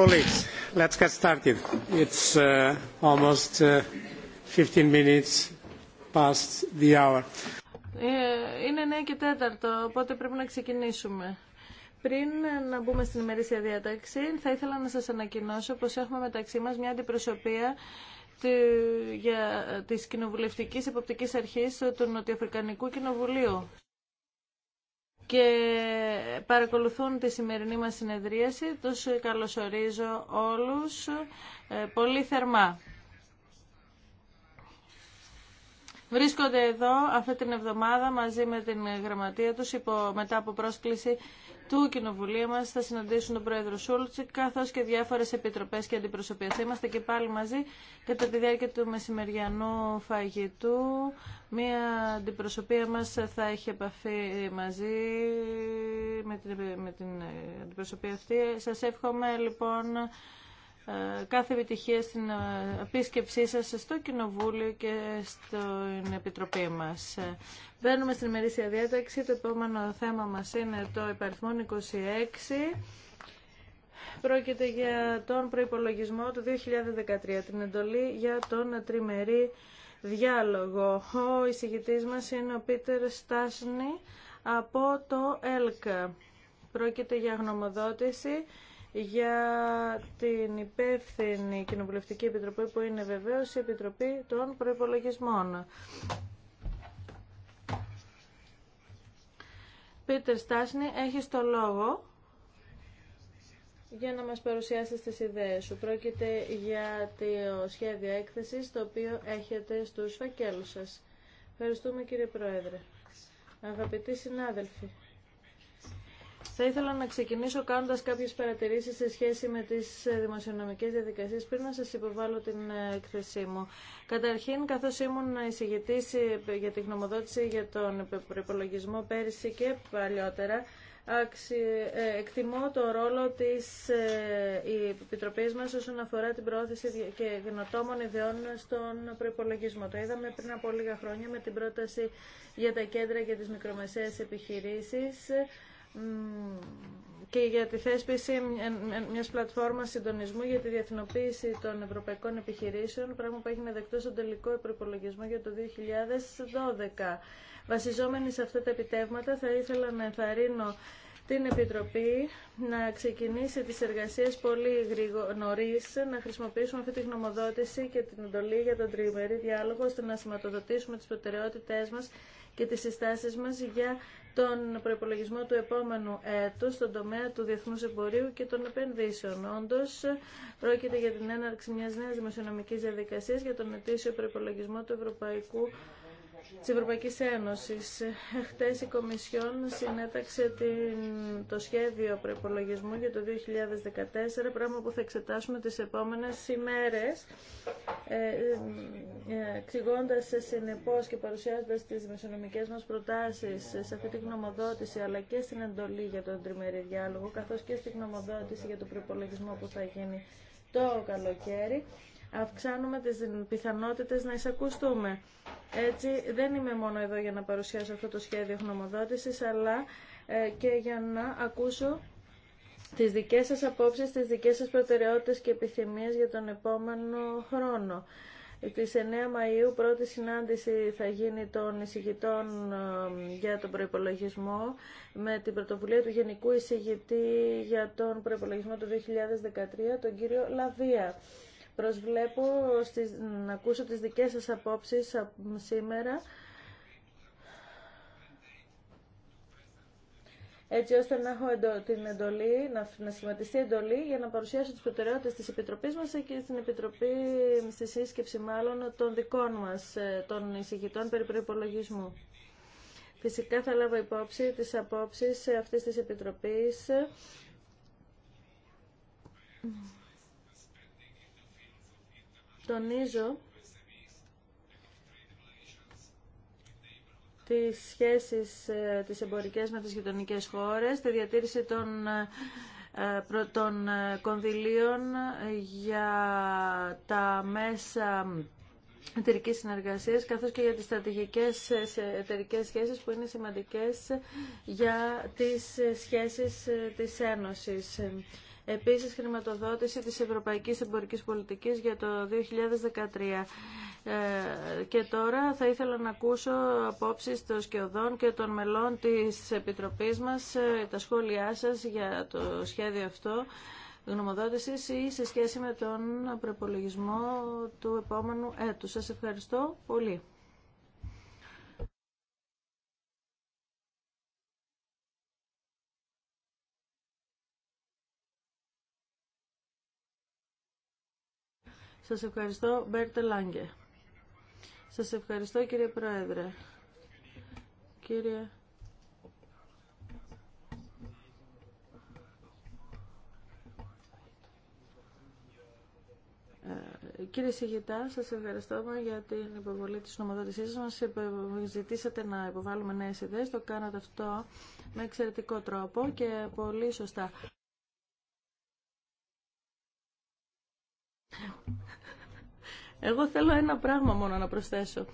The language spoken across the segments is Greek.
Colleagues, let's get started. Uh, almost uh, minutes past the hour. Ε, είναι 9 και τέταρτο, οπότε πρέπει να ξεκινήσουμε. Πριν να μπούμε στην ημερήσια διάταξη, θα ήθελα να σας ανακοινώσω πως έχουμε μεταξύ μας μια αντιπροσωπεία για, της Κοινοβουλευτικής Εποπτικής Αρχής του Νοτιοαφρικανικού Κοινοβουλίου και παρακολουθούν τη σημερινή μας συνεδρίαση. Τους καλωσορίζω όλους ε, πολύ θερμά. Βρίσκονται εδώ αυτή την εβδομάδα μαζί με την γραμματεία τους υπό, μετά από πρόσκληση του Κοινοβουλίου μα, θα συναντήσουν τον Πρόεδρο Σούλτση καθώ και διάφορε επιτροπέ και αντιπροσωπείες. Είμαστε και πάλι μαζί κατά τη διάρκεια του μεσημεριανού φαγητού. Μία αντιπροσωπεία μα θα έχει επαφή μαζί με την, με την αντιπροσωπεία αυτή. Σα εύχομαι λοιπόν ε, κάθε επιτυχία στην ε, επίσκεψή σας στο Κοινοβούλιο και στην Επιτροπή μας. Ε, μπαίνουμε στην ημερήσια διάταξη. Το επόμενο θέμα μας είναι το υπαριθμό 26. Πρόκειται για τον προϋπολογισμό του 2013, την εντολή για τον τριμερή διάλογο. Ο εισηγητής μας είναι ο Πίτερ Στάσνη από το ΕΛΚΑ. Πρόκειται για γνωμοδότηση για την υπεύθυνη Κοινοβουλευτική Επιτροπή που είναι βεβαίως η Επιτροπή των Προϋπολογισμών. Πίτερ Στάσνη, έχεις το λόγο για να μας παρουσιάσεις τις ιδέες σου. Πρόκειται για το σχέδιο έκθεσης το οποίο έχετε στους φακέλους σας. Ευχαριστούμε κύριε Πρόεδρε. Αγαπητοί συνάδελφοι, θα ήθελα να ξεκινήσω κάνοντας κάποιες παρατηρήσεις σε σχέση με τις ε, δημοσιονομικές διαδικασίες πριν να σας υποβάλω την εκθεσή μου. Καταρχήν, καθώς ήμουν εισηγητής ε, για τη γνωμοδότηση για τον προπολογισμό πέρυσι και παλιότερα, ε, εκτιμώ το ρόλο της ε, Επιτροπής μας όσον αφορά την προώθηση και γνωτόμων ιδεών στον προπολογισμό. Το είδαμε πριν από λίγα χρόνια με την πρόταση για τα κέντρα για τις μικρομεσαίες επιχειρήσεις και για τη θέσπιση μιας πλατφόρμας συντονισμού για τη διεθνοποίηση των ευρωπαϊκών επιχειρήσεων, πράγμα που έχει να δεκτό στον τελικό προπολογισμό για το 2012. Βασιζόμενοι σε αυτά τα επιτεύγματα, θα ήθελα να ενθαρρύνω την Επιτροπή να ξεκινήσει τις εργασίες πολύ νωρίς, να χρησιμοποιήσουμε αυτή τη γνωμοδότηση και την εντολή για τον τριμερή διάλογο, ώστε να σηματοδοτήσουμε τις προτεραιότητές μας και τις συστάσεις μας για τον προπολογισμό του επόμενου έτους στον τομέα του διεθνούς εμπορίου και των επενδύσεων. όντω. πρόκειται για την έναρξη μιας νέας δημοσιονομικής διαδικασίας για τον ετήσιο προϋπολογισμό του Ευρωπαϊκού της Ευρωπαϊκής Ένωσης. Χτες η Κομισιόν συνέταξε την, το σχέδιο προπολογισμού για το 2014, πράγμα που θα εξετάσουμε τις επόμενες ημέρες, ε, ε, εξηγώντα ε, συνεπώς και παρουσιάζοντας τις μεσονομικές μας προτάσεις σε αυτή τη γνωμοδότηση, αλλά και στην εντολή για τον τριμερή διάλογο, καθώς και στη γνωμοδότηση για τον προπολογισμό που θα γίνει το καλοκαίρι αυξάνουμε τις πιθανότητες να εισακουστούμε. Έτσι δεν είμαι μόνο εδώ για να παρουσιάσω αυτό το σχέδιο χνομοδότησης, αλλά ε, και για να ακούσω τις δικές σας απόψεις, τις δικές σας προτεραιότητες και επιθυμίες για τον επόμενο χρόνο. Τη 9 Μαΐου πρώτη συνάντηση θα γίνει των εισηγητών ε, για τον προϋπολογισμό με την πρωτοβουλία του Γενικού Εισηγητή για τον προϋπολογισμό του 2013, τον κύριο Λαβία. Προσβλέπω στις, να ακούσω τις δικές σας απόψεις σήμερα. έτσι ώστε να έχω την εντολή, να, να σχηματιστεί εντολή για να παρουσιάσω τις προτεραιότητες της Επιτροπής μας και στην Επιτροπή, στη σύσκεψη μάλλον, των δικών μας, ε, των εισηγητών περί προϋπολογισμού. Φυσικά θα λάβω υπόψη τις απόψεις αυτής της Επιτροπής τονίζω τις σχέσεις ε, τις εμπορικές με τις γειτονικέ χώρες, τη διατήρηση των, ε, των ε, κονδυλίων για τα μέσα εταιρική συνεργασία, καθώς και για τις στρατηγικές εταιρικέ σχέσεις που είναι σημαντικές για τις σχέσεις της Ένωσης. Επίσης, χρηματοδότηση της Ευρωπαϊκής Εμπορικής Πολιτικής για το 2013. Ε, και τώρα θα ήθελα να ακούσω απόψεις των σκιωδών και των μελών της Επιτροπής μας, ε, τα σχόλιά σας για το σχέδιο αυτό γνωμοδότησης ή σε σχέση με τον προπολογισμό του επόμενου έτους. Σας ευχαριστώ πολύ. Σας ευχαριστώ, Μπέρτε Λάγκε. Σας ευχαριστώ, κύριε Πρόεδρε. Κύριε... Ε, κύριε Σιγητά, σας ευχαριστώ για την υποβολή της νομοδότησής μας. Ζητήσατε να υποβάλουμε νέες ιδέες, το κάνατε αυτό με εξαιρετικό τρόπο και πολύ σωστά. Εγώ θέλω ένα πράγμα μόνο να προσθέσω.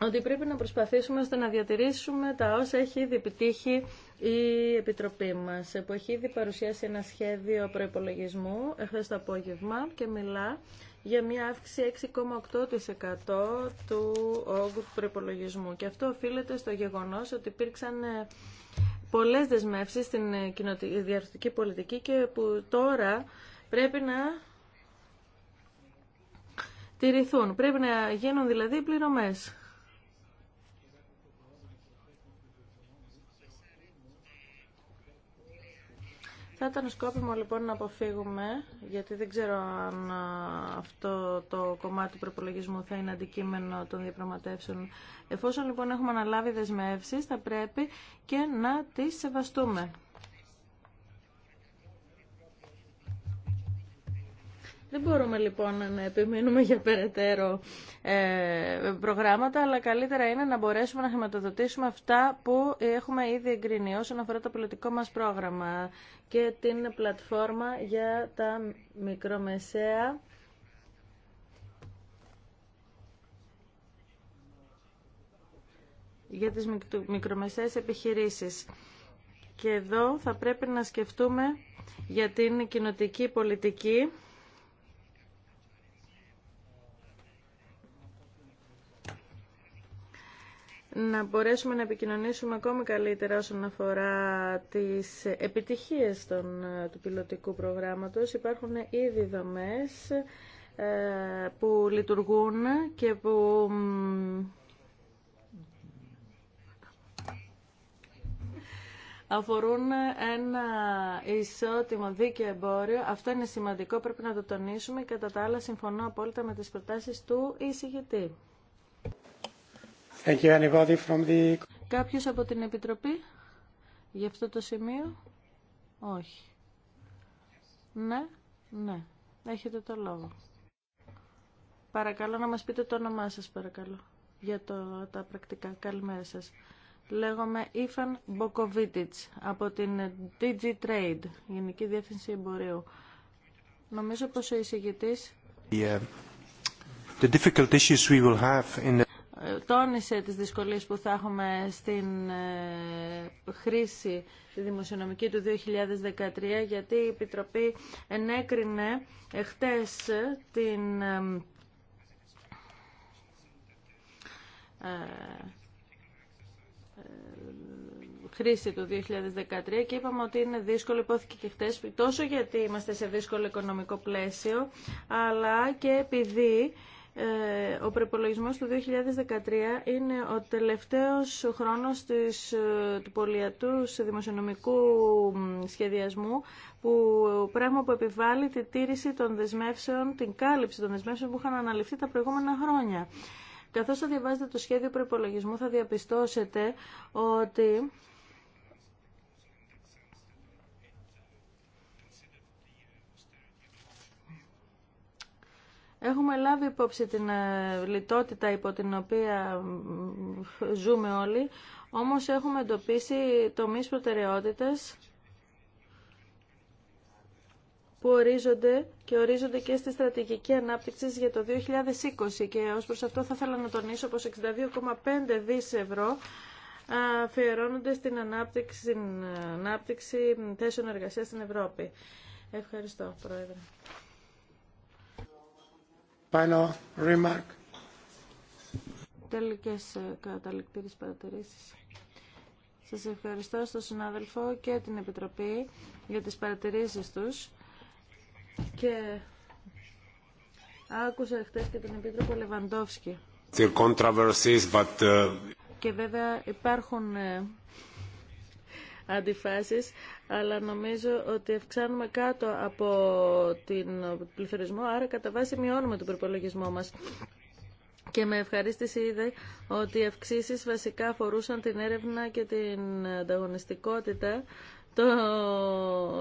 Ότι πρέπει να προσπαθήσουμε ώστε να διατηρήσουμε τα όσα έχει ήδη επιτύχει η Επιτροπή μας, που έχει ήδη παρουσιάσει ένα σχέδιο προϋπολογισμού εχθές το απόγευμα και μιλά για μια αύξηση 6,8% του όγκου του προϋπολογισμού. Και αυτό οφείλεται στο γεγονός ότι υπήρξαν ε, πολλές δεσμεύσεις στην ε, διαρθρωτική πολιτική και που τώρα πρέπει να τηρηθούν. Πρέπει να γίνουν δηλαδή πληρωμές. Θα ήταν σκόπιμο λοιπόν να αποφύγουμε, γιατί δεν ξέρω αν αυτό το κομμάτι του προπολογισμού θα είναι αντικείμενο των διαπραγματεύσεων. Εφόσον λοιπόν έχουμε αναλάβει δεσμεύσεις, θα πρέπει και να τις σεβαστούμε. Δεν μπορούμε λοιπόν να επιμείνουμε για περαιτέρω ε, προγράμματα, αλλά καλύτερα είναι να μπορέσουμε να χρηματοδοτήσουμε αυτά που έχουμε ήδη εγκρίνει όσον αφορά το πολιτικό μας πρόγραμμα και την πλατφόρμα για τα μικρομεσαία για τις μικρομεσαίες επιχειρήσεις. Και εδώ θα πρέπει να σκεφτούμε για την κοινοτική πολιτική να μπορέσουμε να επικοινωνήσουμε ακόμη καλύτερα όσον αφορά τις επιτυχίες των, ε, του πιλωτικού προγράμματος. Υπάρχουν ήδη δομές ε, που λειτουργούν και που αφορούν ένα ισότιμο δίκαιο εμπόριο. Αυτό είναι σημαντικό, πρέπει να το τονίσουμε. Κατά τα άλλα, συμφωνώ απόλυτα με τις προτάσεις του εισηγητή. Thank Κάποιος από την Επιτροπή για αυτό το σημείο. Όχι. Ναι, ναι. Έχετε το λόγο. Παρακαλώ να μας πείτε το όνομά σας, παρακαλώ, για τα πρακτικά. Καλημέρα σας. Λέγομαι Ιφαν Μποκοβίτιτς από την DG Trade, Γενική Διεύθυνση Εμπορίου. Νομίζω πως ο εισηγητής... Yeah. The difficult issues we will have in τόνισε τις δυσκολίες που θα έχουμε στην ε, χρήση τη δημοσιονομική του 2013 γιατί η Επιτροπή ενέκρινε εχθές την ε, ε, χρήση του 2013 και είπαμε ότι είναι δύσκολο, υπόθηκε και χτες, τόσο γιατί είμαστε σε δύσκολο οικονομικό πλαίσιο, αλλά και επειδή ε, ο προπολογισμό του 2013 είναι ο τελευταίος χρόνος της, ε, του πολιατού δημοσιονομικού σχεδιασμού που πράγμα που επιβάλλει τη τήρηση των δεσμεύσεων, την κάλυψη των δεσμεύσεων που είχαν αναλυφθεί τα προηγούμενα χρόνια. Καθώς θα διαβάζετε το σχέδιο προπολογισμού θα διαπιστώσετε ότι Έχουμε λάβει υπόψη την ε, λιτότητα υπό την οποία ζούμε όλοι, όμως έχουμε εντοπίσει τομείς προτεραιότητες που ορίζονται και ορίζονται και στη στρατηγική ανάπτυξη για το 2020 και ως προς αυτό θα ήθελα να τονίσω πως 62,5 δις ευρώ αφιερώνονται στην ανάπτυξη, στην ανάπτυξη θέσεων εργασίας στην Ευρώπη. Ευχαριστώ, Πρόεδρε. Final remark. Τελικές ε, καταληκτήρες παρατηρήσεις. Σας ευχαριστώ στον συνάδελφο και την Επιτροπή για τις παρατηρήσεις τους. Και άκουσα χτες και τον Επίτροπο Λεβαντόφσκι. Ε, και βέβαια υπάρχουν ε, αντιφάσεις, αλλά νομίζω ότι αυξάνουμε κάτω από την πληθωρισμό, άρα κατά βάση μειώνουμε τον προπολογισμό μας. Και με ευχαρίστηση είδε ότι οι αυξήσεις βασικά αφορούσαν την έρευνα και την ανταγωνιστικότητα, το,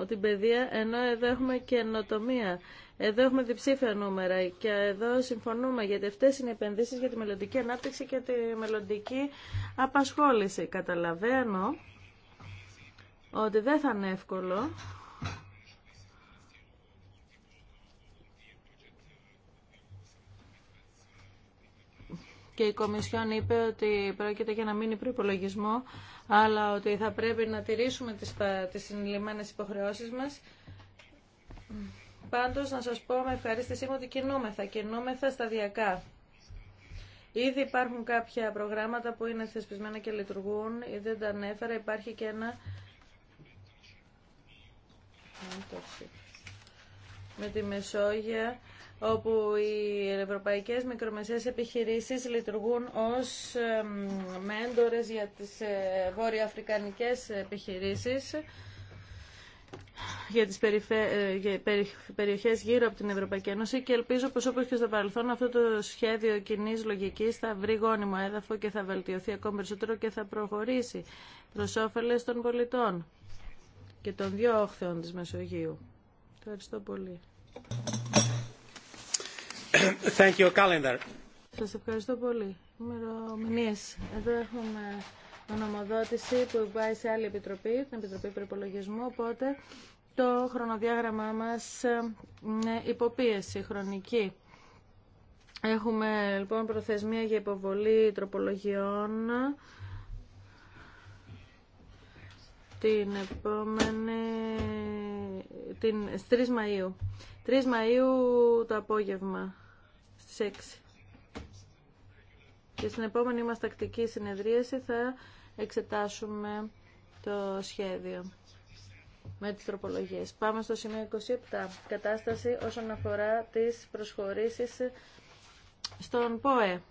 την παιδεία, ενώ εδώ έχουμε καινοτομία. Εδώ έχουμε διψήφια νούμερα και εδώ συμφωνούμε γιατί αυτές είναι οι επενδύσεις για τη μελλοντική ανάπτυξη και τη μελλοντική απασχόληση. Καταλαβαίνω ότι δεν θα είναι εύκολο και η Κομισιόν είπε ότι πρόκειται για να μείνει προπολογισμό, αλλά ότι θα πρέπει να τηρήσουμε τις, τις συνειλημμένες υποχρεώσεις μας. Πάντως, να σας πω με ευχαρίστησή μου ότι κινούμεθα, κινούμεθα σταδιακά. Ήδη υπάρχουν κάποια προγράμματα που είναι θεσπισμένα και λειτουργούν, ή δεν τα ανέφερα, υπάρχει και ένα με τη Μεσόγεια όπου οι ευρωπαϊκές μικρομεσαίες επιχειρήσεις λειτουργούν ως μέντορες για τις ε, βορειοαφρικανικές επιχειρήσεις για τις ε, περιοχές γύρω από την Ευρωπαϊκή Ένωση και ελπίζω πως όπως και στο παρελθόν αυτό το σχέδιο κοινή λογικής θα βρει γόνιμο έδαφο και θα βελτιωθεί ακόμα περισσότερο και θα προχωρήσει προς όφελες των πολιτών και των δύο όχθεων της Μεσογείου. Ευχαριστώ πολύ. Thank you, calendar. Σας ευχαριστώ πολύ. Ημερομηνίες. Εδώ έχουμε ονομοδότηση που πάει σε άλλη επιτροπή, την Επιτροπή Προπολογισμού, οπότε το χρονοδιάγραμμά μας ε, είναι υποπίεση χρονική. Έχουμε λοιπόν προθεσμία για υποβολή τροπολογιών την επόμενη, την, στις 3 Μαΐου. 3 Μαΐου το απόγευμα, στις 6. Και στην επόμενη μας τακτική συνεδρίαση θα εξετάσουμε το σχέδιο με τις τροπολογίες. Πάμε στο σημείο 27. Κατάσταση όσον αφορά τις προσχωρήσεις στον ΠΟΕ.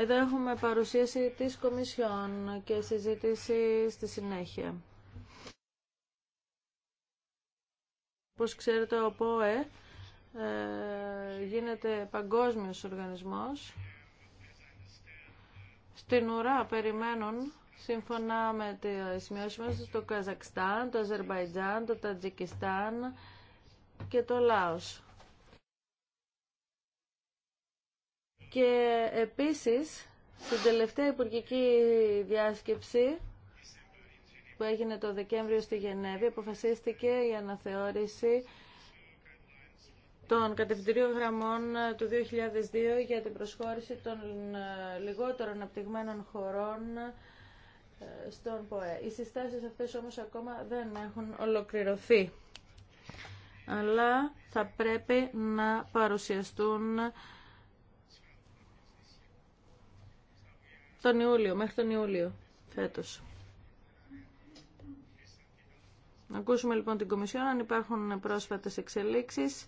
Εδώ έχουμε παρουσίαση της Κομισιόν και συζήτηση στη συνέχεια. Όπως ξέρετε, ο ΠΟΕ ε, γίνεται παγκόσμιος οργανισμός. Στην ουρά περιμένουν, σύμφωνα με τη σημειώσεις μας, το Καζακστάν, το Αζερβαϊτζάν, το Τατζικιστάν και το Λάος. Και επίσης, στην τελευταία υπουργική διάσκεψη που έγινε το Δεκέμβριο στη Γενέβη, αποφασίστηκε η αναθεώρηση των κατευθυντηρίων γραμμών του 2002 για την προσχώρηση των ε, λιγότερων αναπτυγμένων χωρών ε, στον ΠΟΕ. Οι συστάσεις αυτές όμως ακόμα δεν έχουν ολοκληρωθεί, αλλά θα πρέπει να παρουσιαστούν τον Ιούλιο, μέχρι τον Ιούλιο φέτος. Να ακούσουμε λοιπόν την Κομισιόν αν υπάρχουν πρόσφατες εξελίξεις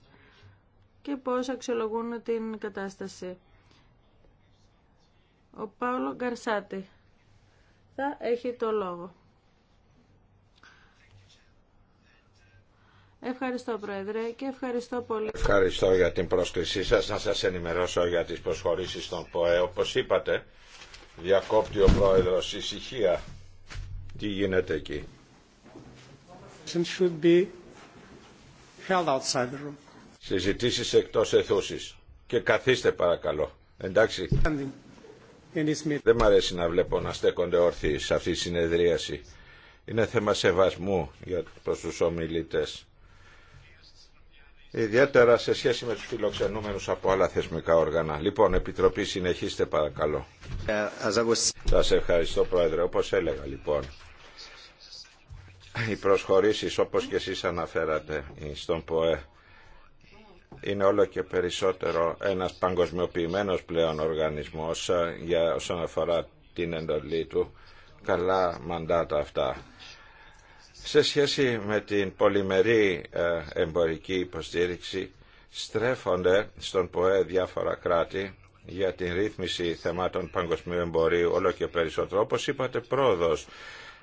και πώς αξιολογούν την κατάσταση. Ο Παύλο Γκαρσάτη θα έχει το λόγο. Ευχαριστώ Πρόεδρε και ευχαριστώ πολύ. Ευχαριστώ για την πρόσκλησή σας. Να σας ενημερώσω για τις προσχωρήσεις των ΠΟΕ. Όπως είπατε, Διακόπτει ο πρόεδρος. Ησυχία. Τι γίνεται εκεί. Should be held Και καθίστε παρακαλώ. Εντάξει. Δεν μ' αρέσει να βλέπω να στέκονται όρθιοι σε αυτή τη συνεδρίαση. Είναι θέμα σεβασμού για, προς τους ομιλητές ιδιαίτερα σε σχέση με τους φιλοξενούμενους από άλλα θεσμικά όργανα. Λοιπόν, Επιτροπή, συνεχίστε παρακαλώ. Σας ευχαριστώ, Πρόεδρε. Όπως έλεγα, λοιπόν, οι προσχωρήσεις, όπως και εσείς αναφέρατε, στον ΠΟΕ, είναι όλο και περισσότερο ένας παγκοσμιοποιημένος πλέον οργανισμός ε, για όσον αφορά την εντολή του. Καλά μαντάτα αυτά σε σχέση με την πολυμερή ε, εμπορική υποστήριξη στρέφονται στον ΠΟΕ διάφορα κράτη για την ρύθμιση θεμάτων παγκοσμίου εμπορίου όλο και περισσότερο. Όπως είπατε πρόοδος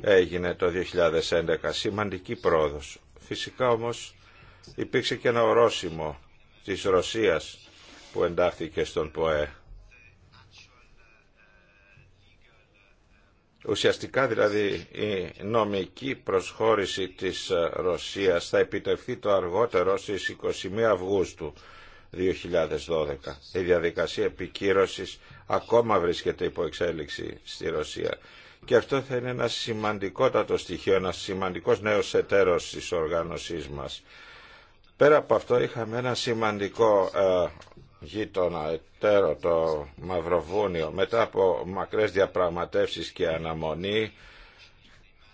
έγινε το 2011, σημαντική πρόοδος. Φυσικά όμως υπήρξε και ένα ορόσημο της Ρωσίας που εντάχθηκε στον ΠΟΕ Ουσιαστικά δηλαδή η νομική προσχώρηση της ε, Ρωσίας θα επιτευχθεί το αργότερο στις 21 Αυγούστου 2012. Η διαδικασία επικύρωσης ακόμα βρίσκεται υπό εξέλιξη στη Ρωσία. Και αυτό θα είναι ένα σημαντικότατο στοιχείο, ένα σημαντικός νέος εταίρος της οργάνωσής μας. Πέρα από αυτό είχαμε ένα σημαντικό ε, γείτονα εταίρο το Μαυροβούνιο μετά από μακρές διαπραγματεύσεις και αναμονή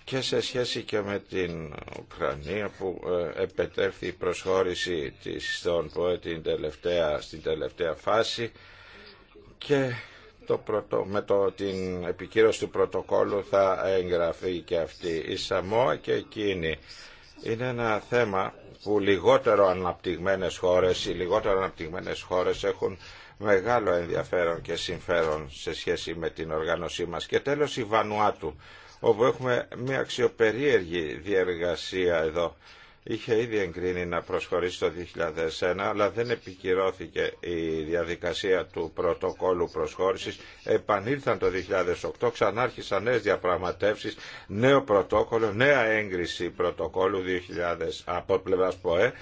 και σε σχέση και με την Ουκρανία που ε, επετεύχθη η προσχώρηση της στον ΠΟΕ τελευταία, στην τελευταία φάση και το με το, την επικύρωση του πρωτοκόλου θα εγγραφεί και αυτή η Σαμόα και εκείνη. Είναι ένα θέμα που λιγότερο αναπτυγμένες χώρες, οι λιγότερο αναπτυγμένες χώρες έχουν μεγάλο ενδιαφέρον και συμφέρον σε σχέση με την οργάνωσή μας. Και τέλος η Βανουάτου, όπου έχουμε μια αξιοπερίεργη διεργασία εδώ είχε ήδη εγκρίνει να προσχωρήσει το 2001, αλλά δεν επικυρώθηκε η διαδικασία του πρωτοκόλου προσχώρησης. Επανήλθαν το 2008, ξανάρχισαν νέες διαπραγματεύσεις, νέο πρωτόκολλο, νέα έγκριση πρωτοκόλου 2000 από πλευράς ΠΟΕ,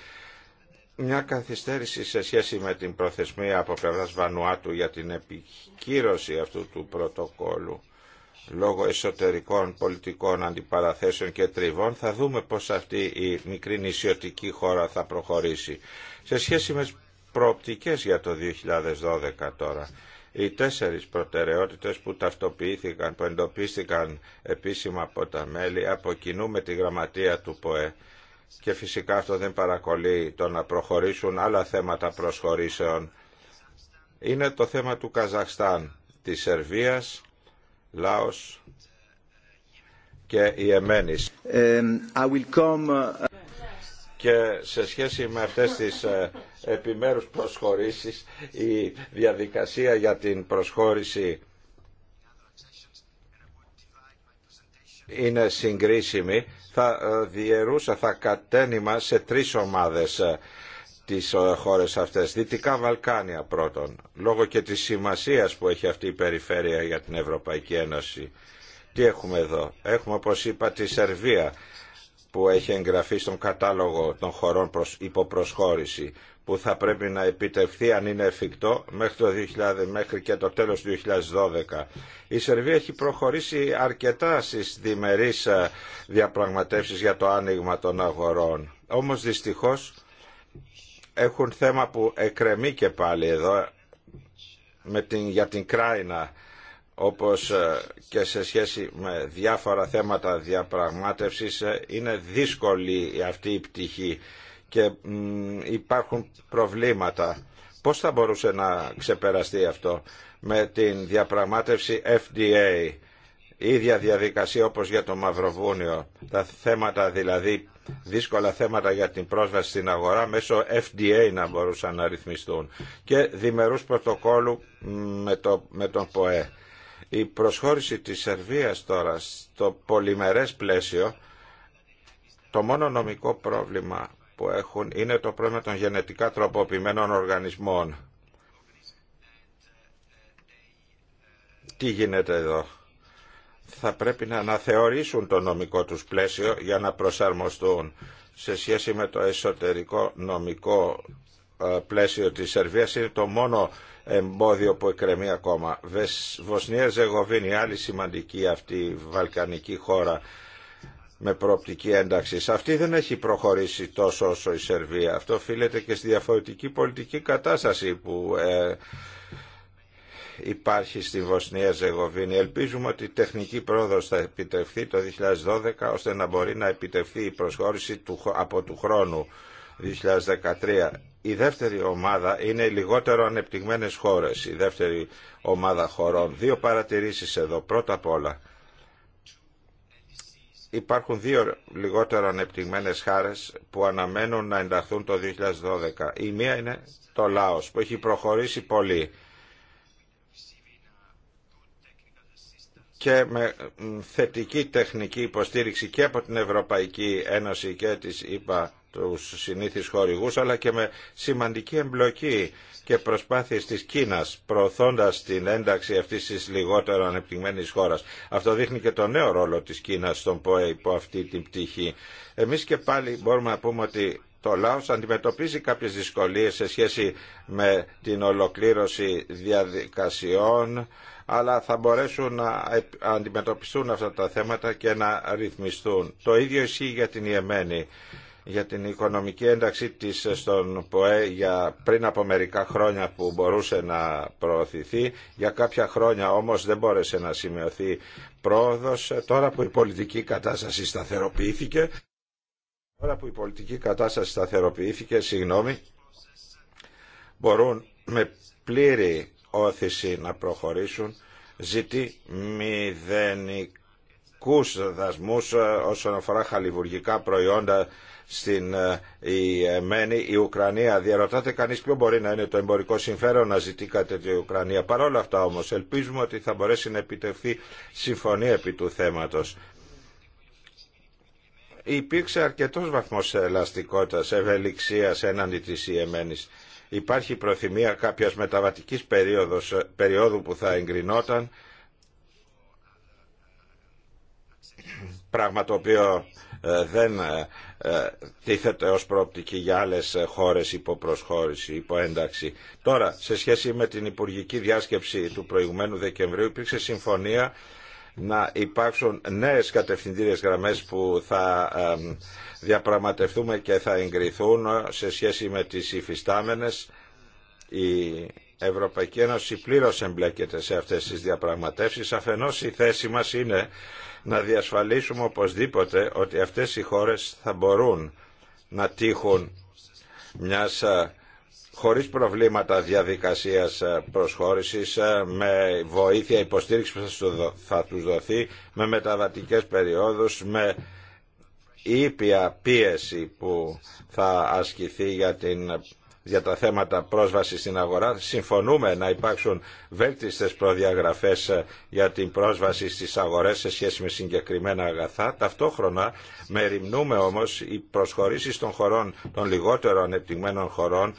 μια καθυστέρηση σε σχέση με την προθεσμία από πλευράς Βανουάτου για την επικύρωση αυτού του πρωτοκόλου λόγω εσωτερικών πολιτικών αντιπαραθέσεων και τριβών θα δούμε πώς αυτή η μικρή νησιωτική χώρα θα προχωρήσει. Σε σχέση με προοπτικές για το 2012 τώρα, οι τέσσερις προτεραιότητες που ταυτοποιήθηκαν, που εντοπίστηκαν επίσημα από τα μέλη, από με τη γραμματεία του ΠΟΕ, και φυσικά αυτό δεν παρακολεί το να προχωρήσουν άλλα θέματα προσχωρήσεων. Είναι το θέμα του Καζαχστάν, της Σερβίας, Λάος και η Εμένης. Ε, και σε σχέση με αυτές τις ε, επιμέρους προσχωρήσεις, η διαδικασία για την προσχώρηση είναι συγκρίσιμη. Θα ε, διαιρούσα, θα κατένιμα σε τρεις ομάδες τις ε, χώρες αυτές. Δυτικά Βαλκάνια πρώτον, λόγω και της σημασίας που έχει αυτή η περιφέρεια για την Ευρωπαϊκή Ένωση. Τι έχουμε εδώ. Έχουμε όπως είπα τη Σερβία που έχει εγγραφεί στον κατάλογο των χωρών προς υποπροσχώρηση που θα πρέπει να επιτευχθεί αν είναι εφικτό μέχρι, το 2000, μέχρι και το τέλος του 2012. Η Σερβία έχει προχωρήσει αρκετά στις διμερείς ε, διαπραγματεύσεις για το άνοιγμα των αγορών. Όμως δυστυχώς έχουν θέμα που εκρεμεί και πάλι εδώ με την, για την Κράινα όπως ε, και σε σχέση με διάφορα θέματα διαπραγμάτευσης ε, είναι δύσκολη αυτή η πτυχή και υπάρχουν προβλήματα. Πώς θα μπορούσε να ξεπεραστεί αυτό με την διαπραγμάτευση FDA η ίδια διαδικασία όπως για το Μαυροβούνιο, τα θέματα δηλαδή, δύσκολα θέματα για την πρόσβαση στην αγορά μέσω FDA να μπορούσαν να ρυθμιστούν και διμερούς πρωτοκόλου με, το, με τον ΠΟΕ. Η προσχώρηση της Σερβίας τώρα στο πολυμερές πλαίσιο, το μόνο νομικό πρόβλημα που έχουν είναι το πρόβλημα των γενετικά τροποποιημένων οργανισμών. Τι γίνεται εδώ θα πρέπει να αναθεωρήσουν το νομικό τους πλαίσιο για να προσαρμοστούν σε σχέση με το εσωτερικό νομικό ε, πλαίσιο της Σερβίας είναι το μόνο εμπόδιο που εκκρεμεί ακόμα. Βοσνία Ζεγοβίνη, άλλη σημαντική αυτή βαλκανική χώρα με προοπτική ένταξη. Αυτή δεν έχει προχωρήσει τόσο όσο η Σερβία. Αυτό οφείλεται και στη διαφορετική πολιτική κατάσταση που ε, υπάρχει στη Βοσνία Ζεγοβίνη. Ελπίζουμε ότι η τεχνική πρόοδος θα επιτευχθεί το 2012 ώστε να μπορεί να επιτευχθεί η προσχώρηση του, από του χρόνου 2013. Η δεύτερη ομάδα είναι οι λιγότερο ανεπτυγμένες χώρες, η δεύτερη ομάδα χωρών. Δύο παρατηρήσεις εδώ. Πρώτα απ' όλα, υπάρχουν δύο λιγότερο ανεπτυγμένες χάρες που αναμένουν να ενταχθούν το 2012. Η μία είναι το Λάος που έχει προχωρήσει πολύ και με θετική τεχνική υποστήριξη και από την Ευρωπαϊκή Ένωση και τις είπα τους συνήθεις χορηγούς αλλά και με σημαντική εμπλοκή και προσπάθειες της Κίνας προωθώντας την ένταξη αυτής της λιγότερο ανεπτυγμένης χώρας. Αυτό δείχνει και το νέο ρόλο της Κίνας στον ΠΟΕ υπό αυτή την πτυχή. Εμείς και πάλι μπορούμε να πούμε ότι το Λάος αντιμετωπίζει κάποιες δυσκολίες σε σχέση με την ολοκλήρωση διαδικασιών αλλά θα μπορέσουν να αντιμετωπιστούν αυτά τα θέματα και να ρυθμιστούν. Το ίδιο ισχύει για την Ιεμένη για την οικονομική ένταξή της στον ΠΟΕ για πριν από μερικά χρόνια που μπορούσε να προωθηθεί. Για κάποια χρόνια όμως δεν μπόρεσε να σημειωθεί πρόοδος. Τώρα που η πολιτική κατάσταση σταθεροποιήθηκε, τώρα που η πολιτική κατάσταση σταθεροποιήθηκε, συγγνώμη, μπορούν με πλήρη όθηση να προχωρήσουν, ζητεί μηδενικούς δασμούς ε, όσον αφορά χαλιβουργικά προϊόντα στην ε, η η Ουκρανία. Διαρωτάται κανείς ποιο μπορεί να είναι το εμπορικό συμφέρον να ζητεί κάτι Ουκρανία. Παρ' όλα αυτά όμως ελπίζουμε ότι θα μπορέσει να επιτευχθεί συμφωνία επί του θέματος υπήρξε αρκετός βαθμός ελαστικότητας, ευελιξίας έναντι της Ιεμένης υπάρχει προθυμία κάποιας μεταβατικής ε, περίοδου που θα εγκρινόταν, πράγμα το οποίο ε, δεν ε, τίθεται ως προοπτική για άλλες χώρες υπό προσχώρηση, υπό ένταξη. Τώρα, σε σχέση με την Υπουργική Διάσκεψη του προηγουμένου Δεκεμβρίου υπήρξε συμφωνία να υπάρξουν νέες κατευθυντήριες γραμμές που θα διαπραγματευτούμε και θα εγκριθούν σε σχέση με τις υφιστάμενες. Η Ευρωπαϊκή Ένωση πλήρως εμπλέκεται σε αυτές τις διαπραγματεύσεις. Αφενός η θέση μας είναι να διασφαλίσουμε οπωσδήποτε ότι αυτές οι χώρες θα μπορούν να τύχουν μιας ε, χωρίς προβλήματα διαδικασίας ε, προσχώρησης, ε, με βοήθεια υποστήριξη που θα τους δοθεί, με μεταβατικές περιόδους, με ήπια πίεση που θα ασκηθεί για την για τα θέματα πρόσβαση στην αγορά. Συμφωνούμε να υπάρξουν βέλτιστες προδιαγραφές ε, για την πρόσβαση στις αγορές σε σχέση με συγκεκριμένα αγαθά. Ταυτόχρονα μεριμνούμε όμως οι προσχωρήσεις των χωρών, των λιγότερων ανεπτυγμένων χωρών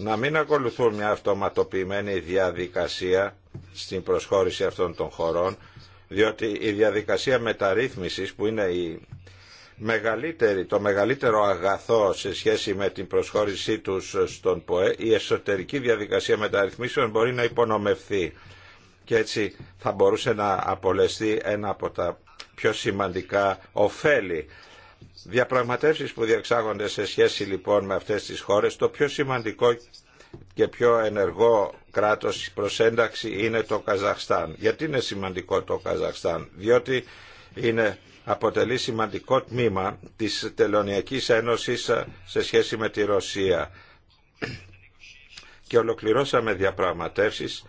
να μην ακολουθούν μια αυτοματοποιημένη διαδικασία στην προσχώρηση αυτών των χωρών, διότι η διαδικασία μεταρρύθμισης που είναι η μεγαλύτερη, το μεγαλύτερο αγαθό σε σχέση με την προσχώρησή τους στον ΠΟΕ, η εσωτερική διαδικασία μεταρρυθμίσεων μπορεί να υπονομευθεί και έτσι θα μπορούσε να απολεστεί ένα από τα πιο σημαντικά ωφέλη διαπραγματεύσεις που διεξάγονται σε σχέση λοιπόν με αυτές τις χώρες, το πιο σημαντικό και πιο ενεργό κράτος προς ένταξη είναι το Καζαχστάν. Γιατί είναι σημαντικό το Καζαχστάν, διότι είναι, αποτελεί σημαντικό τμήμα της Τελωνιακής Ένωσης ε, σε σχέση με τη Ρωσία. Και ολοκληρώσαμε διαπραγματεύσεις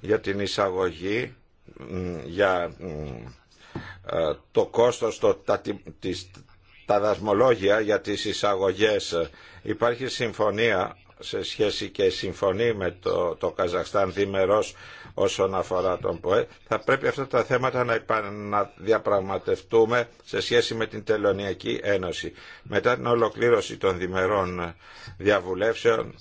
για την εισαγωγή για ε, το κόστος, το, τα, δασμολόγια για τις εισαγωγές. Υπάρχει συμφωνία σε σχέση και συμφωνεί με το, το Καζαχστάν διμερός όσον αφορά τον ΠΟΕ. Θα πρέπει αυτά τα θέματα να, να διαπραγματευτούμε σε σχέση με την Τελωνιακή Ένωση. Μετά την ολοκλήρωση των διμερών διαβουλεύσεων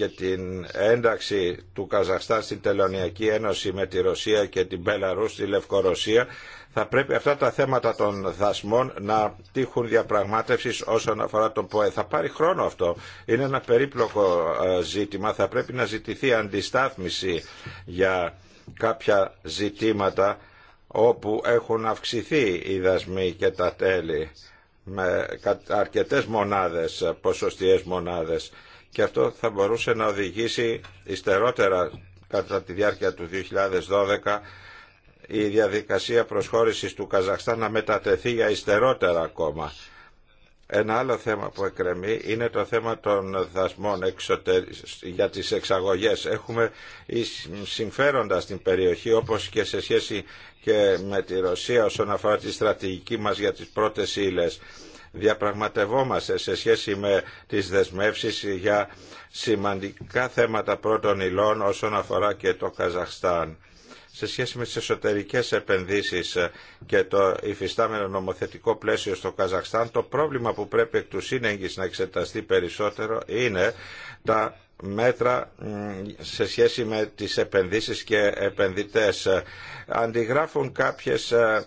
και την ένταξη του Καζαχστάν στην Τελωνιακή Ένωση με τη Ρωσία και την Μπελαρού στη Λευκορωσία θα πρέπει αυτά τα θέματα των δασμών να τύχουν διαπραγμάτευσης όσον αφορά τον ΠΟΕ. Θα πάρει χρόνο αυτό. Είναι ένα περίπλοκο ε, ζήτημα. Θα πρέπει να ζητηθεί αντιστάθμιση για κάποια ζητήματα όπου έχουν αυξηθεί οι δασμοί και τα τέλη με αρκετές μονάδες, ποσοστιαίες μονάδες και αυτό θα μπορούσε να οδηγήσει ιστερότερα κατά τη διάρκεια του 2012 η διαδικασία προσχώρησης του Καζαχστάν να μετατεθεί για υστερότερα ακόμα. Ένα άλλο θέμα που εκκρεμεί είναι το θέμα των δασμών εξωτερ... για τις εξαγωγές. Έχουμε συμφέροντα στην περιοχή όπως και σε σχέση και με τη Ρωσία όσον αφορά τη στρατηγική μας για τις πρώτες ύλες διαπραγματευόμαστε σε σχέση με τις δεσμεύσεις για σημαντικά θέματα πρώτων υλών όσον αφορά και το Καζαχστάν. Σε σχέση με τις εσωτερικές επενδύσεις και το υφιστάμενο νομοθετικό πλαίσιο στο Καζαχστάν, το πρόβλημα που πρέπει εκ του σύνεγγυς να εξεταστεί περισσότερο είναι τα μέτρα σε σχέση με τις επενδύσεις και επενδυτές. Αντιγράφουν κάποιες ε,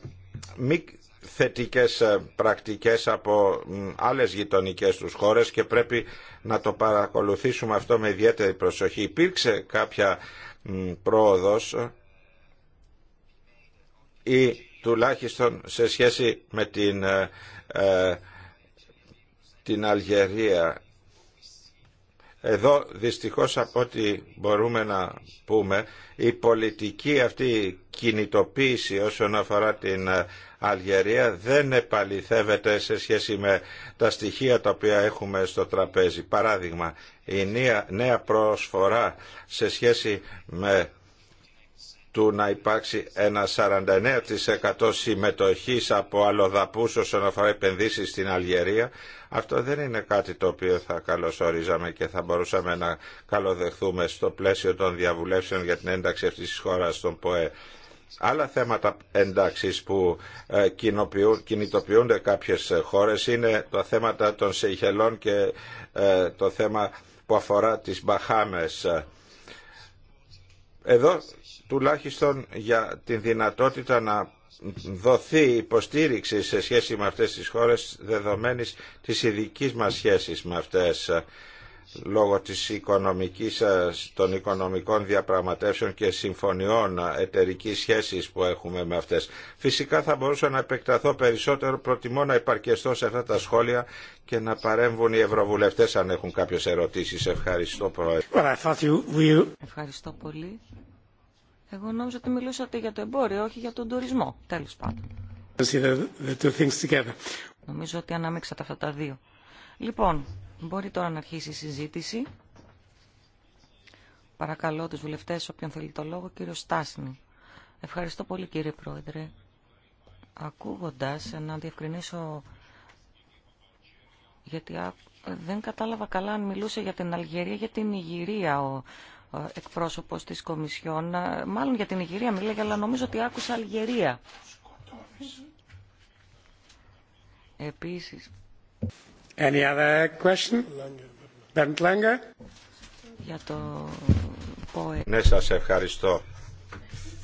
μη θετικές ε, πρακτικές από άλλες γειτονικές τους χώρες και πρέπει να το παρακολουθήσουμε αυτό με ιδιαίτερη προσοχή. Υπήρξε κάποια πρόοδος ε, ή τουλάχιστον σε σχέση με την, ε, την Αλγερία εδώ δυστυχώς από ό,τι μπορούμε να πούμε η πολιτική αυτή κινητοποίηση όσον αφορά την ε, Αλγερία δεν επαληθεύεται σε σχέση με τα στοιχεία τα οποία έχουμε στο τραπέζι. Παράδειγμα, η νέα προσφορά σε σχέση με του να υπάρξει ένα 49% συμμετοχής από αλλοδαπούς όσον αφορά επενδύσεις στην Αλγερία αυτό δεν είναι κάτι το οποίο θα καλωσορίζαμε και θα μπορούσαμε να καλοδεχθούμε στο πλαίσιο των διαβουλεύσεων για την ένταξη αυτής της χώρας στον ΠΟΕ. Άλλα θέματα ένταξης που ε, κινητοποιούνται κάποιες χώρες είναι τα θέματα των Σεϊχελών και ε, το θέμα που αφορά τις Μπαχάμες. Εδώ τουλάχιστον για την δυνατότητα να δοθεί υποστήριξη σε σχέση με αυτές τις χώρες δεδομένης της ειδική μας σχέσης με αυτές λόγω της οικονομικής, των οικονομικών διαπραγματεύσεων και συμφωνιών εταιρική σχέσης που έχουμε με αυτές. Φυσικά θα μπορούσα να επεκταθώ περισσότερο, προτιμώ να υπαρκεστώ σε αυτά τα σχόλια και να παρέμβουν οι ευρωβουλευτές αν έχουν κάποιες ερωτήσεις. Ευχαριστώ Πρόεδρε. Ευχαριστώ πολύ. Εγώ νόμιζα ότι μιλούσατε για το εμπόριο, όχι για τον τουρισμό, Τέλο πάντων. Νομίζω ότι ανάμεξα αυτά τα δύο. Λοιπόν, μπορεί τώρα να αρχίσει η συζήτηση. Παρακαλώ τους βουλευτές, όποιον θέλει το λόγο, κύριο Στάσνη. Ευχαριστώ πολύ κύριε Πρόεδρε. Ακούγοντας, να διευκρινίσω, γιατί δεν κατάλαβα καλά αν μιλούσε για την Αλγερία, για την Ιγυρία εκπρόσωπος της Κομισιόν. Ε, μάλλον για την Ιγυρία μιλάει, αλλά νομίζω ότι άκουσα Αλγερία. Επίσης. Any other question? Bernd Για το ΠΟΕ. Ναι, σας ευχαριστώ.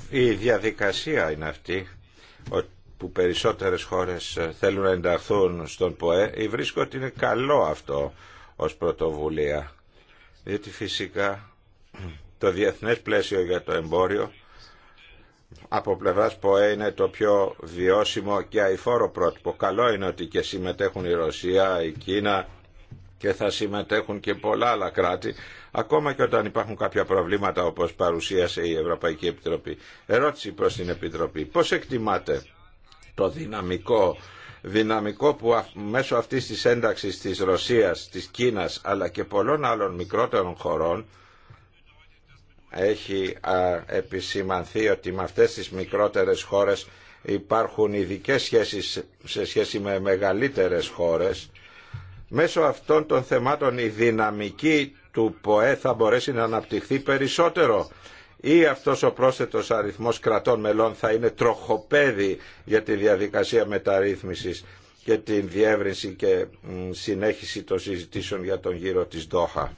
Η διαδικασία είναι αυτή που περισσότερες χώρες ε, θέλουν να ενταχθούν στον ΠΟΕ ή ε, βρίσκω ότι είναι καλό αυτό ως πρωτοβουλία. Διότι φυσικά το διεθνές πλαίσιο για το εμπόριο από πλευράς ΠΟΕ είναι το πιο βιώσιμο και αηφόρο πρότυπο. Καλό είναι ότι και συμμετέχουν η Ρωσία, η Κίνα και θα συμμετέχουν και πολλά άλλα κράτη, ακόμα και όταν υπάρχουν κάποια προβλήματα όπως παρουσίασε η Ευρωπαϊκή Επιτροπή. Ερώτηση προς την Επιτροπή. Πώς εκτιμάτε το δυναμικό δυναμικό που μέσω αυτής της ένταξης της Ρωσίας, της Κίνας αλλά και πολλών άλλων μικρότερων χωρών έχει επισημανθεί ότι με αυτές τις μικρότερες χώρες υπάρχουν ειδικέ σχέσεις σε σχέση με μεγαλύτερες χώρες. Μέσω αυτών των θεμάτων η δυναμική του ΠΟΕ θα μπορέσει να αναπτυχθεί περισσότερο ή αυτός ο πρόσθετος αριθμός κρατών μελών θα είναι τροχοπέδι για τη διαδικασία μεταρρύθμισης και την διεύρυνση και συνέχιση των συζητήσεων για τον γύρο της Δόχα.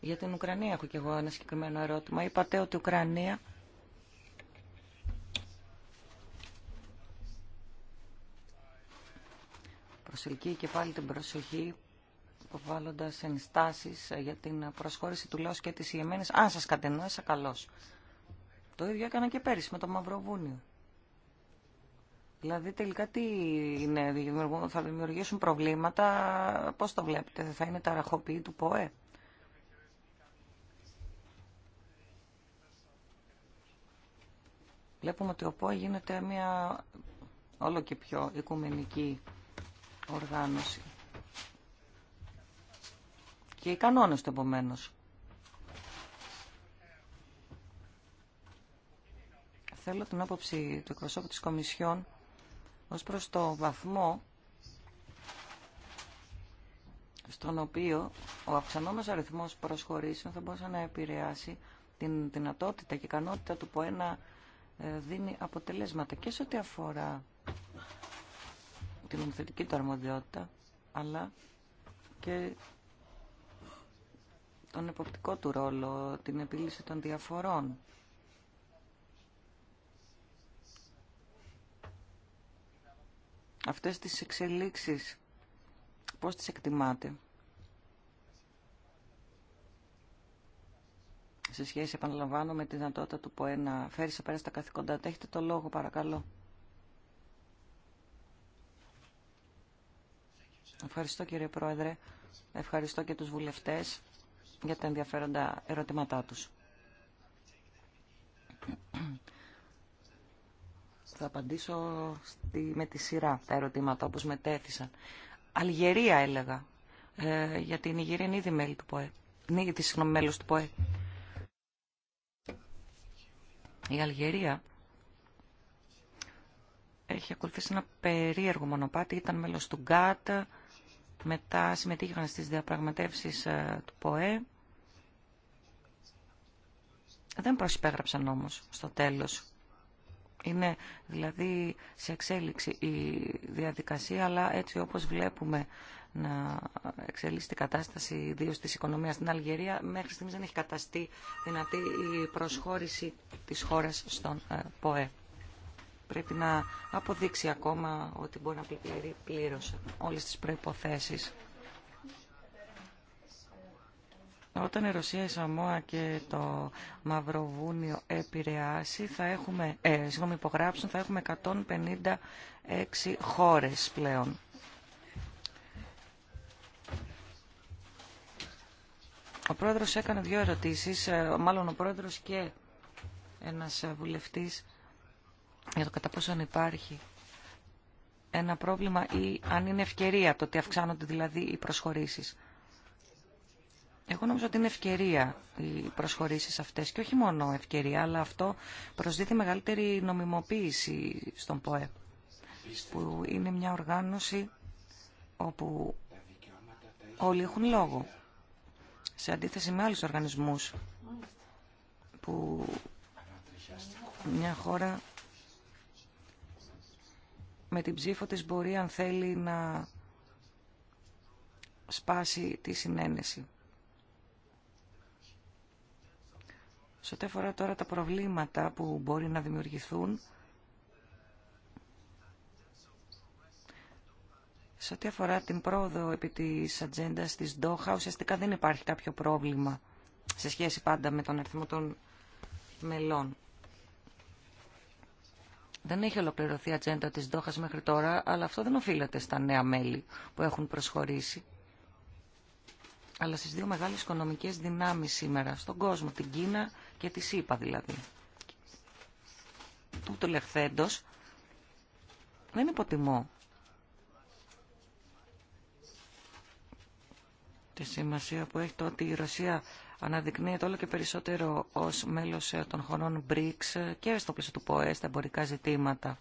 Για την Ουκρανία έχω και εγώ ένα συγκεκριμένο ερώτημα. Είπατε ότι η Ουκρανία προσελκύει και πάλι την προσοχή υποβάλλοντα ενστάσεις για την προσχώρηση του ΛΟΣ και της Ιεμένη. Αν σας κατενόησα, καλώ. Το ίδιο έκανα και πέρυσι με το Μαυροβούνιο. Δηλαδή τελικά τι είναι, θα δημιουργήσουν προβλήματα, πώς το βλέπετε, θα είναι ταραχοποιή του ΠΟΕ. Βλέπουμε ότι ο ΠΟΕ γίνεται μια όλο και πιο οικουμενική οργάνωση. Και οι κανόνες του επομένως. Θέλω την άποψη του εκπροσώπου της Κομισιόν ως προς το βαθμό στον οποίο ο αυξανόμενος αριθμός προσχωρήσεων θα μπορούσε να επηρεάσει την δυνατότητα και ικανότητα του που ένα ε, δίνει αποτελέσματα και σε ό,τι αφορά την νομοθετική του αρμοδιότητα, αλλά και τον εποπτικό του ρόλο, την επίλυση των διαφορών αυτές τις εξελίξεις, πώς τις εκτιμάτε. Σε σχέση, επαναλαμβάνω, με τη δυνατότητα του ΠΟΕ να φέρει σε πέρα στα καθηκοντά Έχετε το λόγο, παρακαλώ. Ευχαριστώ κύριε Πρόεδρε. Ευχαριστώ και τους βουλευτές για τα ενδιαφέροντα ερωτήματά τους. Θα απαντήσω στη, με τη σειρά τα ερωτήματα όπως μετέθησαν. Αλγερία έλεγα, ε, γιατί η Νιγηρία είναι ήδη μέλη του ΠΟΕ. Ναι, συγγνώμη, μέλος του ΠΟΕ. Η Αλγερία έχει ακολουθήσει ένα περίεργο μονοπάτι. Ήταν μέλος του ΓΚΑΤ, μετά συμμετείχαν στις διαπραγματεύσεις ε, του ΠΟΕ. Δεν προσυπέγραψαν όμως στο τέλος. Είναι δηλαδή σε εξέλιξη η διαδικασία, αλλά έτσι όπως βλέπουμε να εξελίσσεται η κατάσταση ιδίω της οικονομίας στην Αλγερία, μέχρι στιγμής δεν έχει καταστεί δυνατή η προσχώρηση της χώρας στον ε, ΠΟΕ. Πρέπει να αποδείξει ακόμα ότι μπορεί να πληρώσει όλες τις προϋποθέσεις. Όταν η Ρωσία, η Σαμόα και το Μαυροβούνιο επηρεάσει, θα έχουμε, ε, συγγνώμη, υπογράψουν, θα έχουμε 156 χώρες πλέον. Ο πρόεδρος έκανε δύο ερωτήσεις, ε, μάλλον ο πρόεδρος και ένας ε, βουλευτής για το κατά πόσο αν υπάρχει ένα πρόβλημα ή αν είναι ευκαιρία το ότι αυξάνονται δηλαδή οι προσχωρήσεις. Εγώ νομίζω ότι είναι ευκαιρία οι προσχωρήσει αυτές και όχι μόνο ευκαιρία, αλλά αυτό προσδίδει μεγαλύτερη νομιμοποίηση στον ΠΟΕ, που είναι μια οργάνωση όπου όλοι έχουν λόγο, σε αντίθεση με άλλους οργανισμούς που μια χώρα με την ψήφο της μπορεί αν θέλει να σπάσει τη συνένεση. Σε ό,τι αφορά τώρα τα προβλήματα που μπορεί να δημιουργηθούν, σε ό,τι αφορά την πρόοδο επί της ατζέντα της Ντόχα, ουσιαστικά δεν υπάρχει κάποιο πρόβλημα σε σχέση πάντα με τον αριθμό των μελών. Δεν έχει ολοκληρωθεί η ατζέντα της Ντόχας μέχρι τώρα, αλλά αυτό δεν οφείλεται στα νέα μέλη που έχουν προσχωρήσει. Αλλά στις δύο μεγάλες οικονομικές δυνάμεις σήμερα στον κόσμο, την Κίνα και τη είπα δηλαδή. Τούτο λεχθέντος δεν υποτιμώ τη σημασία που έχει το ότι η Ρωσία αναδεικνύεται όλο και περισσότερο ως μέλος των χωρών BRICS και στο πλαίσιο του ΠΟΕ στα εμπορικά ζητήματα.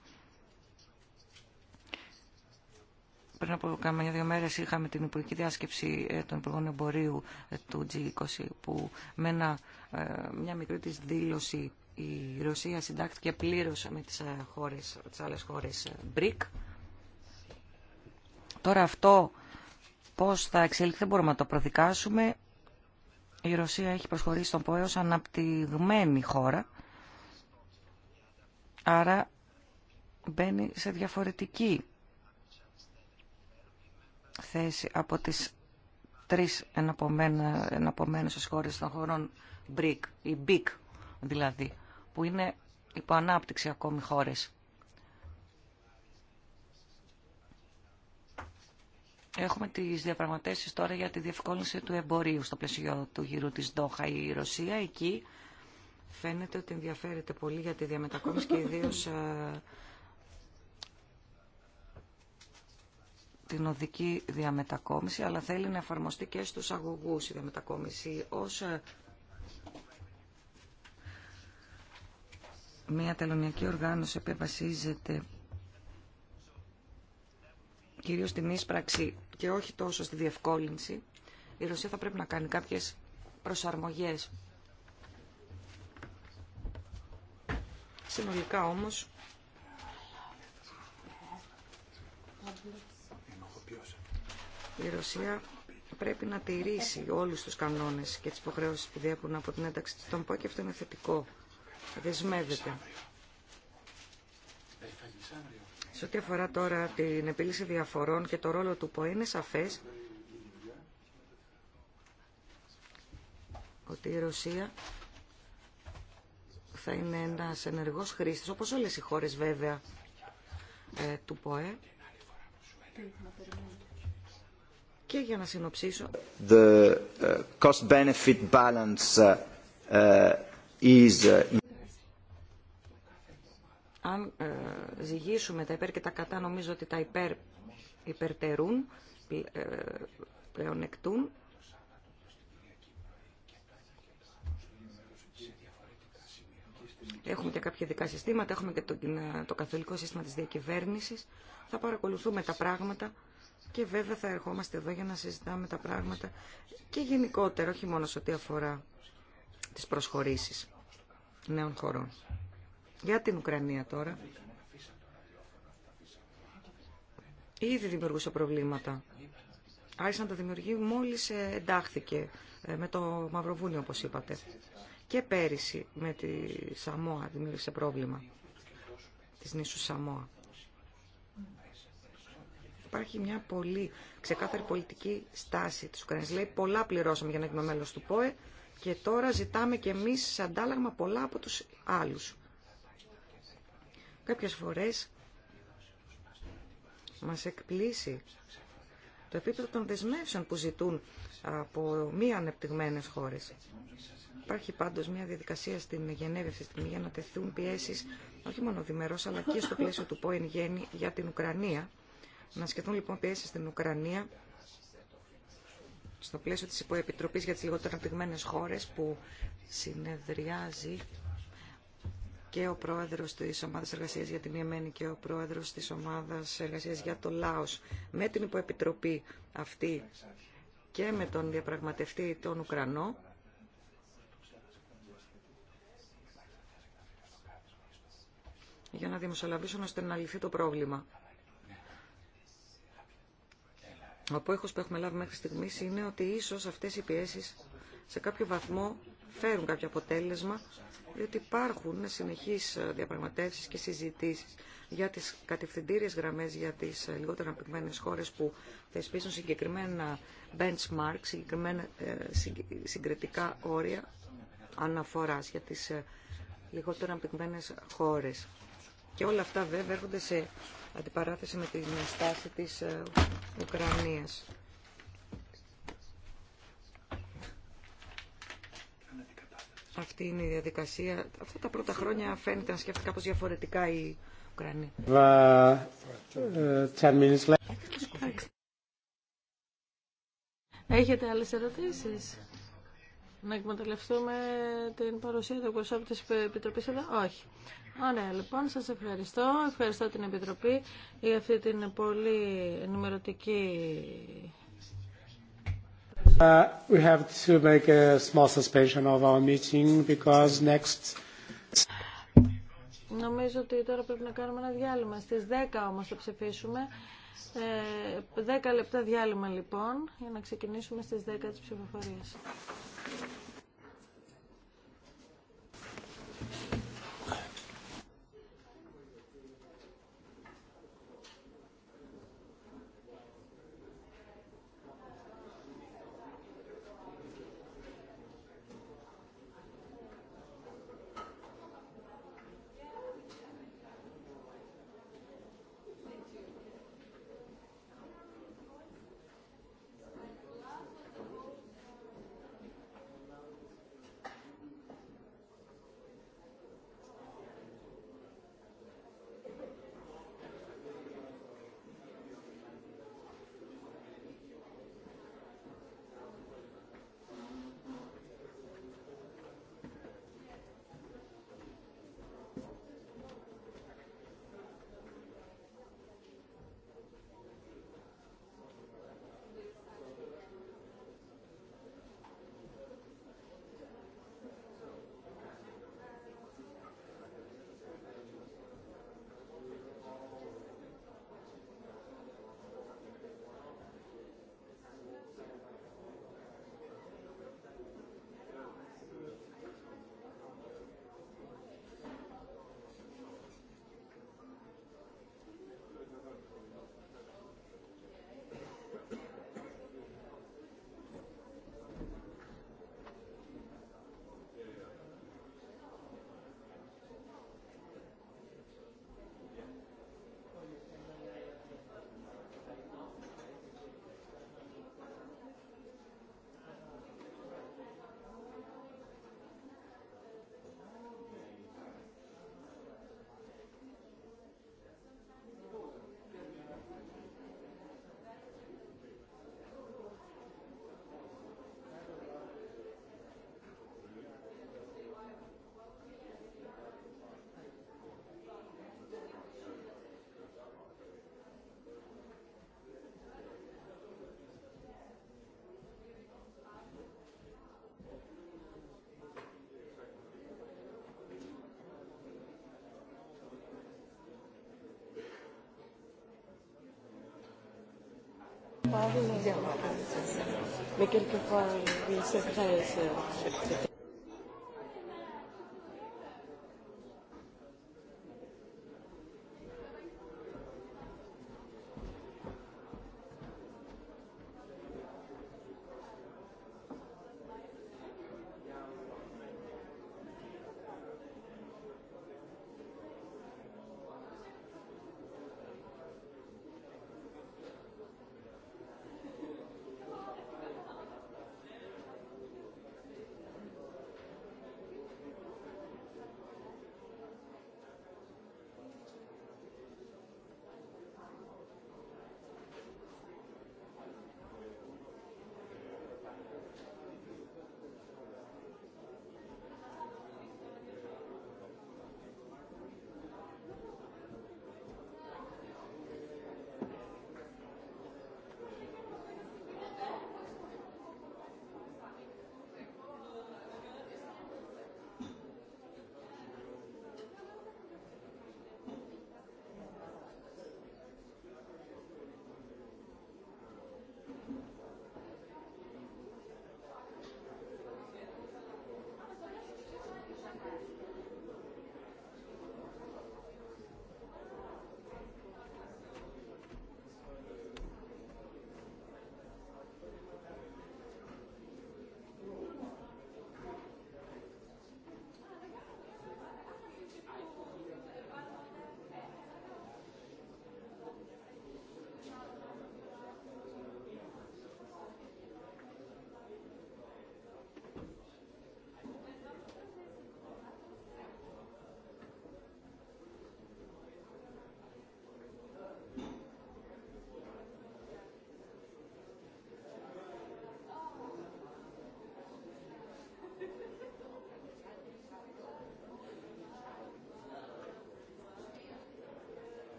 πριν από καμιά δύο μέρε είχαμε την υπουργική διάσκεψη ε, των υπουργών εμπορίου ε, του G20 που με ένα, ε, μια μικρή τη δήλωση η Ρωσία συντάχθηκε πλήρως με τις, χώρες, τις άλλες χώρες BRIC. Τώρα αυτό πώς θα εξελιχθεί δεν μπορούμε να το προδικάσουμε. Η Ρωσία έχει προσχωρήσει τον ΠΟΕ ως αναπτυγμένη χώρα. Άρα μπαίνει σε διαφορετική θέση από τις τρεις εναπομένες χώρες των χωρών BRIC, ή BIC δηλαδή, που είναι ανάπτυξη ακόμη χώρες. Έχουμε τις διαπραγματεύσεις τώρα για τη διευκόλυνση του εμπορίου στο πλαίσιο του γύρου της Ντόχα. Η Ρωσία εκεί φαίνεται ότι ενδιαφέρεται πολύ για τη διαμετακόμιση και ιδίω ε, την οδική διαμετακόμιση, αλλά θέλει να εφαρμοστεί και στους αγωγούς η διαμετακόμιση ως ε, μια τελωνιακή οργάνωση που βασίζεται κυρίως στην ίσπραξη και όχι τόσο στη διευκόλυνση, η Ρωσία θα πρέπει να κάνει κάποιες προσαρμογές. Συνολικά όμως, Η Ρωσία πρέπει να τηρήσει όλους τους κανόνες και τις υποχρεώσεις που διέπουν από την ένταξη Τον ΠΟ και αυτό είναι θετικό. Δεσμεύεται. Σε ό,τι αφορά τώρα την επίλυση διαφορών και το ρόλο του ΠΟΕ, είναι σαφές ότι η Ρωσία θα είναι ένας ενεργός χρήστης, όπως όλες οι χώρες βέβαια ε, του ΠΟΕ. Και για να συνοψίσω. The uh, cost benefit balance uh, uh, is αν ε, ζυγίσουμε τα υπέρ και τα κατά, νομίζω ότι τα υπέρ υπερτερούν, ε, πλεονεκτούν. Έχουμε και κάποια ειδικά συστήματα, έχουμε και το, ε, το καθολικό σύστημα της διακυβέρνησης. Θα παρακολουθούμε τα πράγματα και βέβαια θα ερχόμαστε εδώ για να συζητάμε τα πράγματα και γενικότερα, όχι μόνο σε ό,τι αφορά τις προσχωρήσεις νέων χωρών. Για την Ουκρανία τώρα. Ήδη δημιουργούσε προβλήματα. Άρχισε να τα δημιουργεί μόλις εντάχθηκε ε, με το Μαυροβούνιο, όπως είπατε. Και πέρυσι με τη Σαμόα δημιούργησε πρόβλημα, της νήσου Σαμόα υπάρχει μια πολύ ξεκάθαρη πολιτική στάση της Ουκρανίας. Λέει πολλά πληρώσαμε για να γίνουμε μέλος του ΠΟΕ και τώρα ζητάμε και εμείς σε αντάλλαγμα πολλά από τους άλλους. Κάποιες φορές μας εκπλήσει το επίπεδο των δεσμεύσεων που ζητούν από μη ανεπτυγμένες χώρες. Υπάρχει πάντως μια διαδικασία στην Γενέβη αυτή τη στιγμή για να τεθούν πιέσεις όχι μόνο διμερώς αλλά και στο πλαίσιο του ΠΟΕΝ για την Ουκρανία να σκεφτούν λοιπόν πιέσει στην Ουκρανία στο πλαίσιο της Υποεπιτροπής για τις λιγότερο αναπτυγμένες χώρες που συνεδριάζει και ο πρόεδρος της Ομάδας Εργασίας για την Ιεμένη και ο πρόεδρος της Ομάδας Εργασίας για το Λάος με την Υποεπιτροπή αυτή και με τον διαπραγματευτή τον Ουκρανό για να δημοσιολαβήσουν ώστε να λυθεί το πρόβλημα ο ήχους που έχουμε λάβει μέχρι στιγμής είναι ότι ίσως αυτές οι πιέσεις σε κάποιο βαθμό φέρουν κάποιο αποτέλεσμα, διότι υπάρχουν συνεχείς διαπραγματεύσεις και συζητήσεις για τις κατευθυντήριες γραμμές για τις λιγότερα αναπτυγμένες χώρες που θεσπίσουν συγκεκριμένα benchmark, συγκεκριμένα ε, συγκριτικά όρια αναφοράς για τις ε, λιγότερο αναπτυγμένες χώρες. Και όλα αυτά βέβαια έρχονται σε αντιπαράθεση με την στάση της ε, Ουκρανίας. Αυτή είναι η διαδικασία. Αυτά τα πρώτα χρόνια φαίνεται να σκέφτεται κάπως διαφορετικά η Ουκρανία. Ε, ε, Έχετε άλλες ερωτήσεις? Να εκμεταλλευτούμε την παρουσία του εκπροσώπου της Επιτροπής εδώ. Όχι. Ωραία, λοιπόν, σας ευχαριστώ. Ευχαριστώ την Επιτροπή για αυτή την πολύ ενημερωτική... Uh, we have to make a small suspension of our meeting because next... Νομίζω ότι τώρα πρέπει να κάνουμε ένα διάλειμμα. Στις 10 όμως θα ψηφίσουμε. 10 ε, λεπτά διάλειμμα λοιπόν για να ξεκινήσουμε στις 10 της ψηφοφορίας. pas Mais quelquefois, oui, c'est vrai.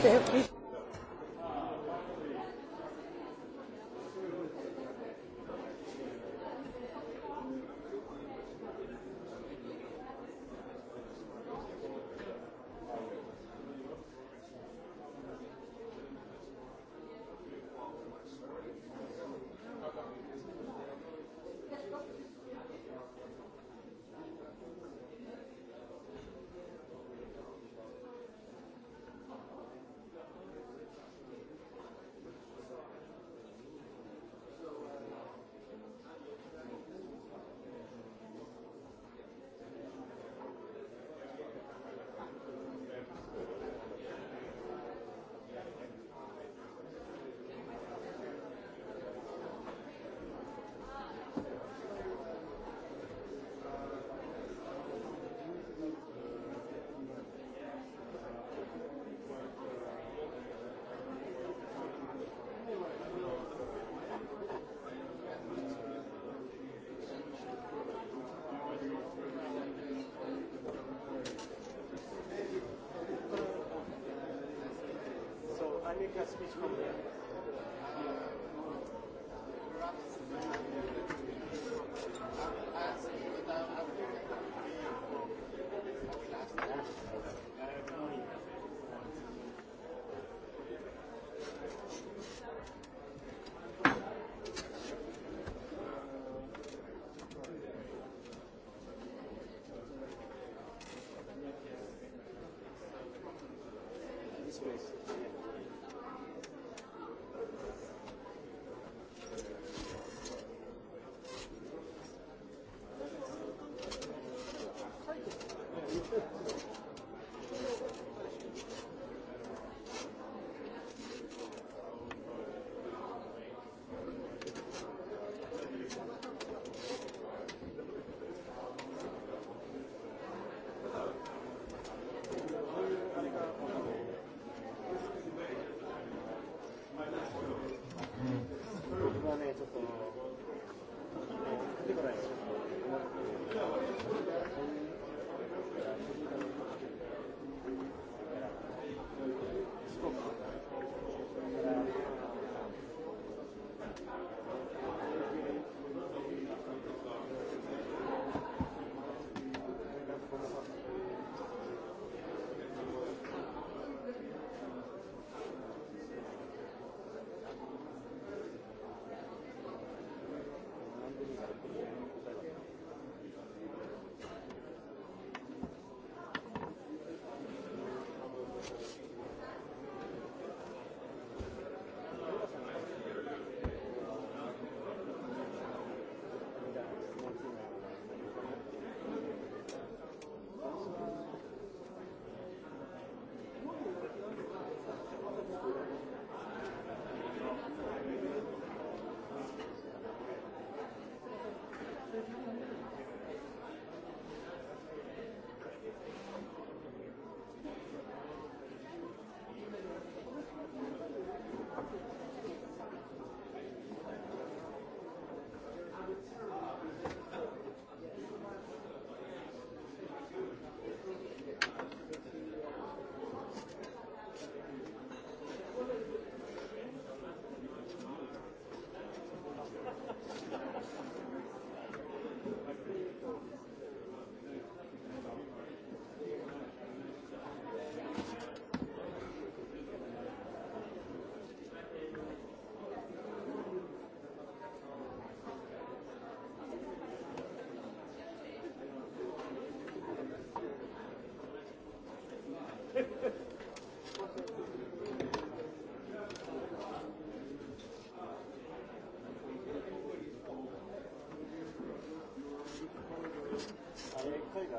πιστεύει. space.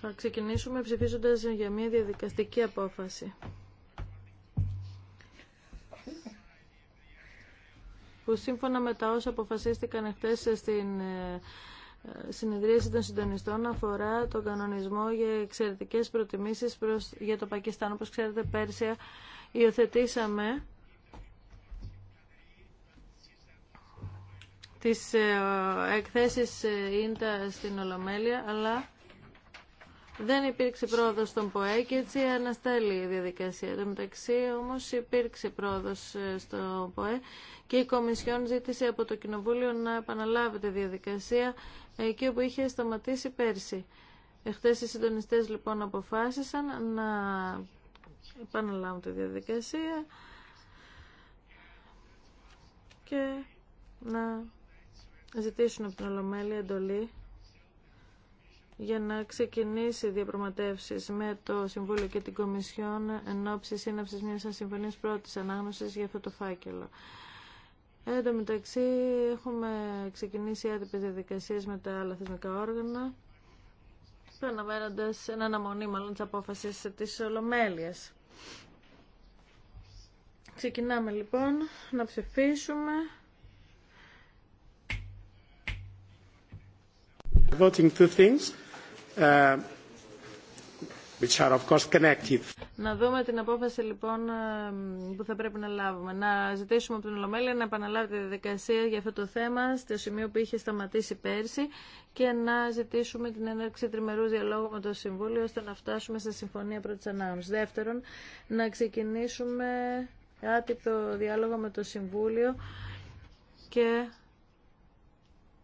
Θα ξεκινήσουμε ψηφίζοντας για μια διαδικαστική απόφαση. Που σύμφωνα με τα όσα αποφασίστηκαν εχθές στην ε, συνεδρίαση των συντονιστών αφορά τον κανονισμό για εξαιρετικές προτιμήσεις για το Πακιστάν. Όπως ξέρετε, πέρσι υιοθετήσαμε τις ε, εκθέσεις ε, ίντα στην Ολομέλεια, αλλά δεν υπήρξε πρόοδο στον ΠΟΕ και έτσι αναστέλει η διαδικασία. Εν τω μεταξύ όμω υπήρξε πρόοδο ε, στον ΠΟΕ και η Κομισιόν ζήτησε από το Κοινοβούλιο να επαναλάβει τη διαδικασία εκεί όπου είχε σταματήσει πέρσι. Εχθέ οι συντονιστέ λοιπόν αποφάσισαν να επαναλάβουν τη διαδικασία και να ζητήσουν από την ολομέλη εντολή για να ξεκινήσει διαπραγματεύσει με το Συμβούλιο και την Κομισιόν εν ώψη σύναψη μια συμφωνία πρώτη ανάγνωση για αυτό το φάκελο. Εν τω μεταξύ, έχουμε ξεκινήσει άτυπε διαδικασίε με τα άλλα θεσμικά όργανα, αναμένοντα ένα αναμονή μάλλον τη απόφαση τη Ολομέλεια. Ξεκινάμε λοιπόν να ψηφίσουμε. Uh, να δούμε την απόφαση λοιπόν ε, που θα πρέπει να λάβουμε. Να ζητήσουμε από την Ολομέλεια να επαναλάβει τη διαδικασία για αυτό το θέμα στο σημείο που είχε σταματήσει πέρσι και να ζητήσουμε την έναρξη τριμερού διαλόγου με το Συμβούλιο ώστε να φτάσουμε σε συμφωνία πρώτη ανάγνωση. Δεύτερον, να ξεκινήσουμε άτυπτο διάλογο με το Συμβούλιο και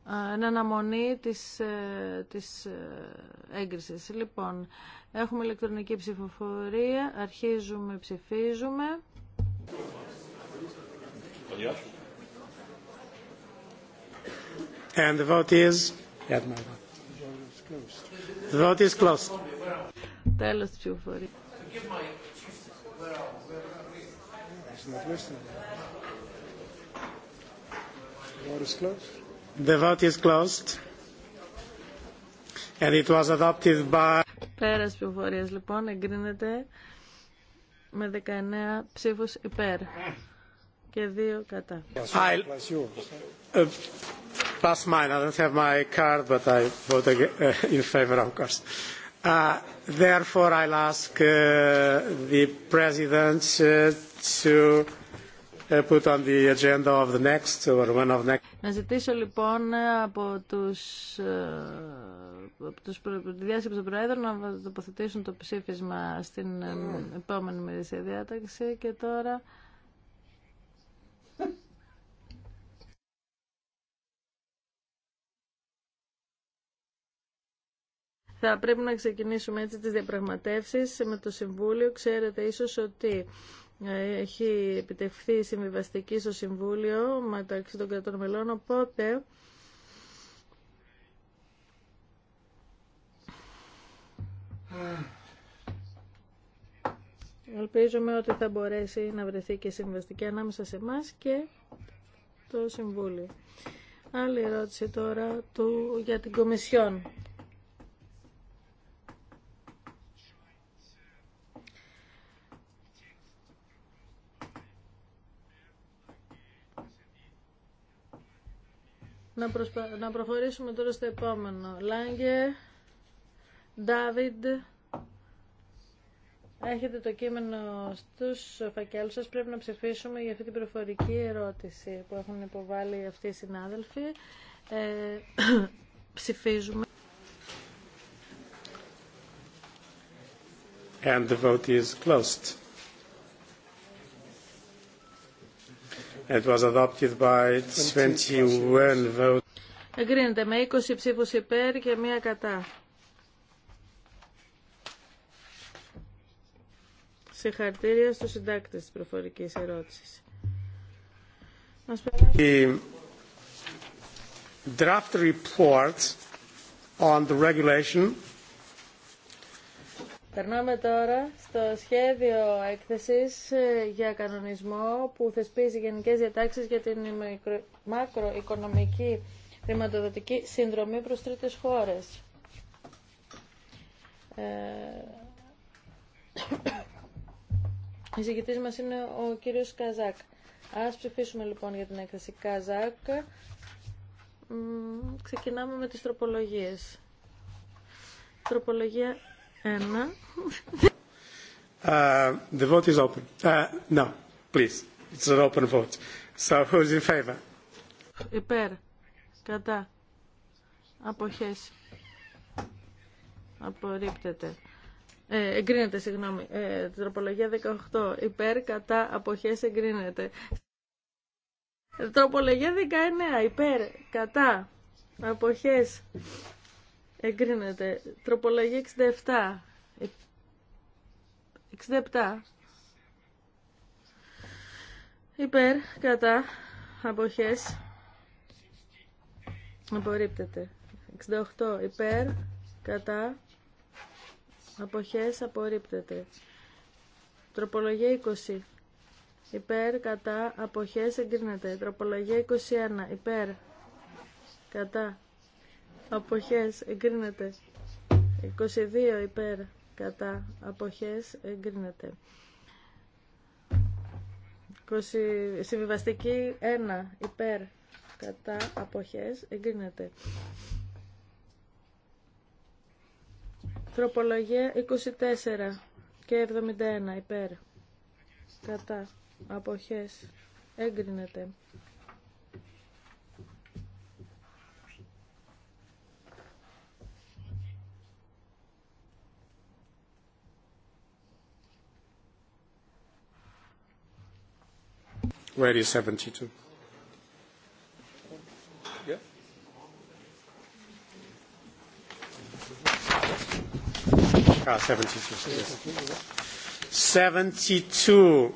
εν αναμονή της, ε, της ε, έγκρισης. Λοιπόν, έχουμε ηλεκτρονική ψηφοφορία, αρχίζουμε, ψηφίζουμε. And the vote is... The vote is closed. Τέλος της ψηφοφορίας. The is closed. The vote is closed. And it was adopted by... Πέρας πληροφορίας λοιπόν εγκρίνεται με 19 ψήφους υπέρ και 2 κατά. I... Uh, plus mine. I don't have my card, but I vote in favor, of course. Uh, therefore, I'll ask uh, the President uh, to uh, put on the agenda of the next or one of the next. Να ζητήσω λοιπόν από τους, ε, από τους τη διάσκεψη των να τοποθετήσουν το ψήφισμα στην ε, επόμενη μερίσια διάταξη και τώρα... Θα πρέπει να ξεκινήσουμε έτσι τις διαπραγματεύσεις με το Συμβούλιο. Ξέρετε ίσως ότι έχει επιτευχθεί συμβιβαστική στο Συμβούλιο μεταξύ των κρατών μελών, οπότε ελπίζουμε ότι θα μπορέσει να βρεθεί και συμβαστική ανάμεσα σε εμά και το Συμβούλιο. Άλλη ερώτηση τώρα του για την Κομισιόν. Να, να προχωρήσουμε τώρα στο επόμενο. Λάγκε, Ντάβιντ, έχετε το κείμενο στους φακέλους σας. Πρέπει να ψηφίσουμε για αυτή την προφορική ερώτηση που έχουν υποβάλει αυτοί οι συνάδελφοι. Ε, ψηφίζουμε. And the vote is closed. It was adopted by 21 votes. Εγκρίνεται με 20 ψήφους υπέρ και μία κατά. Συγχαρητήρια στους συντάκτες της προφορικής ερώτησης. The draft report on the regulation Περνάμε τώρα στο σχέδιο έκθεσης ε, για κανονισμό που θεσπίζει γενικές διατάξεις για την μακροοικονομική χρηματοδοτική συνδρομή προς τρίτες χώρες. Ε... Η μας είναι ο κύριος Καζάκ. Ας ψηφίσουμε λοιπόν για την έκθεση Καζάκ. Ξεκινάμε με τις τροπολογίες. Τροπολογία ένα. Uh, the vote is open. Uh, no, please. It's an open vote. So who's in favor? Υπέρ. Κατά. Αποχές. Απορρίπτεται. Ε, εγκρίνεται, συγγνώμη. Ε, τροπολογία 18. Υπέρ, κατά, αποχές, εγκρίνεται. Τροπολογία 19. Υπέρ, κατά, αποχές, Εγκρίνεται. Τροπολογία 67. 67. Υπέρ, κατά, αποχές. Απορρίπτεται. 68. Υπέρ, κατά, αποχές, απορρίπτεται. Τροπολογία 20. Υπέρ, κατά, αποχές, εγκρίνεται. Τροπολογία 21. Υπέρ, κατά, αποχές εγκρίνεται 22 υπέρ κατά αποχές εγκρίνεται 20, συμβιβαστική 1 υπέρ κατά αποχές εγκρίνεται τροπολογία 24 και 71 υπέρ κατά αποχές εγκρίνεται Where is 72? Yeah. Ah, 72. Yes. 72.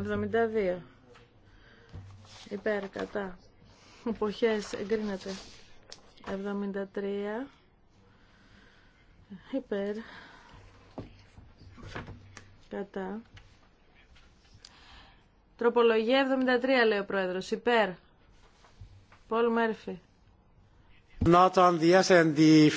72. Υπέρ, κατά. Εποχές εγκρίνεται. 73. Υπέρ. Κατά. Τροπολογία 73 λέει ο πρόεδρος. Υπέρ. Πολ Μέρφυ. Not on the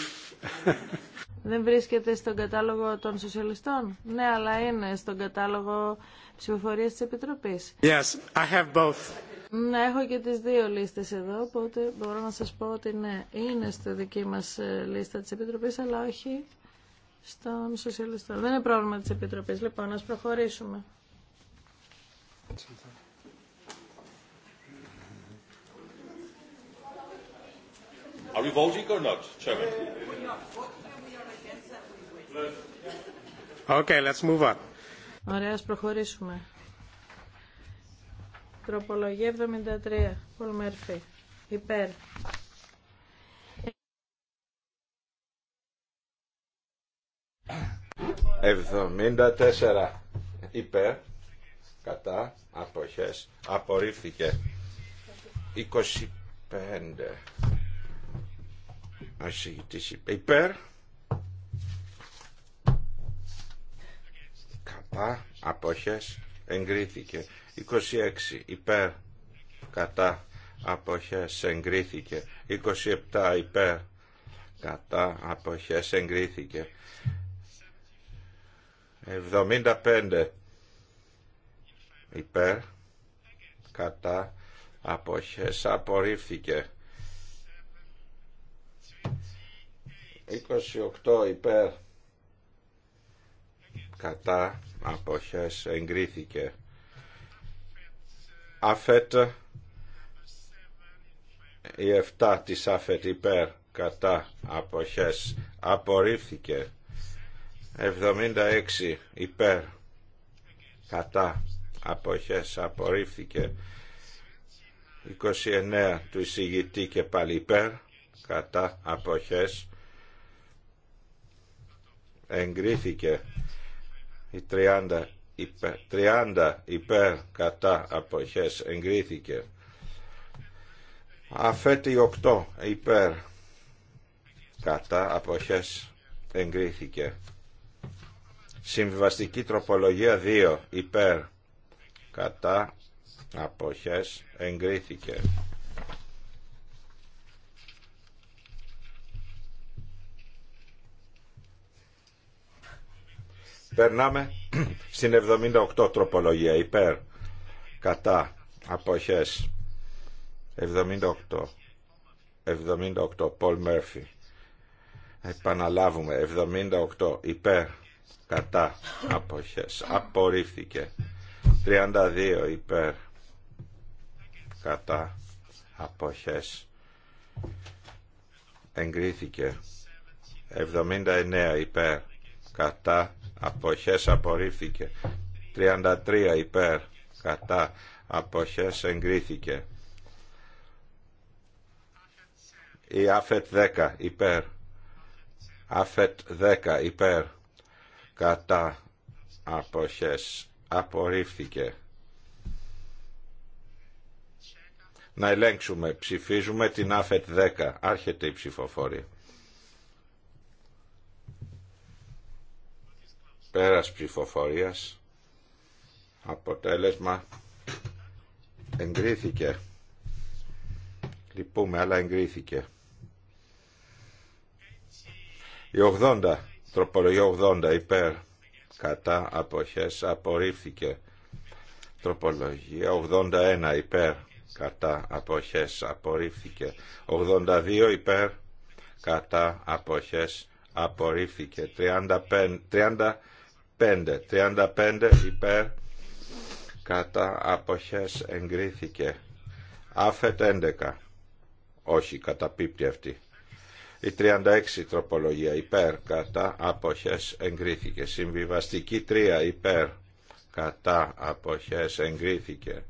Δεν βρίσκεται στον κατάλογο των σοσιαλιστών. Ναι, αλλά είναι στον κατάλογο ψηφοφορίας της Επιτροπής. Yes, I have both. Ναι, έχω και τις δύο λίστες εδώ, οπότε μπορώ να σας πω ότι ναι, είναι στη δική μας ε, λίστα της Επιτροπής, αλλά όχι στον Σοσιαλιστό. Δεν είναι πρόβλημα της Επιτροπής. Λοιπόν, ας προχωρήσουμε. Are we voting or not, Chairman? Okay, let's move on. Ωραία, ας προχωρήσουμε. Τροπολογία 73, Πολ Μέρφη. υπέρ. Εβδομήντα τέσσερα υπέρ κατά αποχές απορρίφθηκε 25 ασυγητής υπέρ κατά αποχές εγκρίθηκε 26 υπέρ κατά αποχές εγκρίθηκε 27 υπέρ κατά αποχές εγκρίθηκε 75 υπέρ κατά αποχές απορρίφθηκε 28 υπέρ κατά αποχές εγκρίθηκε αφέτ η 7 της αφέτ υπέρ κατά αποχές απορρίφθηκε 76 υπέρ κατά αποχές απορρίφθηκε 29 του εισηγητή και πάλι υπέρ κατά αποχές εγκρίθηκε η 30 υπέρ, 30 υπέρ κατά αποχές εγκρίθηκε αφέτη 8 υπέρ κατά αποχές εγκρίθηκε συμβιβαστική τροπολογία 2 υπέρ κατά αποχές εγκρίθηκε. Περνάμε στην 78 τροπολογία υπέρ κατά αποχές 78 78 Πολ Μέρφυ επαναλάβουμε 78 υπέρ κατά αποχές απορρίφθηκε 32 υπέρ κατά αποχές εγκρίθηκε 79 υπέρ κατά αποχές απορρίφθηκε 33 υπέρ κατά αποχές εγκρίθηκε η ΑΦΕΤ 10 υπέρ ΑΦΕΤ 10 υπέρ κατά αποχές απορρίφθηκε. Να ελέγξουμε. Ψηφίζουμε την ΑΦΕΤ 10. Άρχεται η ψηφοφορία. Πέρας ψηφοφορίας. Αποτέλεσμα. Εγκρίθηκε. Λυπούμε, αλλά εγκρίθηκε. Η 80. Τροπολογία 80. Υπέρ κατά αποχές απορρίφθηκε τροπολογία 81 υπέρ κατά αποχές απορρίφθηκε 82 υπέρ κατά αποχές απορρίφθηκε 35, 35, υπέρ κατά αποχές εγκρίθηκε άφετ 11 όχι καταπίπτει αυτή η 36 τροπολογία υπέρ κατά αποχές εγκρίθηκε. Συμβιβαστική 3 υπέρ κατά αποχές εγκρίθηκε.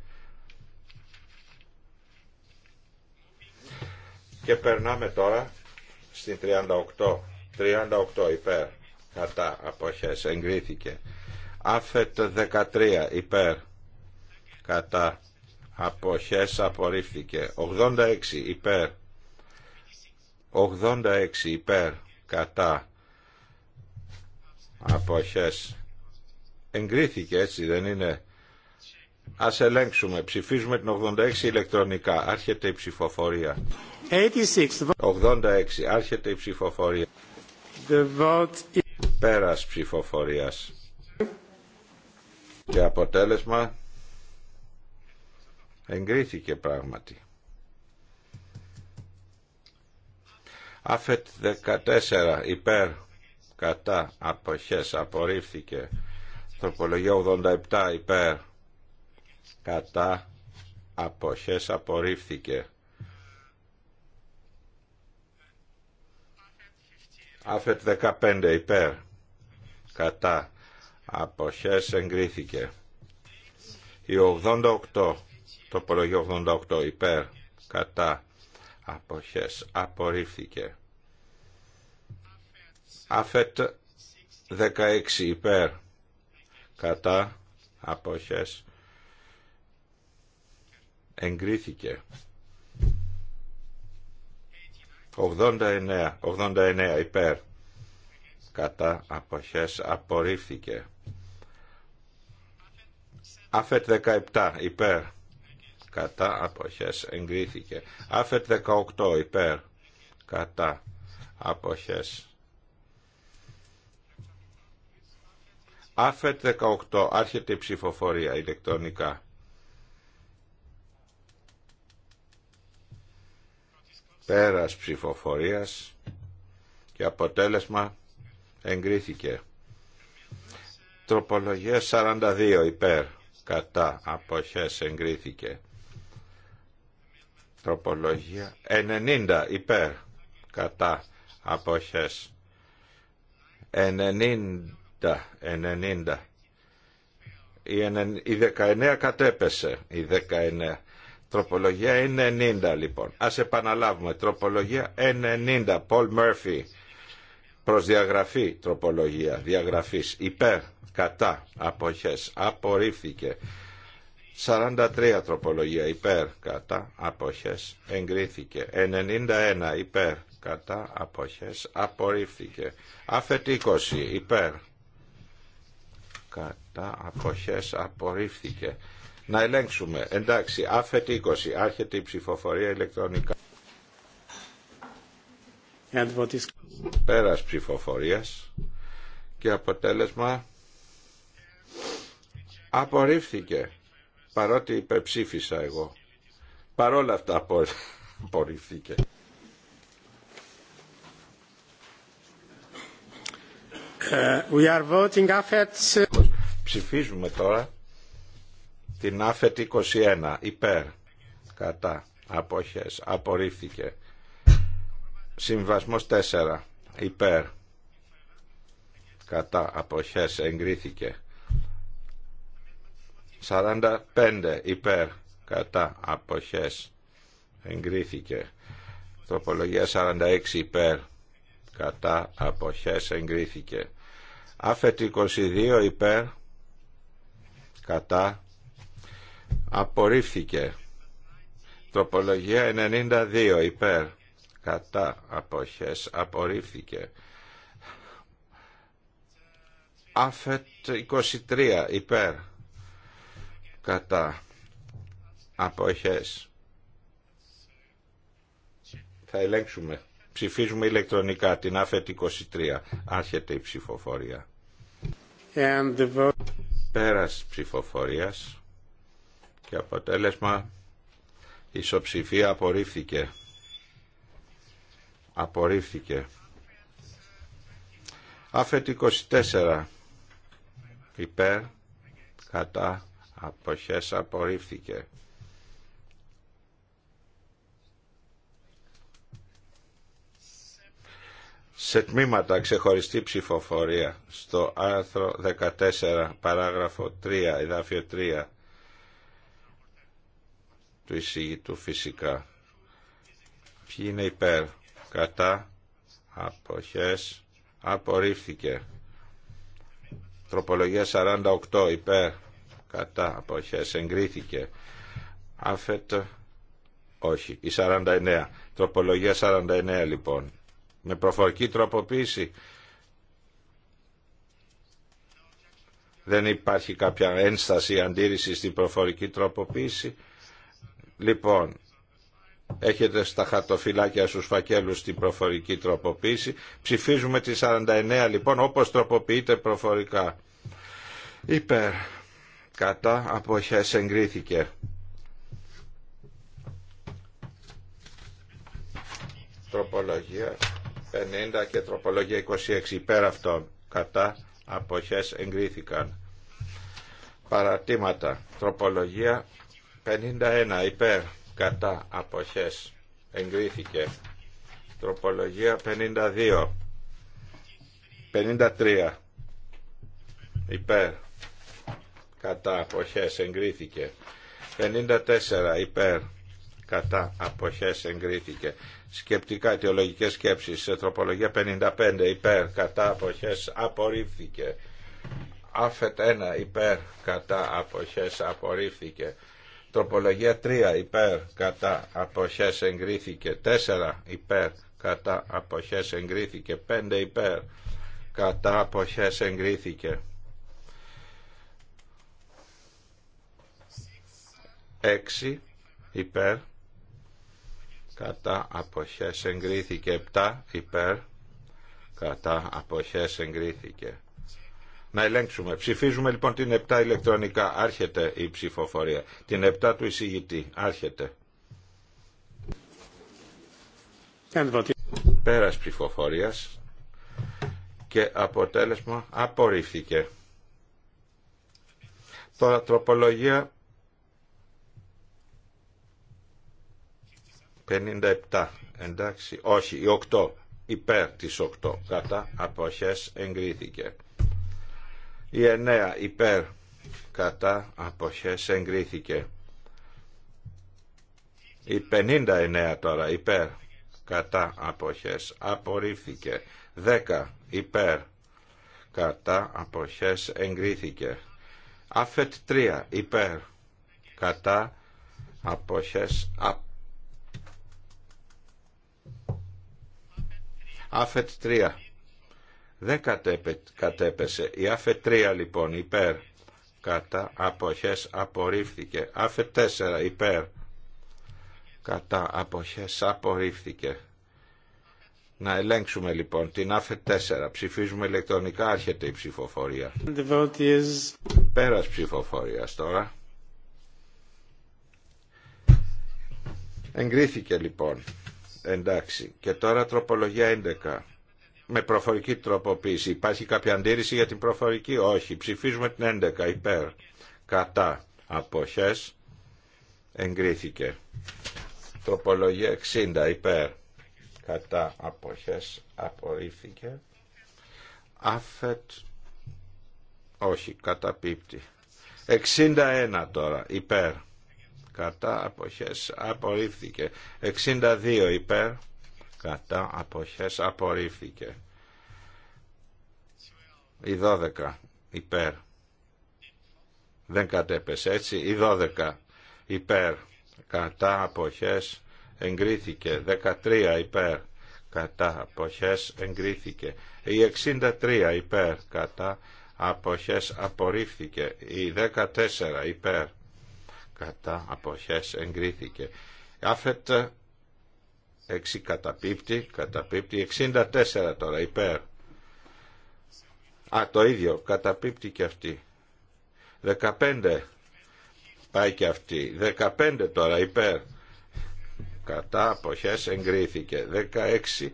Και περνάμε τώρα στην 38. 38 υπέρ κατά αποχές εγκρίθηκε. Άφετ 13 υπέρ κατά αποχές απορρίφθηκε. 86 υπέρ 86 υπέρ κατά αποχές εγκρίθηκε έτσι δεν είναι ας ελέγξουμε ψηφίζουμε την 86 ηλεκτρονικά άρχεται η ψηφοφορία 86 άρχεται η ψηφοφορία The vote... πέρας ψηφοφορίας και αποτέλεσμα εγκρίθηκε πράγματι Άφετ 14 υπέρ κατά αποχές απορρίφθηκε. Τροπολογία 87 υπέρ κατά αποχές απορρίφθηκε. Άφετ 15 υπέρ κατά αποχές εγκρίθηκε. Η 88 τοπολογία 88 υπέρ κατά αποχές απορρίφθηκε αφετ 16 υπέρ κατά αποχές εγκρίθηκε 89, 89 υπέρ κατά αποχές απορρίφθηκε αφετ 17 υπέρ κατά αποχές εγκρίθηκε. Άφετ 18 υπέρ κατά αποχές. Άφετ 18 άρχεται η ψηφοφορία ηλεκτρονικά. Πέρας ψηφοφορίας και αποτέλεσμα εγκρίθηκε. Τροπολογία 42 υπέρ κατά αποχές εγκρίθηκε. Τροπολογία 90 υπέρ κατά αποχές. 90, 90. Η 19 κατέπεσε, η 19. Τροπολογία 90 λοιπόν. Ας επαναλάβουμε. Τροπολογία 90. Paul Murphy. διαγραφή τροπολογία. Διαγραφής. Υπέρ. Κατά. Αποχές. Απορρίφθηκε. 43 τροπολογία υπέρ κατά αποχές εγκρίθηκε 91 υπέρ κατά αποχές απορρίφθηκε αφετήκος 20 υπέρ κατά αποχές απορρίφθηκε να ελέγξουμε εντάξει άφετη 20 άρχεται η ψηφοφορία ηλεκτρονικά πέρας ψηφοφορίας και αποτέλεσμα απορρίφθηκε παρότι υπεψήφισα εγώ. Παρόλα αυτά απορριφθήκε. Ε, we Ψηφίζουμε τώρα την ΑΦΕΤ 21 υπέρ κατά αποχές απορρίφθηκε συμβασμός 4 υπέρ κατά αποχές εγκρίθηκε 45 υπέρ κατά αποχές εγκρίθηκε τροπολογία 46 υπέρ κατά αποχές εγκρίθηκε άφετ 22 υπέρ κατά απορρίφθηκε τροπολογία 92 υπέρ κατά αποχές απορρίφθηκε άφετ 23 υπέρ κατά αποχές θα ελέγξουμε ψηφίζουμε ηλεκτρονικά την ΑΦΕΤ 23 άρχεται η ψηφοφορία And the πέρας ψηφοφορίας και αποτέλεσμα η ισοψηφία απορρίφθηκε απορρίφθηκε ΑΦΕΤ 24 υπέρ κατά αποχές απορρίφθηκε. Σε τμήματα ξεχωριστή ψηφοφορία στο άρθρο 14 παράγραφο 3 εδάφιο 3 του εισηγητού φυσικά. Ποιοι είναι υπέρ, κατά, αποχές, απορρίφθηκε. Τροπολογία 48 υπέρ, κατά αποχές εγκρίθηκε άφετ όχι η 49 τροπολογία 49 λοιπόν με προφορική τροποποίηση δεν υπάρχει κάποια ένσταση αντίρρηση στην προφορική τροποποίηση λοιπόν έχετε στα χαρτοφυλάκια στους φακέλους την προφορική τροποποίηση ψηφίζουμε τη 49 λοιπόν όπως τροποποιείται προφορικά υπέρ κατά αποχές εγκρίθηκε. Τροπολογία 50 και τροπολογία 26 υπέρ αυτών κατά αποχές εγκρίθηκαν. Παρατήματα. Τροπολογία 51 υπέρ κατά αποχές εγκρίθηκε. Τροπολογία 52. 53 υπέρ κατά αποχές εγκρίθηκε 54 υπέρ κατά αποχές εγκρίθηκε σκεπτικά αιτιολογικές σκέψεις σε τροπολογία 55 υπέρ κατά αποχές απορρίφθηκε άφετ 1 υπέρ κατά αποχές απορρίφθηκε τροπολογία 3 υπέρ κατά αποχές εγκρίθηκε 4 υπέρ κατά αποχές εγκρίθηκε 5 υπέρ κατά αποχές εγκρίθηκε 6 υπέρ κατά αποχές εγκρίθηκε 7 υπέρ κατά αποχές εγκρίθηκε να ελέγξουμε ψηφίζουμε λοιπόν την 7 ηλεκτρονικά άρχεται η ψηφοφορία την 7 του εισηγητή άρχεται πέρας ψηφοφορίας και αποτέλεσμα απορρίφθηκε τώρα τροπολογία 57. Εντάξει, όχι, η 8. Υπέρ τη 8. Κατά αποχές εγκρίθηκε. Η 9. Υπέρ. Κατά αποχές εγκρίθηκε. Η 59 τώρα. Υπέρ. Κατά αποχές απορρίφθηκε. 10. Υπέρ. Κατά αποχές εγκρίθηκε. Αφετ 3. Υπέρ. Κατά αποχές απορρίφθηκε Άφετ 3. Δεν κατέπεσε. Η Άφετ 3 λοιπόν υπέρ. Κατά αποχές απορρίφθηκε. Άφετ 4 υπέρ. Κατά αποχές απορρίφθηκε. Να ελέγξουμε λοιπόν την ΑΦΕ 4. Ψηφίζουμε ηλεκτρονικά, άρχεται η ψηφοφορία. The vote is... Πέρας ψηφοφορίας τώρα. Εγκρίθηκε λοιπόν. Εντάξει. Και τώρα τροπολογία 11. Με προφορική τροποποίηση. Υπάρχει κάποια αντίρρηση για την προφορική. Όχι. Ψηφίζουμε την 11. Υπέρ. Κατά. Αποχές. Εγκρίθηκε. Τροπολογία 60. Υπέρ. Κατά. Αποχές. Απορρίφθηκε. Αφετ. Όχι. Καταπίπτει. 61 τώρα. Υπέρ κατά αποχές απορρίφθηκε 62 υπέρ κατά αποχές απορρίφθηκε η 12 υπέρ δεν κατέπεσε έτσι η 12 υπέρ κατά αποχές εγκρίθηκε 13 υπέρ κατά αποχές εγκρίθηκε η 63 υπέρ κατά αποχές απορρίφθηκε η 14 υπέρ κατά αποχές εγκρίθηκε. Άφετ 6 καταπίπτει, καταπίπτει 64 τώρα υπέρ. Α, το ίδιο, καταπίπτει και αυτή. 15 πάει και αυτή. 15 τώρα υπέρ. Κατά αποχές εγκρίθηκε. 16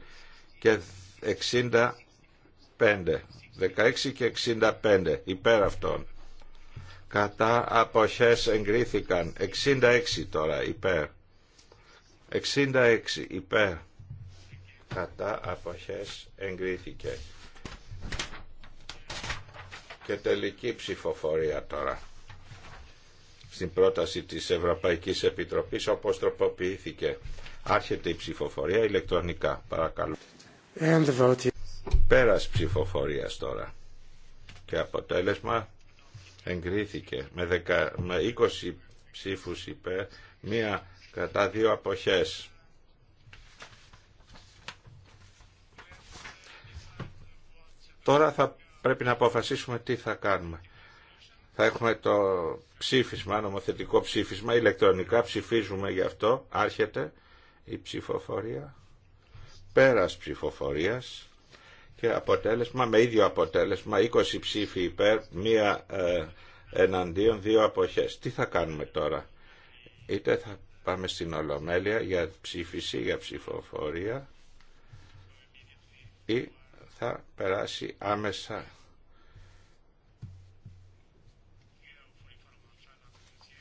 και 65. 16 και 65 υπέρ αυτών κατά αποχές εγκρίθηκαν 66 τώρα υπέρ 66 υπέρ κατά αποχές εγκρίθηκε και τελική ψηφοφορία τώρα στην πρόταση της Ευρωπαϊκής Επιτροπής όπως τροποποιήθηκε άρχεται η ψηφοφορία ηλεκτρονικά παρακαλώ And πέρας ψηφοφορίας τώρα και αποτέλεσμα εγκρίθηκε με 20 ψήφους υπέρ, μία κατά δύο αποχές. Τώρα θα πρέπει να αποφασίσουμε τι θα κάνουμε. Θα έχουμε το ψήφισμα, νομοθετικό ψήφισμα, ηλεκτρονικά ψηφίζουμε γι' αυτό, άρχεται η ψηφοφορία, πέρας ψηφοφορίας και αποτέλεσμα με ίδιο αποτέλεσμα 20 ψήφοι υπέρ, μία ε, εναντίον, δύο αποχές. Τι θα κάνουμε τώρα. Είτε θα πάμε στην Ολομέλεια για ψήφιση, για ψηφοφορία ή θα περάσει άμεσα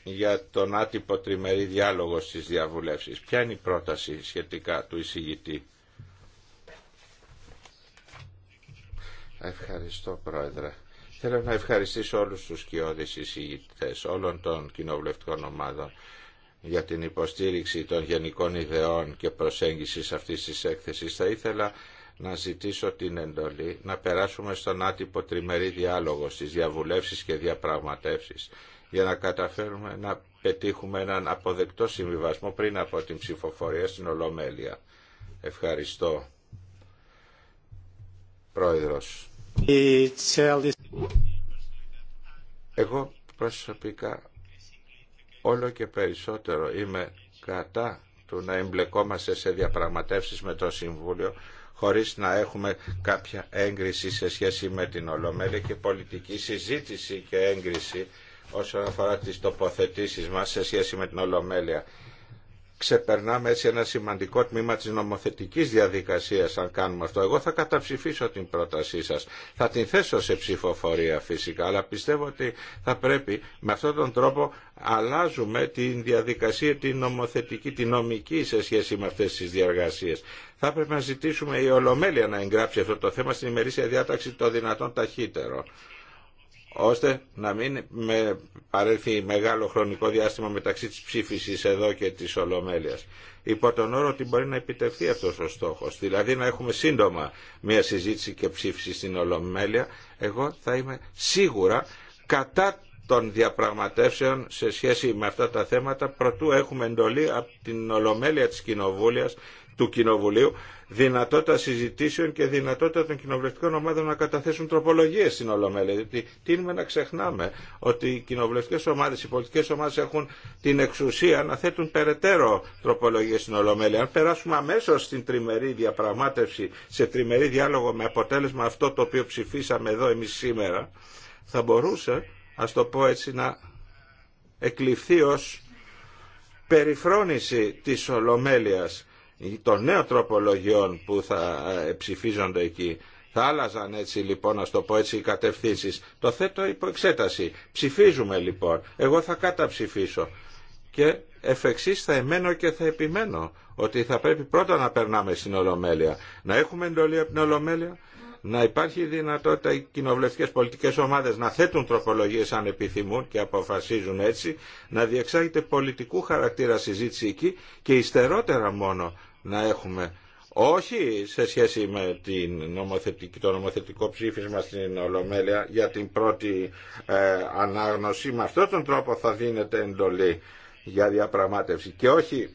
για τον άτυπο τριμερή διάλογο στις διαβουλεύσεις. Ποια είναι η πρόταση σχετικά του εισηγητή. Ευχαριστώ Πρόεδρε. Θέλω να ευχαριστήσω όλους τους κοιόδης εισηγητές όλων των κοινοβουλευτικών ομάδων για την υποστήριξη των γενικών ιδεών και προσέγγισης αυτής της έκθεσης. Θα ήθελα να ζητήσω την εντολή να περάσουμε στον άτυπο τριμερή διάλογο στις διαβουλεύσεις και διαπραγματεύσεις για να καταφέρουμε να πετύχουμε έναν αποδεκτό συμβιβασμό πριν από την ψηφοφορία στην Ολομέλεια. Ευχαριστώ. Πρόεδρος. Εγώ προσωπικά όλο και περισσότερο είμαι κατά του να εμπλεκόμαστε σε διαπραγματεύσεις με το Συμβούλιο χωρίς να έχουμε κάποια έγκριση σε σχέση με την Ολομέλεια και πολιτική συζήτηση και έγκριση όσον αφορά τις τοποθετήσεις μας σε σχέση με την Ολομέλεια ξεπερνάμε έτσι ένα σημαντικό τμήμα της νομοθετικής διαδικασίας αν κάνουμε αυτό. Εγώ θα καταψηφίσω την πρότασή σας. Θα την θέσω σε ψηφοφορία φυσικά, αλλά πιστεύω ότι θα πρέπει με αυτόν τον τρόπο αλλάζουμε τη διαδικασία, την νομοθετική, τη νομική σε σχέση με αυτές τις διαργασίες. Θα πρέπει να ζητήσουμε η Ολομέλεια να εγγράψει αυτό το θέμα στην ημερήσια διάταξη το δυνατόν ταχύτερο ώστε να μην με παρέλθει μεγάλο χρονικό διάστημα μεταξύ της ψήφισης εδώ και της Ολομέλειας. Υπό τον όρο ότι μπορεί να επιτευχθεί αυτός ο στόχος, δηλαδή να έχουμε σύντομα μια συζήτηση και ψήφιση στην Ολομέλεια, εγώ θα είμαι σίγουρα κατά των διαπραγματεύσεων σε σχέση με αυτά τα θέματα, προτού έχουμε εντολή από την Ολομέλεια του Κοινοβουλίου δυνατότητα συζητήσεων και δυνατότητα των κοινοβουλευτικών ομάδων να καταθέσουν τροπολογίε στην Ολομέλεια. Διότι τίνουμε να ξεχνάμε ότι οι κοινοβουλευτικέ ομάδε, οι πολιτικέ ομάδε έχουν την εξουσία να θέτουν περαιτέρω τροπολογίε στην Ολομέλεια. Αν περάσουμε αμέσω στην τριμερή διαπραγμάτευση, σε τριμερή διάλογο με αποτέλεσμα αυτό το οποίο ψηφίσαμε εδώ εμεί σήμερα, θα μπορούσε, α το πω έτσι, να εκλειφθεί ω περιφρόνηση της Ολομέλειας των νέων τροπολογιών που θα ε, ψηφίζονται εκεί. Θα άλλαζαν έτσι λοιπόν, να το πω έτσι, οι κατευθύνσεις. Το θέτω υπό εξέταση. Ψηφίζουμε λοιπόν. Εγώ θα καταψηφίσω. Και εφ' εξής θα εμένω και θα επιμένω ότι θα πρέπει πρώτα να περνάμε στην Ολομέλεια. Να έχουμε εντολή από την Ολομέλεια να υπάρχει δυνατότητα οι κοινοβουλευτικές πολιτικές ομάδες να θέτουν τροπολογίες αν επιθυμούν και αποφασίζουν έτσι, να διεξάγεται πολιτικού χαρακτήρα συζήτηση εκεί και υστερότερα μόνο να έχουμε όχι σε σχέση με την το νομοθετικό ψήφισμα στην Ολομέλεια για την πρώτη ε, ανάγνωση. Με αυτόν τον τρόπο θα δίνεται εντολή για διαπραγμάτευση και όχι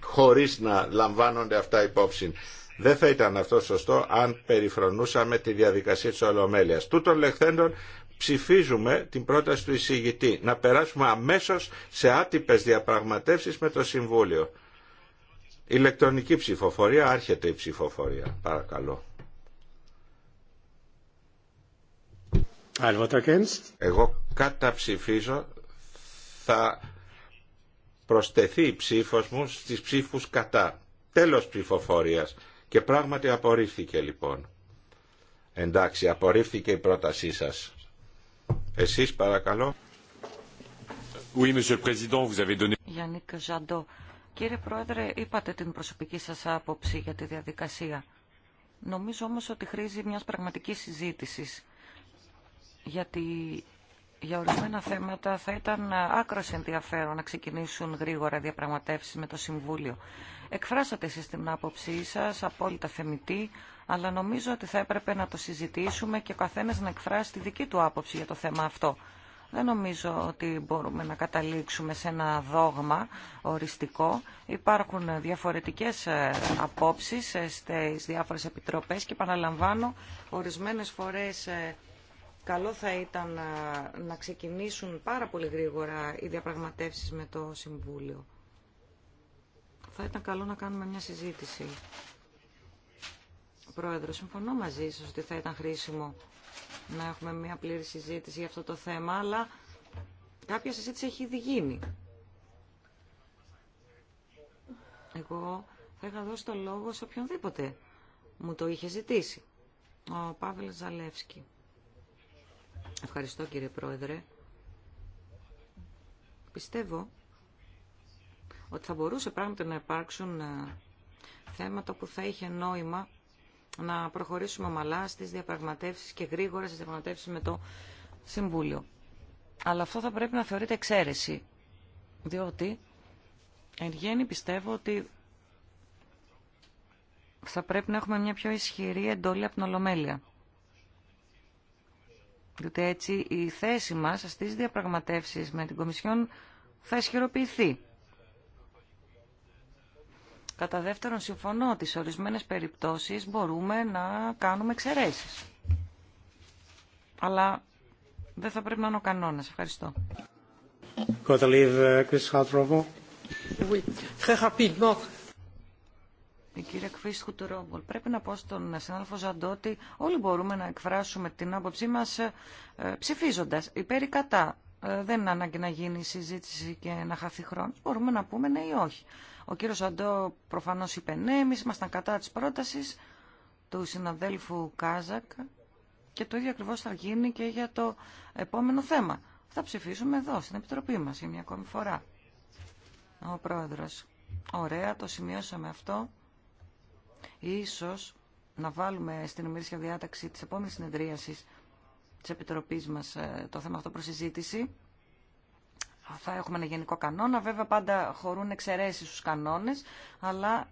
χωρίς να λαμβάνονται αυτά υπόψη. Δεν θα ήταν αυτό σωστό αν περιφρονούσαμε τη διαδικασία της Ολομέλειας. Τούτων λεχθέντων ψηφίζουμε την πρόταση του εισηγητή να περάσουμε αμέσως σε άτυπες διαπραγματεύσεις με το Συμβούλιο. Ηλεκτρονική ψηφοφορία, άρχεται η ψηφοφορία. Παρακαλώ. Εγώ καταψηφίζω, θα προσθεθεί η ψήφος μου στις ψήφους κατά. Τέλος ψηφοφορίας. Και πράγματι απορρίφθηκε λοιπόν. Εντάξει, απορρίφθηκε η πρότασή σας. Εσείς παρακαλώ. Oui, Monsieur le Κύριε Πρόεδρε, είπατε την προσωπική σας άποψη για τη διαδικασία. Νομίζω όμως ότι χρήζει μιας πραγματικής συζήτησης, γιατί για ορισμένα θέματα θα ήταν άκρος ενδιαφέρον να ξεκινήσουν γρήγορα διαπραγματεύσεις με το Συμβούλιο. Εκφράσατε εσείς την άποψή σας, απόλυτα θεμητή, αλλά νομίζω ότι θα έπρεπε να το συζητήσουμε και ο καθένας να εκφράσει τη δική του άποψη για το θέμα αυτό. Δεν νομίζω ότι μπορούμε να καταλήξουμε σε ένα δόγμα οριστικό. Υπάρχουν διαφορετικές ε, απόψεις ε, στις διάφορες επιτροπές και παραλαμβάνω, ορισμένες φορές ε, καλό θα ήταν να ξεκινήσουν πάρα πολύ γρήγορα οι διαπραγματεύσεις με το Συμβούλιο. Θα ήταν καλό να κάνουμε μια συζήτηση. Πρόεδρο, συμφωνώ μαζί σας ότι θα ήταν χρήσιμο να έχουμε μια πλήρη συζήτηση για αυτό το θέμα, αλλά κάποια συζήτηση έχει ήδη γίνει. Εγώ θα είχα δώσει το λόγο σε οποιονδήποτε μου το είχε ζητήσει. Ο Παύλ Ζαλεύσκη. Ευχαριστώ κύριε Πρόεδρε. Πιστεύω ότι θα μπορούσε πράγματι να υπάρξουν ε, θέματα που θα είχε νόημα να προχωρήσουμε ομαλά στις διαπραγματεύσεις και γρήγορα στις διαπραγματεύσεις με το Συμβούλιο. Αλλά αυτό θα πρέπει να θεωρείται εξαίρεση, διότι εν γέννη πιστεύω ότι θα πρέπει να έχουμε μια πιο ισχυρή εντολή από την Ολομέλεια. Διότι έτσι η θέση μας στις διαπραγματεύσεις με την Κομισιόν θα ισχυροποιηθεί. Κατά δεύτερον, συμφωνώ ότι σε ορισμένες περιπτώσει μπορούμε να κάνουμε εξαιρέσει. Αλλά δεν θα πρέπει να είναι ο κανόνα. Ευχαριστώ. Uh, η κυρία Κφίστχου του Ρόμπολ. Πρέπει να πω στον συνάδελφο Ζαντό ότι όλοι μπορούμε να εκφράσουμε την άποψή μα ε, ψηφίζοντα. υπέρ ή κατά. Ε, δεν είναι ανάγκη να γίνει συζήτηση και να χαθεί χρόνο. Μπορούμε να πούμε ναι ή όχι. Ο κύριος Αντώ προφανώς είπε ναι, εμείς ήμασταν κατά της πρότασης του συναδέλφου Κάζακ και το ίδιο ακριβώς θα γίνει και για το επόμενο θέμα. Θα ψηφίσουμε εδώ, στην Επιτροπή μας, για μια ακόμη φορά. Ο Πρόεδρος. Ωραία, το σημειώσαμε αυτό. Ίσως να βάλουμε στην ημερήσια διάταξη της επόμενης συνεδρίασης της Επιτροπής μας ε, το θέμα αυτό προς θα έχουμε ένα γενικό κανόνα. Βέβαια πάντα χωρούν εξαιρέσεις στους κανόνες, αλλά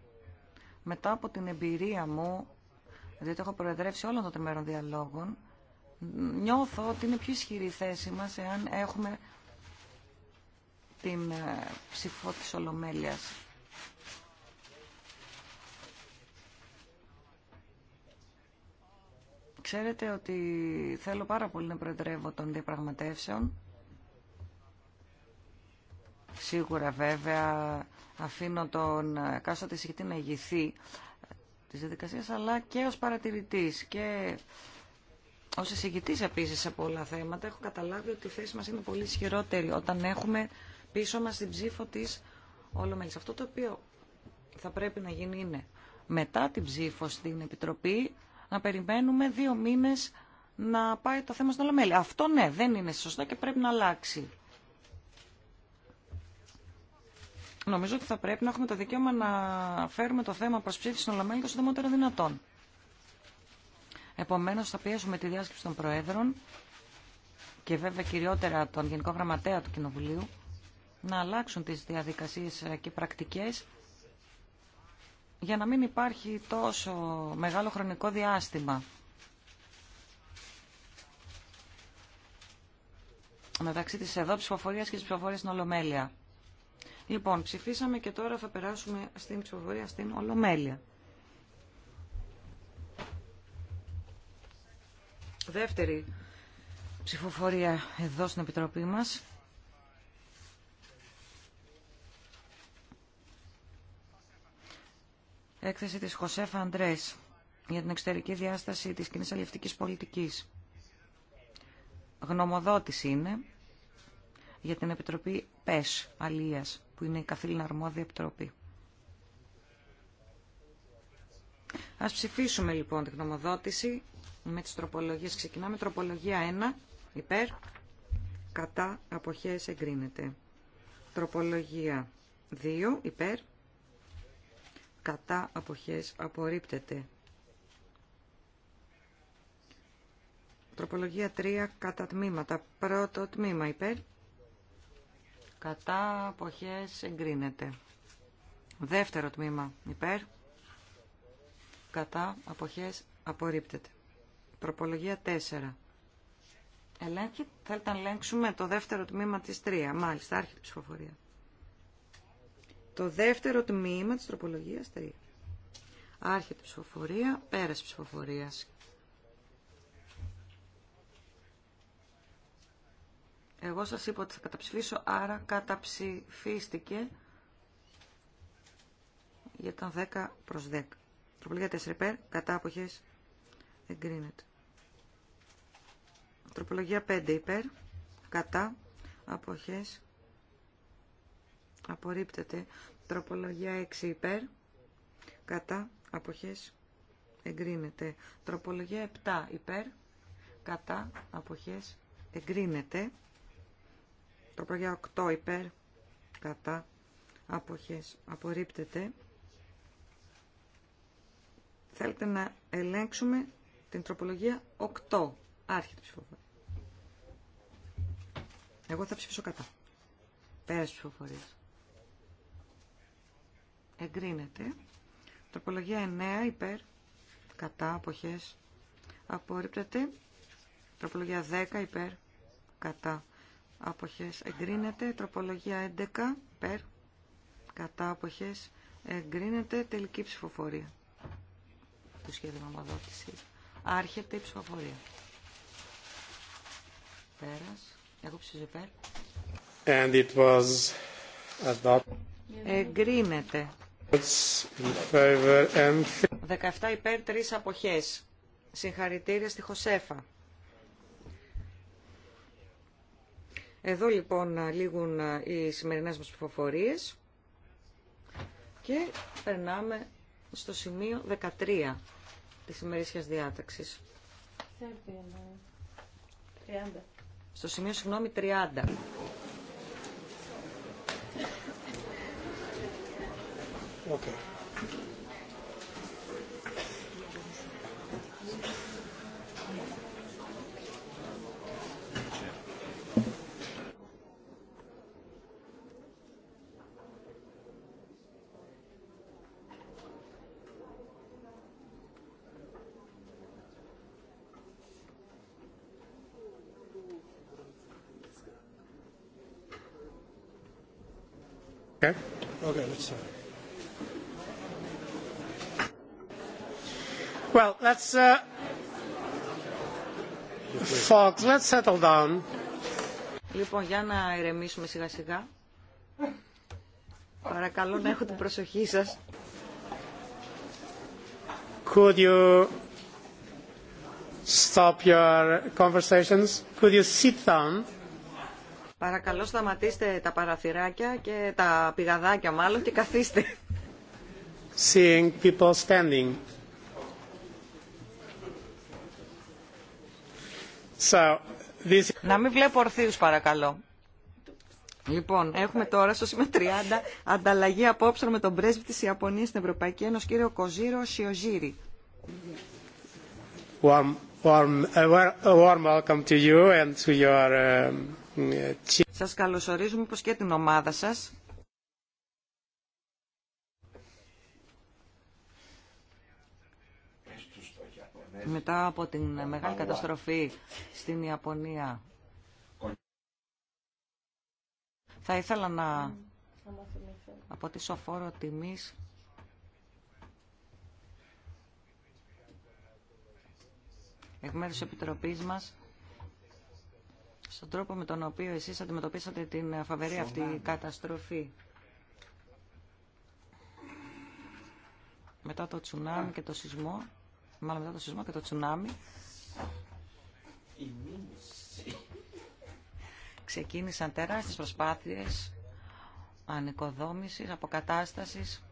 μετά από την εμπειρία μου, διότι έχω προεδρεύσει όλων των τριμέρων διαλόγων, νιώθω ότι είναι πιο ισχυρή η θέση μας εάν έχουμε την ε, ψηφό της Ολομέλειας. Ξέρετε ότι θέλω πάρα πολύ να προεδρεύω των διαπραγματεύσεων Σίγουρα βέβαια αφήνω τον κάστοτε συγκεκριτή να ηγηθεί της διαδικασίας αλλά και ως παρατηρητής και ως εισηγητής επίσης σε πολλά θέματα έχω καταλάβει ότι η θέση μας είναι πολύ ισχυρότερη όταν έχουμε πίσω μας την ψήφο της Ολομέλης. Αυτό το οποίο θα πρέπει να γίνει είναι μετά την ψήφο στην Επιτροπή να περιμένουμε δύο μήνες να πάει το θέμα στην Ολομέλη. Αυτό ναι, δεν είναι σωστό και πρέπει να αλλάξει. νομίζω ότι θα πρέπει να έχουμε το δικαίωμα να φέρουμε το θέμα προς ψήφιση των ολομέλεια το συντομότερο δυνατόν. Επομένως θα πιέσουμε τη διάσκεψη των Προέδρων και βέβαια κυριότερα τον Γενικό Γραμματέα του Κοινοβουλίου να αλλάξουν τις διαδικασίες και πρακτικές για να μην υπάρχει τόσο μεγάλο χρονικό διάστημα. μεταξύ της εδώ ψηφοφορίας και της ψηφοφορίας στην Ολομέλεια. Λοιπόν, ψηφίσαμε και τώρα θα περάσουμε στην ψηφοφορία στην Ολομέλεια. Δεύτερη ψηφοφορία εδώ στην Επιτροπή μας. Έκθεση της Χωσέφα Αντρές για την εξωτερική διάσταση της κοινής αλληλευτικής πολιτικής. Γνωμοδότηση είναι για την Επιτροπή ΠΕΣ Αλίας που είναι η καθήλυνα αρμόδια επιτροπή. Ας ψηφίσουμε λοιπόν την γνωμοδότηση με τις τροπολογίες. Ξεκινάμε τροπολογία 1, υπέρ, κατά, αποχές, εγκρίνεται. Τροπολογία 2, υπέρ, κατά, αποχές, απορρίπτεται. Τροπολογία 3, κατά τμήματα. Πρώτο τμήμα υπέρ, κατά αποχές εγκρίνεται. Δεύτερο τμήμα υπέρ, κατά αποχές απορρίπτεται. Τροπολογία 4. Ελέγχει, θέλετε να ελέγξουμε το δεύτερο τμήμα της 3, μάλιστα, άρχεται η ψηφοφορία. Το δεύτερο τμήμα της τροπολογίας 3. Άρχεται η ψηφοφορία, πέρας ψηφοφορία. Εγώ σας είπα ότι θα καταψηφίσω, άρα καταψηφίστηκε για τα 10 προς 10. Τροπολογία 4 υπέρ, κατά αποχές εγκρίνεται. Τροπολογία 5 υπέρ, κατά αποχές απορρίπτεται. Τροπολογία 6 υπέρ, κατά αποχές εγκρίνεται. Τροπολογία 7 υπέρ, κατά αποχές εγκρίνεται. Τροπολογία 8 υπέρ κατά αποχές απορρίπτεται. Θέλετε να ελέγξουμε την τροπολογία 8. Άρχεται ψηφοφορία. Εγώ θα ψηφίσω κατά. Πέρας ψηφοφορίας. Εγκρίνεται. Τροπολογία 9 υπέρ κατά αποχές απορρίπτεται. Τροπολογία 10 υπέρ κατά αποχές εγκρίνεται. Τροπολογία 11 περ κατά αποχές εγκρίνεται. Τελική ψηφοφορία του σχέδιου νομοδότησης. Άρχεται η ψηφοφορία. Πέρας. Εγώ ψηφίζω υπέρ. And it was Εγκρίνεται. 17 υπέρ, 3 αποχές. Συγχαρητήρια στη Χωσέφα. Εδώ λοιπόν λήγουν ε, οι σημερινές μας ψηφοφορίες και περνάμε στο σημείο 13 της ημερήσιας διάταξης. Στο σημείο, συγγνώμη, 30. Okay. Well, let's, uh, folks, let's settle down. Λοιπόν, για να ηρεμήσουμε σιγά σιγά. Παρακαλώ να έχω την προσοχή σας. Could you stop your conversations? Could you sit down? Παρακαλώ σταματήστε τα παραθυράκια και τα πηγαδάκια μάλλον και καθίστε. people standing. Να μην βλέπω ορθίους παρακαλώ. Λοιπόν, έχουμε τώρα στο σήμερα 30 ανταλλαγή απόψεων με τον πρέσβη της Ιαπωνίας στην Ευρωπαϊκή Ένωση, κύριο Κοζίρο Σιοζίρι. warm, warm welcome to you and to your um, σας καλωσορίζουμε πως και την ομάδα σας. Μετά από την μεγάλη καταστροφή στην Ιαπωνία, θα ήθελα να τη φόρο τιμής εκ μέρους της Επιτροπής μας στον τρόπο με τον οποίο εσείς αντιμετωπίσατε την φαβερή αυτή ναι. καταστροφή. Μετά το τσουνάμι και το σεισμό, μάλλον μετά το σεισμό και το τσουνάμι, ξεκίνησαν τεράστιες προσπάθειες ανοικοδόμησης, αποκατάστασης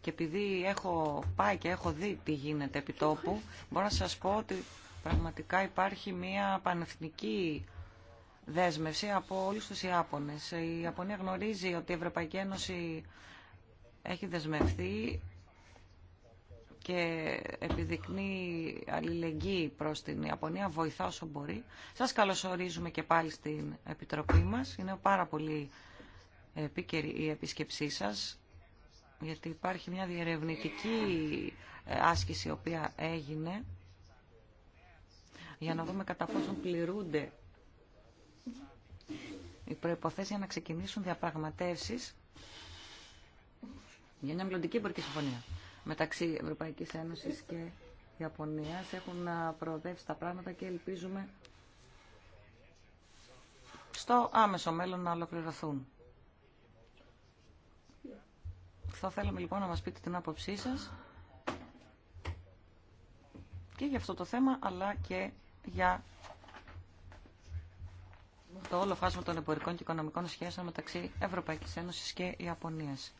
και επειδή έχω πάει και έχω δει τι γίνεται επί τόπου, μπορώ να σας πω ότι πραγματικά υπάρχει μια πανεθνική δέσμευση από όλους τους Ιάπωνες. Η Ιαπωνία γνωρίζει ότι η Ευρωπαϊκή Ένωση έχει δεσμευθεί και επιδεικνύει αλληλεγγύη προς την Ιαπωνία, βοηθά όσο μπορεί. Σας καλωσορίζουμε και πάλι στην Επιτροπή μας. Είναι πάρα πολύ επίκαιρη η επίσκεψή σας, γιατί υπάρχει μια διερευνητική ε, άσκηση η οποία έγινε για να δούμε κατά πόσο πληρούνται οι προποθέσει για να ξεκινήσουν διαπραγματεύσει για μια μελλοντική εμπορική συμφωνία μεταξύ Ευρωπαϊκή Ένωση και Ιαπωνία έχουν προοδεύσει τα πράγματα και ελπίζουμε στο άμεσο μέλλον να ολοκληρωθούν. Θα θέλαμε λοιπόν να μας πείτε την άποψή σας και για αυτό το θέμα αλλά και για το όλο φάσμα των εμπορικών και οικονομικών σχέσεων μεταξύ Ευρωπαϊκής Ένωσης και Ιαπωνίας.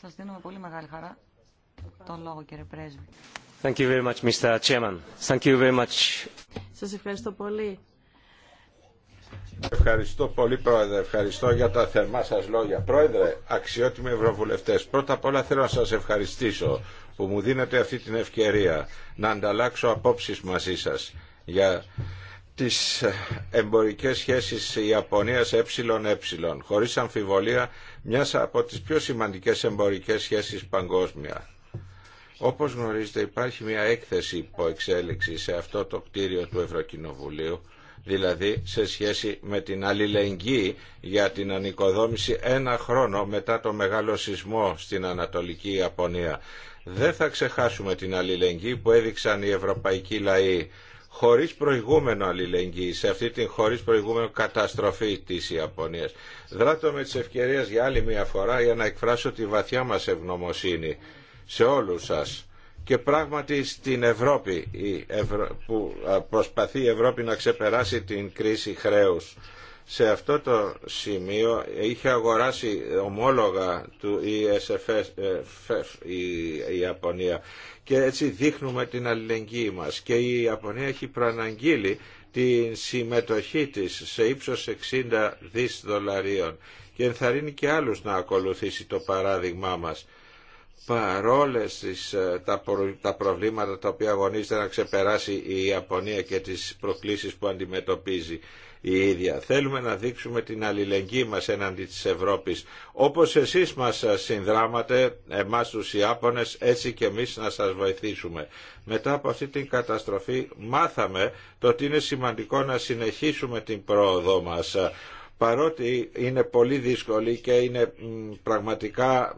Σας δίνουμε πολύ μεγάλη χαρά τον λόγο κύριε Πρέσβη. Thank you very much, Mr. Chairman. Thank you very much. Σας ευχαριστώ πολύ. Ευχαριστώ πολύ Πρόεδρε, ευχαριστώ για τα θερμά σας λόγια. Πρόεδρε, αξιότιμοι Ευρωβουλευτές, πρώτα απ' όλα θέλω να σας ευχαριστήσω που μου δίνετε αυτή την ευκαιρία να ανταλλάξω απόψεις μαζί σας για τις ε, εμπορικές σχέσεις Ιαπωνίας ΕΕ, χωρίς αμφιβολία μια από τις πιο σημαντικές εμπορικές σχέσεις παγκόσμια. Όπως γνωρίζετε υπάρχει μια έκθεση υποεξέλιξη σε αυτό το κτίριο του Ευρωκοινοβουλίου, δηλαδή σε σχέση με την αλληλεγγύη για την ανοικοδόμηση ένα χρόνο μετά το μεγάλο σεισμό στην Ανατολική Ιαπωνία. Δεν θα ξεχάσουμε την αλληλεγγύη που έδειξαν οι ευρωπαϊκοί λαοί χωρίς προηγούμενο αλληλεγγύη, σε αυτή την χωρίς προηγούμενο καταστροφή της Ιαπωνίας. Δράτω με τις ευκαιρίες για άλλη μια φορά για να εκφράσω τη βαθιά μας ευγνωμοσύνη σε όλους σας και πράγματι στην Ευρώπη που προσπαθεί η Ευρώπη να ξεπεράσει την κρίση χρέους σε αυτό το σημείο είχε αγοράσει ομόλογα του ESFF η Ιαπωνία και έτσι δείχνουμε την αλληλεγγύη μας και η Ιαπωνία έχει προαναγγείλει την συμμετοχή της σε ύψος 60 δις δολαρίων και ενθαρρύνει και άλλους να ακολουθήσει το παράδειγμά μας παρόλες τις, ε, τα, τα προβλήματα τα οποία αγωνίζεται να ξεπεράσει η Ιαπωνία και τις προκλήσεις που αντιμετωπίζει η ίδια. Θέλουμε να δείξουμε την αλληλεγγύη μας έναντι της Ευρώπης. Όπως εσείς μας συνδράματε, εμάς τους Ιάπωνες, έτσι και εμείς να σας βοηθήσουμε. Μετά από αυτή την καταστροφή μάθαμε το ότι είναι σημαντικό να συνεχίσουμε την πρόοδό μας. Παρότι είναι πολύ δύσκολη και είναι πραγματικά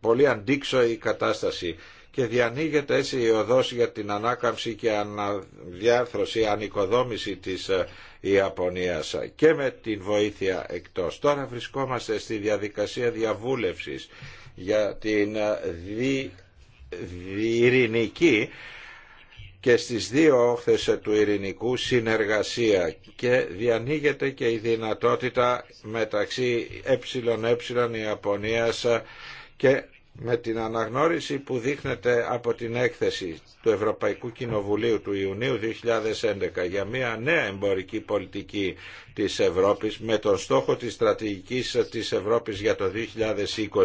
πολύ αντίξωη η κατάσταση και διανοίγεται έτσι η οδός για την ανάκαμψη και αναδιάρθρωση, ανοικοδόμηση της ε, Ιαπωνίας και με την βοήθεια εκτός. Τώρα βρισκόμαστε στη διαδικασία διαβούλευσης για την ε, δι... και στις δύο όχθες του ειρηνικού συνεργασία και διανοίγεται και η δυνατότητα μεταξύ ΕΕ Ιαπωνίας και με την αναγνώριση που δείχνεται από την έκθεση του Ευρωπαϊκού Κοινοβουλίου του Ιουνίου 2011 για μια νέα εμπορική πολιτική της Ευρώπης με τον στόχο της στρατηγικής της Ευρώπης για το 2020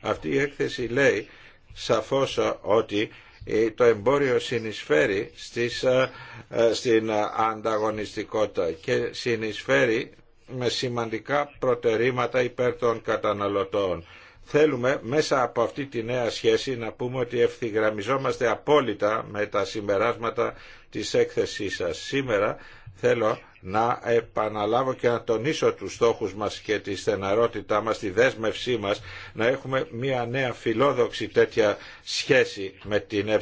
αυτή η έκθεση λέει σαφώς ότι ε, το εμπόριο συνεισφέρει στις, ε, ε, στην ανταγωνιστικότητα και συνεισφέρει με σημαντικά προτερήματα υπέρ των καταναλωτών. Θέλουμε μέσα από αυτή τη νέα σχέση να πούμε ότι ευθυγραμμιζόμαστε απόλυτα με τα συμπεράσματα της έκθεσής σας. Σήμερα θέλω να επαναλάβω και να τονίσω τους στόχους μας και τη στεναρότητά μας, τη δέσμευσή μας, να έχουμε μια νέα φιλόδοξη τέτοια σχέση με την ΕΕ.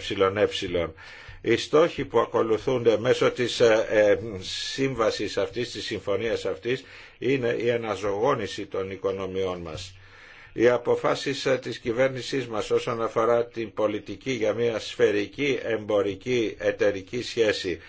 Οι στόχοι που ακολουθούνται μέσω της ε, ε σύμβασης αυτής, της συμφωνίας αυτής, είναι η αναζωγόνηση των οικονομιών μας οι αποφάσεις ε, της κυβέρνησής μας όσον αφορά την πολιτική για μια σφαιρική εμπορική εταιρική σχέση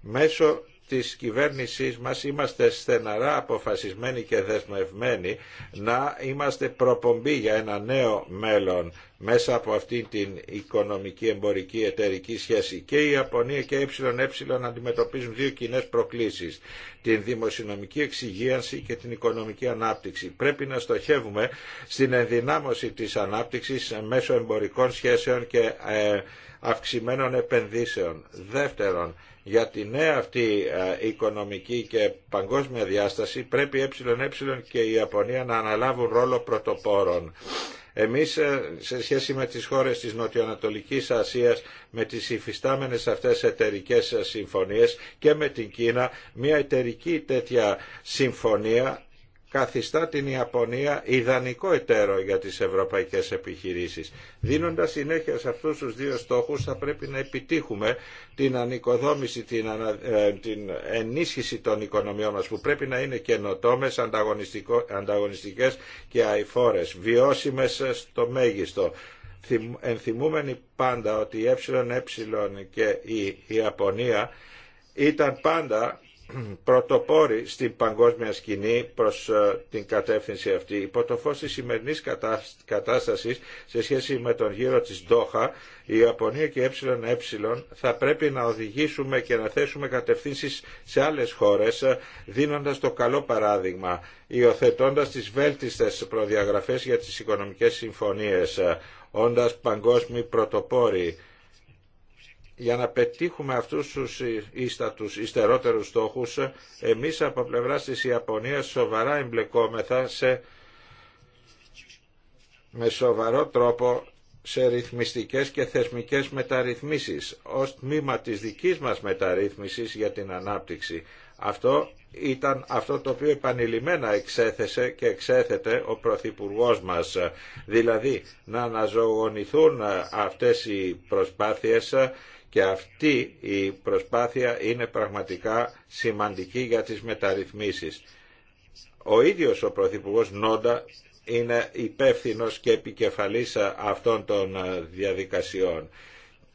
μέσω της κυβέρνησής μας είμαστε στεναρά αποφασισμένοι και δεσμευμένοι να είμαστε προπομπή για ένα νέο μέλλον μέσα από αυτή την οικονομική εμπορική εταιρική σχέση. Και η Ιαπωνία και η ΕΕ αντιμετωπίζουν δύο κοινέ προκλήσεις, την δημοσιονομική εξυγίανση και την οικονομική ανάπτυξη. Πρέπει να στοχεύουμε στην ενδυνάμωση της ανάπτυξης μέσω εμπορικών σχέσεων και ε, αυξημένων επενδύσεων. Δεύτερον, για τη νέα αυτή οικονομική και παγκόσμια διάσταση πρέπει ΕΕ και η Ιαπωνία να αναλάβουν ρόλο πρωτοπόρων. Εμείς ε, σε σχέση με τις χώρες της Νοτιοανατολικής Ασίας, με τις υφιστάμενες αυτές εταιρικές ε, συμφωνίες και με την Κίνα, μια εταιρική τέτοια συμφωνία καθιστά την Ιαπωνία ιδανικό εταίρο για τις ευρωπαϊκές επιχειρήσεις. Δίνοντας συνέχεια σε αυτούς τους δύο στόχους θα πρέπει να επιτύχουμε την ανοικοδόμηση, την, ε, ενίσχυση των οικονομιών μας που πρέπει να είναι καινοτόμες, ανταγωνιστικές και αιφόρες. βιώσιμες στο μέγιστο ενθυμούμενοι πάντα ότι η ΕΕ και η Ιαπωνία ήταν πάντα πρωτοπόροι στην παγκόσμια σκηνή προς ε, την κατεύθυνση αυτή. Υπό το φως της σημερινής κατάστασης σε σχέση με τον γύρο της Ντόχα, η Ιαπωνία και ΕΕ θα πρέπει να οδηγήσουμε και να θέσουμε κατευθύνσεις σε άλλες χώρες, ε, δίνοντας το καλό παράδειγμα, υιοθετώντα τις βέλτιστες προδιαγραφές για τις οικονομικές συμφωνίες, ε, όντας παγκόσμιοι πρωτοπόροι για να πετύχουμε αυτούς τους ίστατους, ιστερότερους στόχους, εμείς από πλευρά της Ιαπωνίας σοβαρά εμπλεκόμεθα σε, με σοβαρό τρόπο σε ρυθμιστικές και θεσμικές μεταρρυθμίσεις ως τμήμα της δικής μας μεταρρύθμισης για την ανάπτυξη. Αυτό ήταν αυτό το οποίο επανειλημμένα εξέθεσε και εξέθεται ο Πρωθυπουργό μας. Δηλαδή να αναζωογονηθούν αυτές οι προσπάθειες και αυτή η προσπάθεια είναι πραγματικά σημαντική για τις μεταρρυθμίσεις. Ο ίδιος ο Πρωθυπουργός Νόντα είναι υπεύθυνο και επικεφαλής αυτών των διαδικασιών.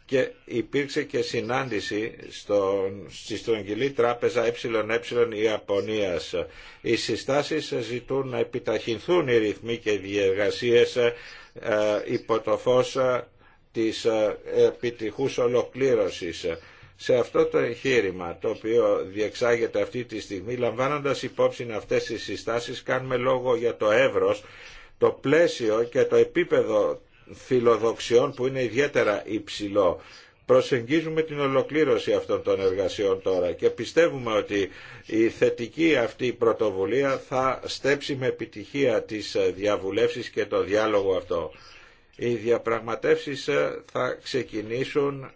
Και υπήρξε και συνάντηση στο, στη στρογγυλή τράπεζα ΕΕ Ιαπωνίας. Οι συστάσεις ζητούν να επιταχυνθούν οι ρυθμοί και οι διεργασίες ε, υπό το φως ε, της ε, επιτυχούς ολοκλήρωσης σε αυτό το εγχείρημα το οποίο διεξάγεται αυτή τη στιγμή λαμβάνοντας υπόψη αυτές τις συστάσεις κάνουμε λόγο για το εύρος το πλαίσιο και το επίπεδο φιλοδοξιών που είναι ιδιαίτερα υψηλό προσεγγίζουμε την ολοκλήρωση αυτών των εργασιών τώρα και πιστεύουμε ότι η θετική αυτή πρωτοβουλία θα στέψει με επιτυχία τις διαβουλεύσεις και το διάλογο αυτό. Οι διαπραγματεύσεις ε, θα ξεκινήσουν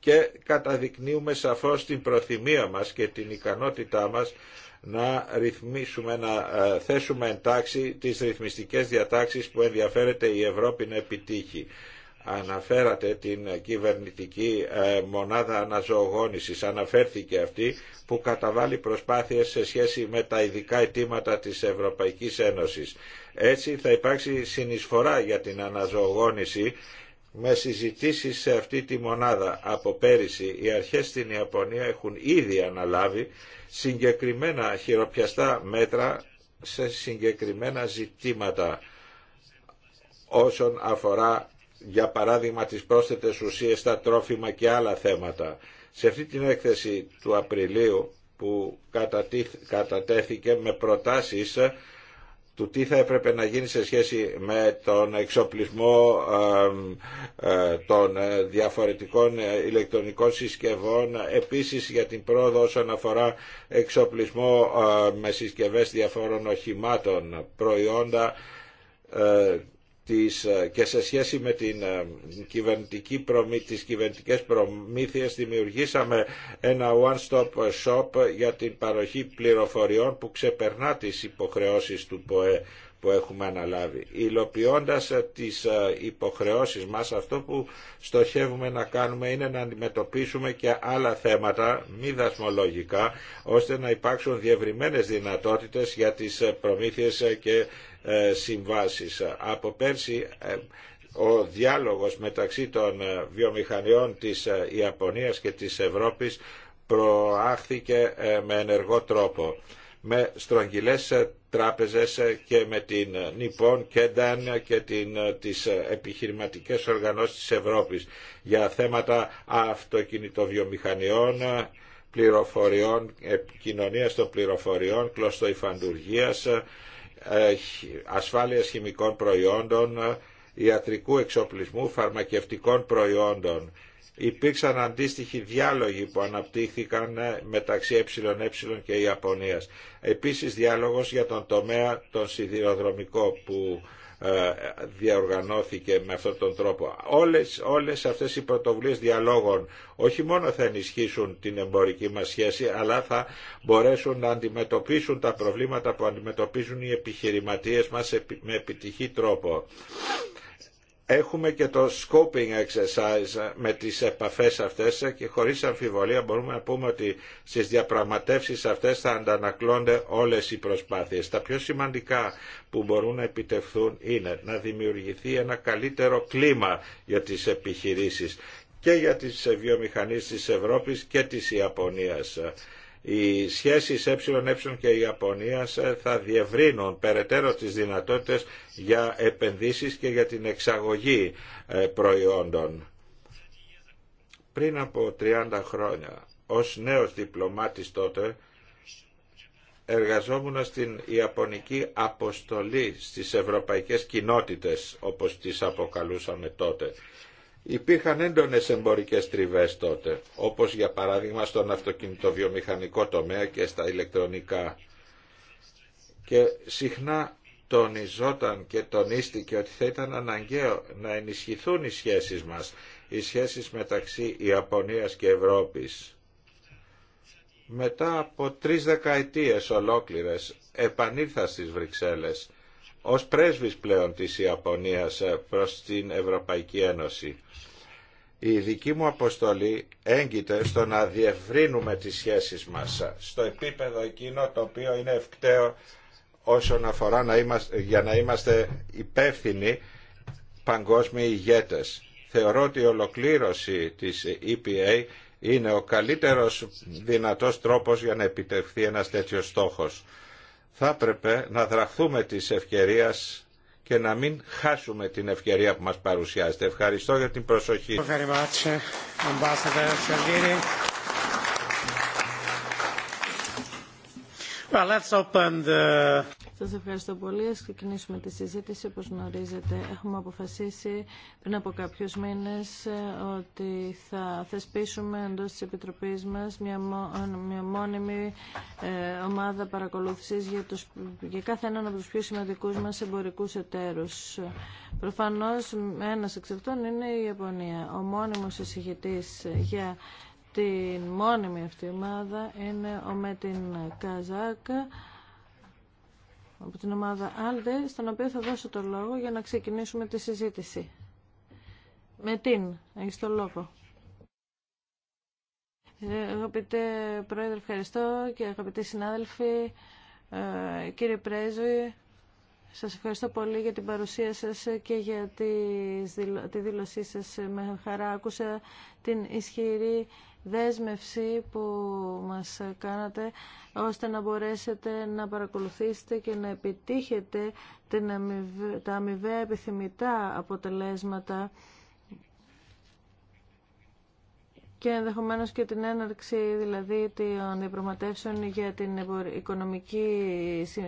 και καταδεικνύουμε σαφώς την προθυμία μας και την ικανότητά μας να ρυθμίσουμε, να ε, θέσουμε εντάξει τις ρυθμιστικές διατάξεις που ενδιαφέρεται η Ευρώπη να επιτύχει αναφέρατε την κυβερνητική ε, μονάδα αναζωογόνησης, αναφέρθηκε αυτή που καταβάλει προσπάθειες σε σχέση με τα ειδικά αιτήματα της Ευρωπαϊκής Ένωσης. Έτσι θα υπάρξει συνεισφορά για την αναζωογόνηση με συζητήσεις σε αυτή τη μονάδα. Από πέρυσι οι αρχές στην Ιαπωνία έχουν ήδη αναλάβει συγκεκριμένα χειροπιαστά μέτρα σε συγκεκριμένα ζητήματα όσον αφορά για παράδειγμα τις πρόσθετες ουσίες στα τρόφιμα και άλλα θέματα. Σε αυτή την έκθεση του Απριλίου που κατατέθηκε με προτάσεις ε, του τι θα έπρεπε να γίνει σε σχέση με τον εξοπλισμό ε, των ε, διαφορετικών ηλεκτρονικών συσκευών, επίσης για την πρόοδο όσον αφορά εξοπλισμό με συσκευές διαφόρων οχημάτων, προϊόντα ε, και σε σχέση με την ε, κυβερνητική προμή, τις κυβερνητικές προμήθειες δημιουργήσαμε ένα one-stop shop για την παροχή πληροφοριών που ξεπερνά τις υποχρεώσεις του ΠΟΕ που έχουμε αναλάβει. Υλοποιώντας ε, τις ε, υποχρεώσεις μας, αυτό που στοχεύουμε να κάνουμε είναι να αντιμετωπίσουμε και άλλα θέματα μη δασμολογικά, ώστε να υπάρξουν διευρυμένες δυνατότητες για τις ε, προμήθειες και συμβάσεις. Από πέρσι ο διάλογος μεταξύ των βιομηχανιών της Ιαπωνίας και της Ευρώπης προάχθηκε με ενεργό τρόπο με στρογγυλές τράπεζες και με την Νιπών, και την, τις επιχειρηματικές οργανώσεις της Ευρώπης για θέματα αυτοκινητοβιομηχανιών, πληροφοριών, επικοινωνίας των πληροφοριών, κλωστοϊφαντουργίας, ε, ασφάλειας χημικών προϊόντων, ιατρικού εξοπλισμού, φαρμακευτικών προϊόντων υπήρξαν αντίστοιχοι διάλογοι που αναπτύχθηκαν ε, μεταξύ ΕΕ και Ιαπωνίας. Επίσης διάλογος για τον τομέα τον σιδηροδρομικό που ε, διαοργανώθηκε με αυτόν τον τρόπο. Όλες, όλες αυτές οι πρωτοβουλίες διαλόγων όχι μόνο θα ενισχύσουν την εμπορική μας σχέση αλλά θα μπορέσουν να αντιμετωπίσουν τα προβλήματα που αντιμετωπίζουν οι επιχειρηματίες μας με επιτυχή τρόπο. Έχουμε και το scoping exercise με τις επαφές αυτές και χωρίς αμφιβολία μπορούμε να πούμε ότι στις διαπραγματεύσεις αυτές θα αντανακλώνται όλες οι προσπάθειες. Τα πιο σημαντικά που μπορούν να επιτευχθούν είναι να δημιουργηθεί ένα καλύτερο κλίμα για τις επιχειρήσεις και για τις βιομηχανίες της Ευρώπης και της Ιαπωνίας οι σχέσεις ΕΕ και Ιαπωνίας ε, θα διευρύνουν περαιτέρω τις δυνατότητες για επενδύσεις και για την εξαγωγή ε, προϊόντων. Πριν από 30 χρόνια, ως νέος διπλωμάτης τότε, εργαζόμουν στην Ιαπωνική αποστολή στις ευρωπαϊκές κοινότητες, όπως τις αποκαλούσαμε τότε. Υπήρχαν έντονες εμπορικές τριβές τότε, όπως για παράδειγμα στον αυτοκινητοβιομηχανικό τομέα και στα ηλεκτρονικά. Και συχνά τονιζόταν και τονίστηκε ότι θα ήταν αναγκαίο να ενισχυθούν οι σχέσεις μας, οι σχέσεις μεταξύ Ιαπωνίας και Ευρώπης. Μετά από τρεις δεκαετίες ολόκληρες επανήλθα στις Βρυξέλλες ως πρέσβης πλέον της Ιαπωνίας ε, προς την Ευρωπαϊκή Ένωση. Η δική μου αποστολή έγκυται στο να διευρύνουμε τις σχέσεις μας στο επίπεδο εκείνο το οποίο είναι ευκταίο όσον αφορά να είμαστε, για να είμαστε υπεύθυνοι παγκόσμιοι ηγέτες. Θεωρώ ότι η ολοκλήρωση της EPA είναι ο καλύτερος δυνατός τρόπος για να επιτευχθεί ένας τέτοιος στόχος θα έπρεπε να δραχθούμε της ευκαιρίας και να μην χάσουμε την ευκαιρία που μας παρουσιάζεται. Ευχαριστώ για την προσοχή. Uh, well, let's open the... Σας ευχαριστώ πολύ. Ας ξεκινήσουμε τη συζήτηση. Όπως γνωρίζετε, έχουμε αποφασίσει πριν από κάποιους μήνες ε, ότι θα θεσπίσουμε εντός της Επιτροπής μας μια, μια μόνιμη ε, ομάδα παρακολούθησης για, τους, για κάθε έναν από τους πιο σημαντικούς μας εμπορικούς εταίρους. Προφανώς ένας εξ αυτών είναι η Ιαπωνία. Ο μόνιμος εισηγητής για την μόνιμη αυτή ομάδα είναι ο Μέτιν Καζάκ από την ομάδα Άλντε, στον οποίο θα δώσω το λόγο για να ξεκινήσουμε τη συζήτηση. Με την, έχει το λόγο. Αγαπητέ Πρόεδρε, ευχαριστώ και αγαπητοί συνάδελφοι, ε, κύριε Πρέζοη, σας ευχαριστώ πολύ για την παρουσία σας και για τη δήλωσή σας. Με χαρά άκουσα την ισχυρή δέσμευση που μας κάνατε ώστε να μπορέσετε να παρακολουθήσετε και να επιτύχετε τα αμοιβαία επιθυμητά αποτελέσματα και ενδεχομένω και την έναρξη δηλαδή των διαπραγματεύσεων για την οικονομική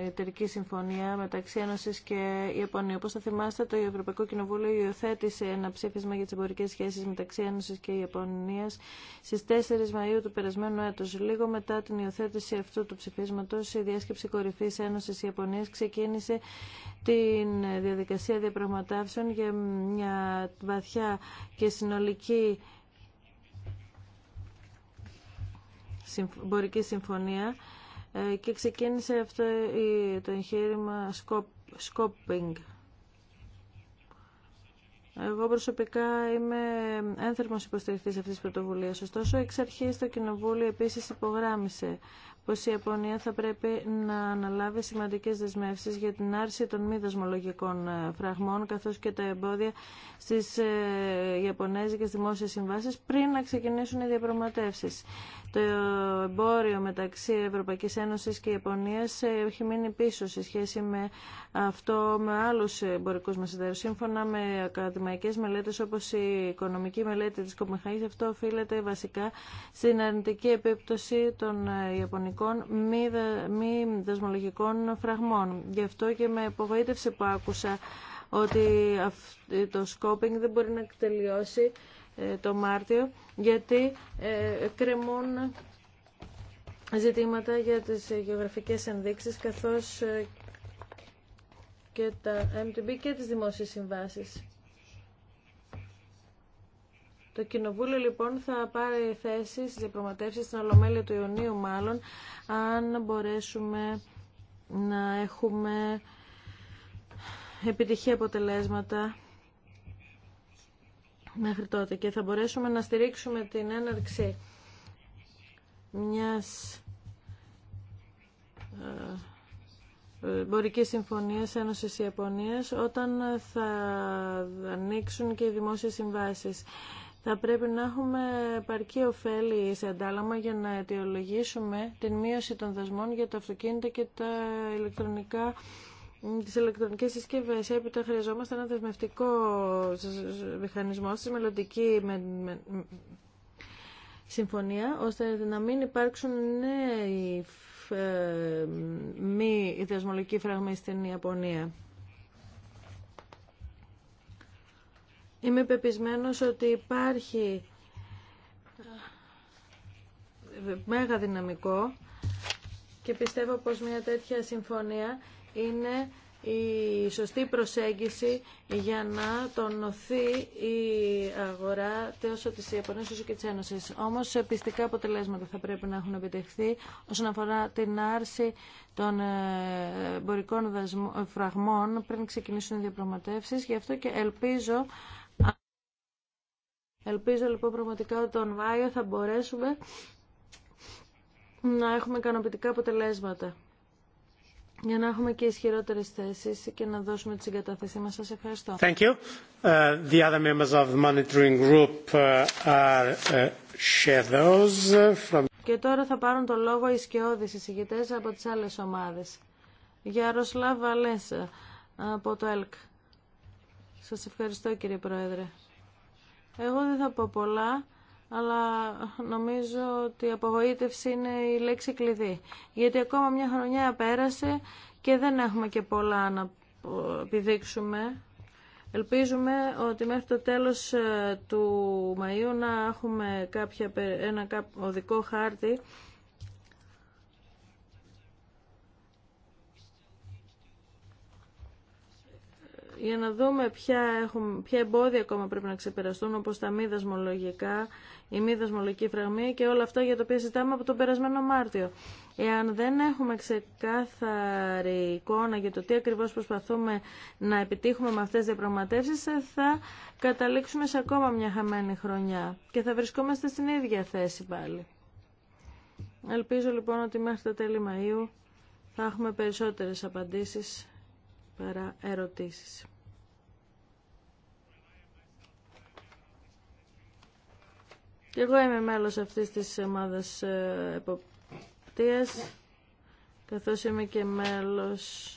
εταιρική συμφωνία μεταξύ Ένωση και Ιαπωνία. Όπω θα θυμάστε, το Ευρωπαϊκό Κοινοβούλιο υιοθέτησε ένα ψήφισμα για τι εμπορικέ σχέσει μεταξύ Ένωση και Ιαπωνία στι 4 Μαου του περασμένου έτους. Λίγο μετά την υιοθέτηση αυτού του ψηφίσματο, η διάσκεψη κορυφής Ένωση Ιαπωνία ξεκίνησε την διαδικασία διαπραγματεύσεων για μια βαθιά και συνολική εμπορική συμφωνία ε, και ξεκίνησε αυτό το εγχείρημα scoping. Εγώ προσωπικά είμαι ένθερμος υποστηριχτής αυτής της πρωτοβουλίας. Ωστόσο, εξ αρχής το Κοινοβούλιο επίσης υπογράμμισε πως η Ιαπωνία θα πρέπει να αναλάβει σημαντικές δεσμεύσεις για την άρση των μη δοσμολογικών ε, φραγμών καθώς και τα εμπόδια στις ε, Ιαπωνέζικες δημόσιες συμβάσεις πριν να ξεκινήσουν οι διαπραγματεύσεις. Το εμπόριο μεταξύ Ευρωπαϊκής Ένωσης και Ιαπωνίας ε, έχει μείνει πίσω σε σχέση με αυτό με άλλους εμπορικούς μας Σύμφωνα με ακαδημαϊκές μελέτες όπως η οικονομική μελέτη της Κομμεχαής, αυτό οφείλεται βασικά στην αρνητική επίπτωση των ε, Ιαπωνικών μη, μη δεσμολογικών φραγμών. Γι' αυτό και με απογοήτευσε που άκουσα ότι το σκόπινγκ δεν μπορεί να τελειώσει ε, το Μάρτιο γιατί ε, κρεμούν ζητήματα για τις γεωγραφικές ενδείξεις καθώς ε, και τα MTB και τις δημόσιες συμβάσεις. Το Κοινοβούλιο λοιπόν θα πάρει θέση στις διαπραγματεύσεις στην Ολομέλεια του Ιουνίου μάλλον αν μπορέσουμε να έχουμε επιτυχή αποτελέσματα μέχρι τότε και θα μπορέσουμε να στηρίξουμε την έναρξη μιας ε, ε, εμπορική συμφωνία Ένωση Ιαπωνία όταν θα ανοίξουν και οι δημόσιε συμβάσει. Θα πρέπει να έχουμε παρκή ωφέλη σε αντάλλαγμα για να αιτιολογήσουμε την μείωση των δασμών για τα αυτοκίνητα και τα ηλεκτρονικά τις ηλεκτρονικές συσκευές. Έπειτα χρειαζόμαστε ένα δεσμευτικό μηχανισμό στη μελλοντική με, συμφωνία, ώστε να μην υπάρξουν νέοι ε, μη δεσμολογικοί φραγμοί στην Ιαπωνία. Είμαι πεπισμένος ότι υπάρχει ε, μέγα δυναμικό και πιστεύω πως μια τέτοια συμφωνία είναι η σωστή προσέγγιση για να τονωθεί η αγορά τόσο της Ιαπωνίας όσο και της Ένωσης. Όμως πιστικά αποτελέσματα θα πρέπει να έχουν επιτευχθεί όσον αφορά την άρση των ε, εμπορικών ε, φραγμών πριν ξεκινήσουν οι διαπραγματεύσεις. Γι' αυτό και ελπίζω Ελπίζω λοιπόν πραγματικά ότι τον Βάιο θα μπορέσουμε να έχουμε ικανοποιητικά αποτελέσματα για να έχουμε και ισχυρότερες θέσεις και να δώσουμε τη συγκατάθεσή μας. Σας ευχαριστώ. Thank you. Uh, the other members of the monitoring group uh, are uh, shadows uh, from... Και τώρα θα πάρουν το λόγο οι σκιώδεις εισηγητές από τις άλλες ομάδες. Για Ροσλάβ Βαλέσα από το ΕΛΚ. Σας ευχαριστώ κύριε Πρόεδρε. Εγώ δεν θα πω πολλά αλλά νομίζω ότι η απογοήτευση είναι η λέξη κλειδί. Γιατί ακόμα μια χρονιά πέρασε και δεν έχουμε και πολλά να επιδείξουμε. Ελπίζουμε ότι μέχρι το τέλος ε, του Μαΐου να έχουμε κάποια, ένα οδικό χάρτη για να δούμε ποια, ποια εμπόδια ακόμα πρέπει να ξεπεραστούν, όπως τα μη δασμολογικά, η μη δασμολογική φραγμή και όλα αυτά για τα οποία ζητάμε από τον περασμένο Μάρτιο. Εάν δεν έχουμε ξεκάθαρη εικόνα για το τι ακριβώς προσπαθούμε να επιτύχουμε με αυτές τις διαπραγματεύσεις, θα καταλήξουμε σε ακόμα μια χαμένη χρονιά και θα βρισκόμαστε στην ίδια θέση πάλι. Ελπίζω λοιπόν ότι μέχρι τα τέλη Μαΐου θα έχουμε περισσότερες απαντήσεις παρά ερωτήσεις. Και εγώ είμαι μέλος αυτής της ομάδας ε, εποπτείας, καθώς είμαι και μέλος...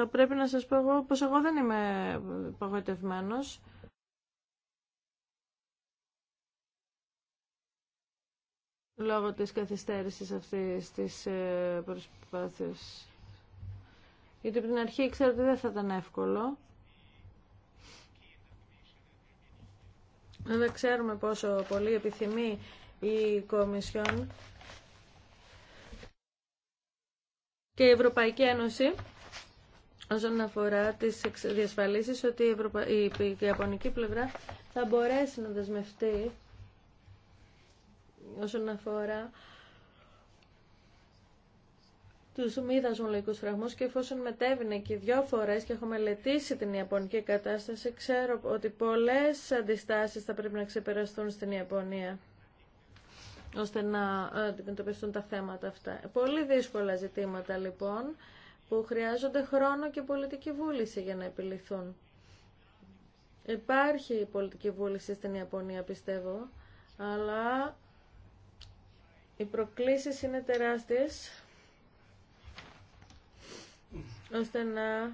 Θα πρέπει να σας πω εγώ πως εγώ δεν είμαι απογοητευμένος. λόγω της καθυστέρησης αυτής της ε, προσπάθειας. Γιατί από την αρχή ξέρω ότι δεν θα ήταν εύκολο. Δεν ξέρουμε πόσο πολύ επιθυμεί η Κομισιόν και η Ευρωπαϊκή Ένωση όσον αφορά τις διασφαλίσεις ότι η, Ευρωπα... η Ιαπωνική πλευρά θα μπορέσει να δεσμευτεί όσον αφορά του μη δασμολογικού φραγμού και εφόσον μετέβηνε και δύο φορέ και έχω μελετήσει την Ιαπωνική κατάσταση, ξέρω ότι πολλέ αντιστάσει θα πρέπει να ξεπεραστούν στην Ιαπωνία ώστε να αντιμετωπιστούν τα θέματα αυτά. Πολύ δύσκολα ζητήματα λοιπόν που χρειάζονται χρόνο και πολιτική βούληση για να επιληθούν. Υπάρχει πολιτική βούληση στην Ιαπωνία πιστεύω, αλλά οι προκλήσεις είναι τεράστιες ώστε να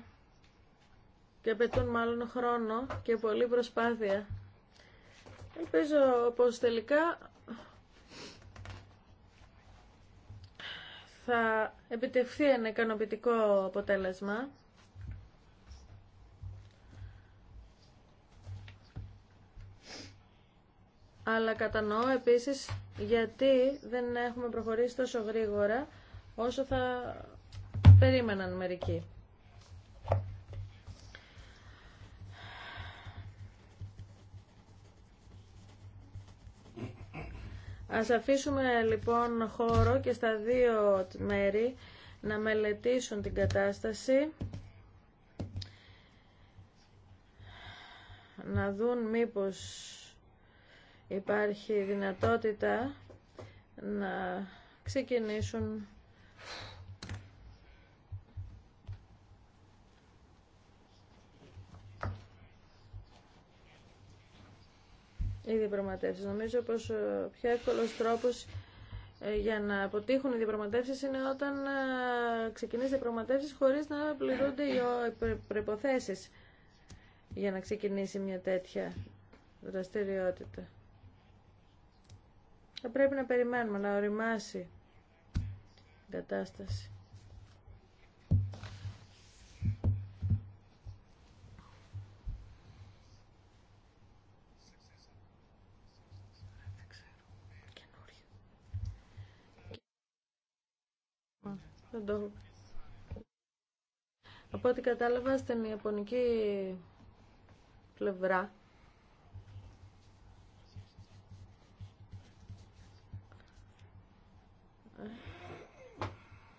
και απαιτούν μάλλον χρόνο και πολλή προσπάθεια. Ελπίζω πως τελικά θα επιτευχθεί ένα ικανοποιητικό αποτέλεσμα. αλλά κατανοώ επίσης γιατί δεν έχουμε προχωρήσει τόσο γρήγορα όσο θα περίμεναν μερικοί. Ας αφήσουμε λοιπόν χώρο και στα δύο μέρη να μελετήσουν την κατάσταση, να δουν μήπως υπάρχει δυνατότητα να ξεκινήσουν οι διαπραγματεύσεις. Νομίζω πως ο πιο εύκολος τρόπος ε, για να αποτύχουν οι διαπραγματεύσεις είναι όταν η ε, διαπραγματεύσεις χωρίς να πληρούνται οι προϋποθέσεις για να ξεκινήσει μια τέτοια δραστηριότητα. Θα πρέπει να περιμένουμε να οριμάσει η κατάσταση. το... Από ό,τι κατάλαβα στην ιαπωνική πλευρά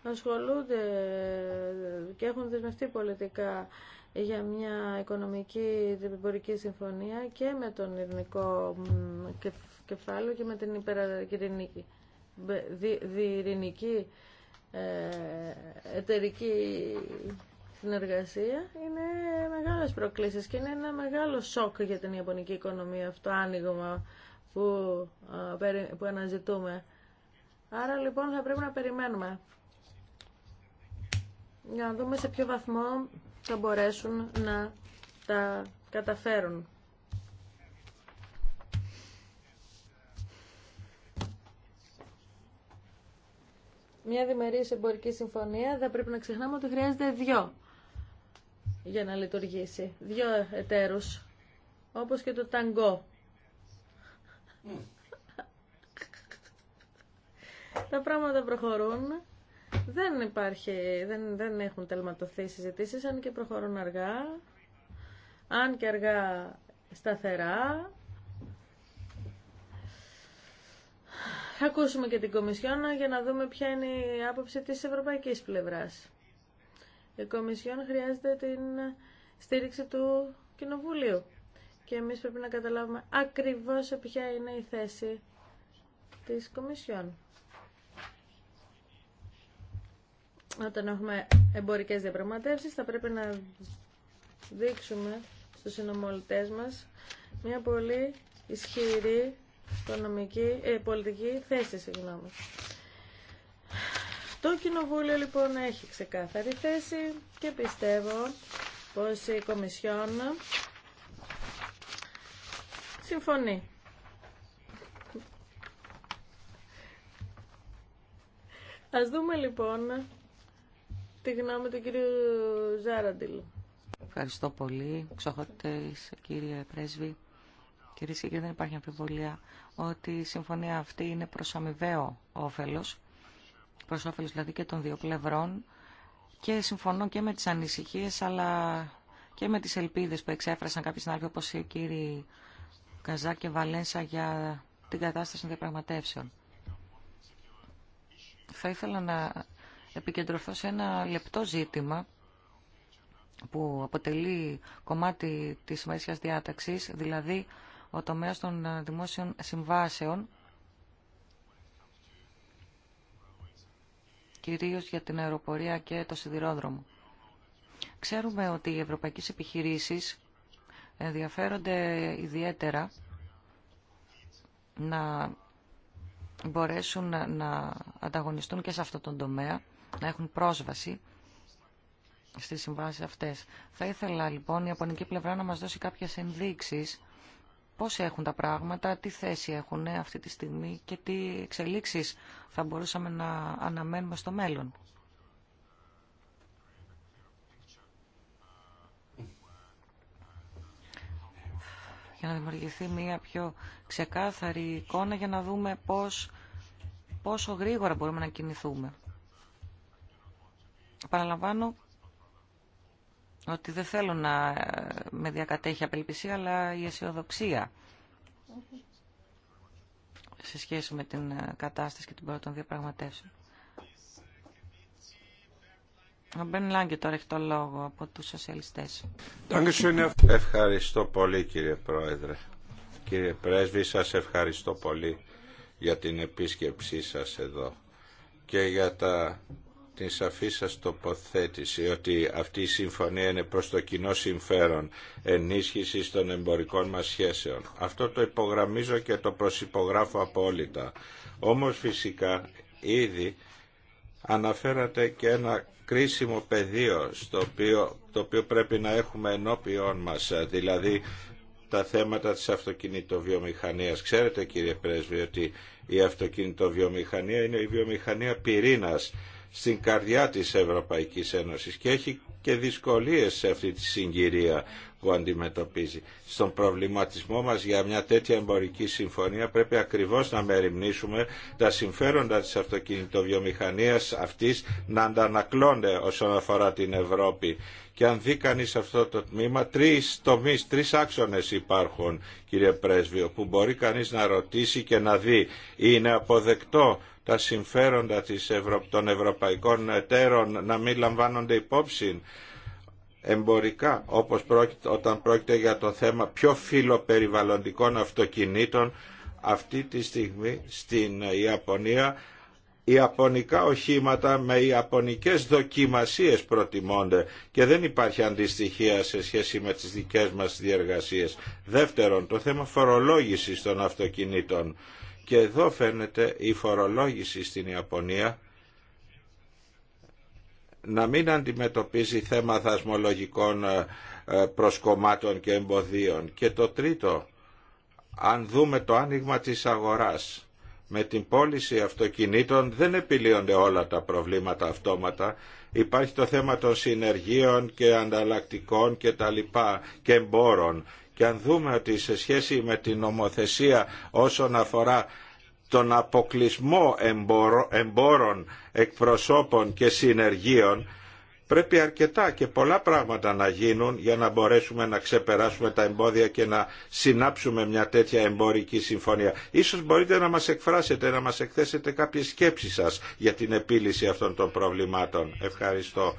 ασχολούνται και έχουν δεσμευτεί πολιτικά για μια οικονομική εμπορική συμφωνία και με τον ειρηνικό κεφάλαιο και με την υπερακυρινική ε, εταιρική συνεργασία είναι μεγάλες προκλήσεις και είναι ένα μεγάλο σοκ για την ιαπωνική οικονομία αυτό άνοιγμα που, που αναζητούμε. Άρα λοιπόν θα πρέπει να περιμένουμε για να δούμε σε ποιο βαθμό θα μπορέσουν να τα καταφέρουν. Μια διμερής εμπορική συμφωνία δεν πρέπει να ξεχνάμε ότι χρειάζεται δυο για να λειτουργήσει. Δυο εταίρους, όπως και το ταγκό. Mm. Τα πράγματα προχωρούν. Δεν, υπάρχει, δεν, δεν έχουν τελματωθεί συζητήσεις, αν και προχωρούν αργά, αν και αργά σταθερά. ακούσουμε και την Κομισιόνα για να δούμε ποια είναι η άποψη της ευρωπαϊκής πλευράς. Η Κομισιόν χρειάζεται την στήριξη του Κοινοβουλίου και εμείς πρέπει να καταλάβουμε ακριβώς ποια είναι η θέση της Κομισιόν. όταν έχουμε εμπορικές διαπραγματεύσεις θα πρέπει να δείξουμε στους συνομολητές μας μια πολύ ισχυρή οικονομική, ε, πολιτική θέση. Συγγνώμη. Το Κοινοβούλιο λοιπόν έχει ξεκάθαρη θέση και πιστεύω πως η Κομισιόν συμφωνεί. Ας δούμε λοιπόν τη γνώμη του κύριου Ζάραντιλ. Ευχαριστώ πολύ. Ξοχώτες, κύριε Πρέσβη. Κυρίε και κύριοι, δεν υπάρχει αμφιβολία ότι η συμφωνία αυτή είναι προ αμοιβαίο όφελο, προ όφελο δηλαδή και των δύο πλευρών και συμφωνώ και με τι ανησυχίε αλλά και με τι ελπίδε που εξέφρασαν κάποιοι συνάδελφοι όπω οι κύριοι Καζά και Βαλένσα για την κατάσταση των διαπραγματεύσεων. Θα ήθελα να επικεντρωθώ σε ένα λεπτό ζήτημα που αποτελεί κομμάτι της μέσιας διάταξης, δηλαδή ο τομέας των δημόσιων συμβάσεων, κυρίως για την αεροπορία και το σιδηρόδρομο. Ξέρουμε ότι οι ευρωπαϊκές επιχειρήσεις ενδιαφέρονται ιδιαίτερα να μπορέσουν να ανταγωνιστούν και σε αυτό τον τομέα να έχουν πρόσβαση στις συμβάσεις αυτές. Θα ήθελα λοιπόν η Ιαπωνική πλευρά να μας δώσει κάποιες ενδείξεις πώς έχουν τα πράγματα, τι θέση έχουν αυτή τη στιγμή και τι εξελίξεις θα μπορούσαμε να αναμένουμε στο μέλλον. για να δημιουργηθεί μια πιο ξεκάθαρη εικόνα για να δούμε πώς, πόσο γρήγορα μπορούμε να κινηθούμε. Παραλαμβάνω ότι δεν θέλω να ε, με διακατέχει απελπισία, αλλά η αισιοδοξία σε σχέση με την ε, κατάσταση και την πρώτη των διαπραγματεύσεων. Ο Μπεν Λάγκε τώρα έχει το λόγο από τους σοσιαλιστές. Ευχαριστώ πολύ κύριε Πρόεδρε. Κύριε Πρέσβη, σας ευχαριστώ πολύ για την επίσκεψή σας εδώ και για τα την σαφή σας τοποθέτηση ότι αυτή η συμφωνία είναι προς το κοινό συμφέρον ενίσχυσης των εμπορικών μας σχέσεων. Αυτό το υπογραμμίζω και το προσυπογράφω απόλυτα. Όμως φυσικά ήδη αναφέρατε και ένα κρίσιμο πεδίο στο οποίο, το οποίο πρέπει να έχουμε ενώπιόν μας, δηλαδή τα θέματα της αυτοκινητοβιομηχανίας. Ξέρετε κύριε Πρέσβη ότι η αυτοκινητοβιομηχανία είναι η βιομηχανία πυρήνας στην καρδιά της Ευρωπαϊκής Ένωσης και έχει και δυσκολίες σε αυτή τη συγκυρία που αντιμετωπίζει. Στον προβληματισμό μας για μια τέτοια εμπορική συμφωνία πρέπει ακριβώς να μεριμνήσουμε τα συμφέροντα της αυτοκινητοβιομηχανίας αυτής να αντανακλώνται όσον αφορά την Ευρώπη. Και αν δει κανείς αυτό το τμήμα, τρεις τομείς, τρεις άξονες υπάρχουν, κύριε Πρέσβιο, που μπορεί κανείς να ρωτήσει και να δει. Είναι αποδεκτό τα συμφέροντα των ευρωπαϊκών εταίρων να μην λαμβάνονται υπόψη εμπορικά όπως πρόκειται, όταν πρόκειται για το θέμα πιο φιλοπεριβαλλοντικών αυτοκινήτων αυτή τη στιγμή στην Ιαπωνία Ιαπωνικά οχήματα με Ιαπωνικές δοκιμασίες προτιμώνται και δεν υπάρχει αντιστοιχία σε σχέση με τις δικές μας διεργασίες. Δεύτερον, το θέμα φορολόγησης των αυτοκινήτων. Και εδώ φαίνεται η φορολόγηση στην Ιαπωνία να μην αντιμετωπίζει θέμα δασμολογικών ε, ε, προσκομμάτων και εμποδίων. Και το τρίτο, αν δούμε το άνοιγμα της αγοράς, με την πώληση αυτοκινήτων δεν επιλύονται όλα τα προβλήματα αυτόματα. Υπάρχει το θέμα των συνεργείων και ανταλλακτικών και τα λοιπά και εμπόρων. Και αν δούμε ότι σε σχέση με την νομοθεσία όσον αφορά τον αποκλεισμό εμπόρων, εκπροσώπων και συνεργείων πρέπει αρκετά και πολλά πράγματα να γίνουν για να μπορέσουμε να ξεπεράσουμε τα εμπόδια και να συνάψουμε μια τέτοια εμπορική συμφωνία. Ίσως μπορείτε να μας εκφράσετε, να μας εκθέσετε κάποιες σκέψεις σας για την επίλυση αυτών των προβλημάτων. Ευχαριστώ.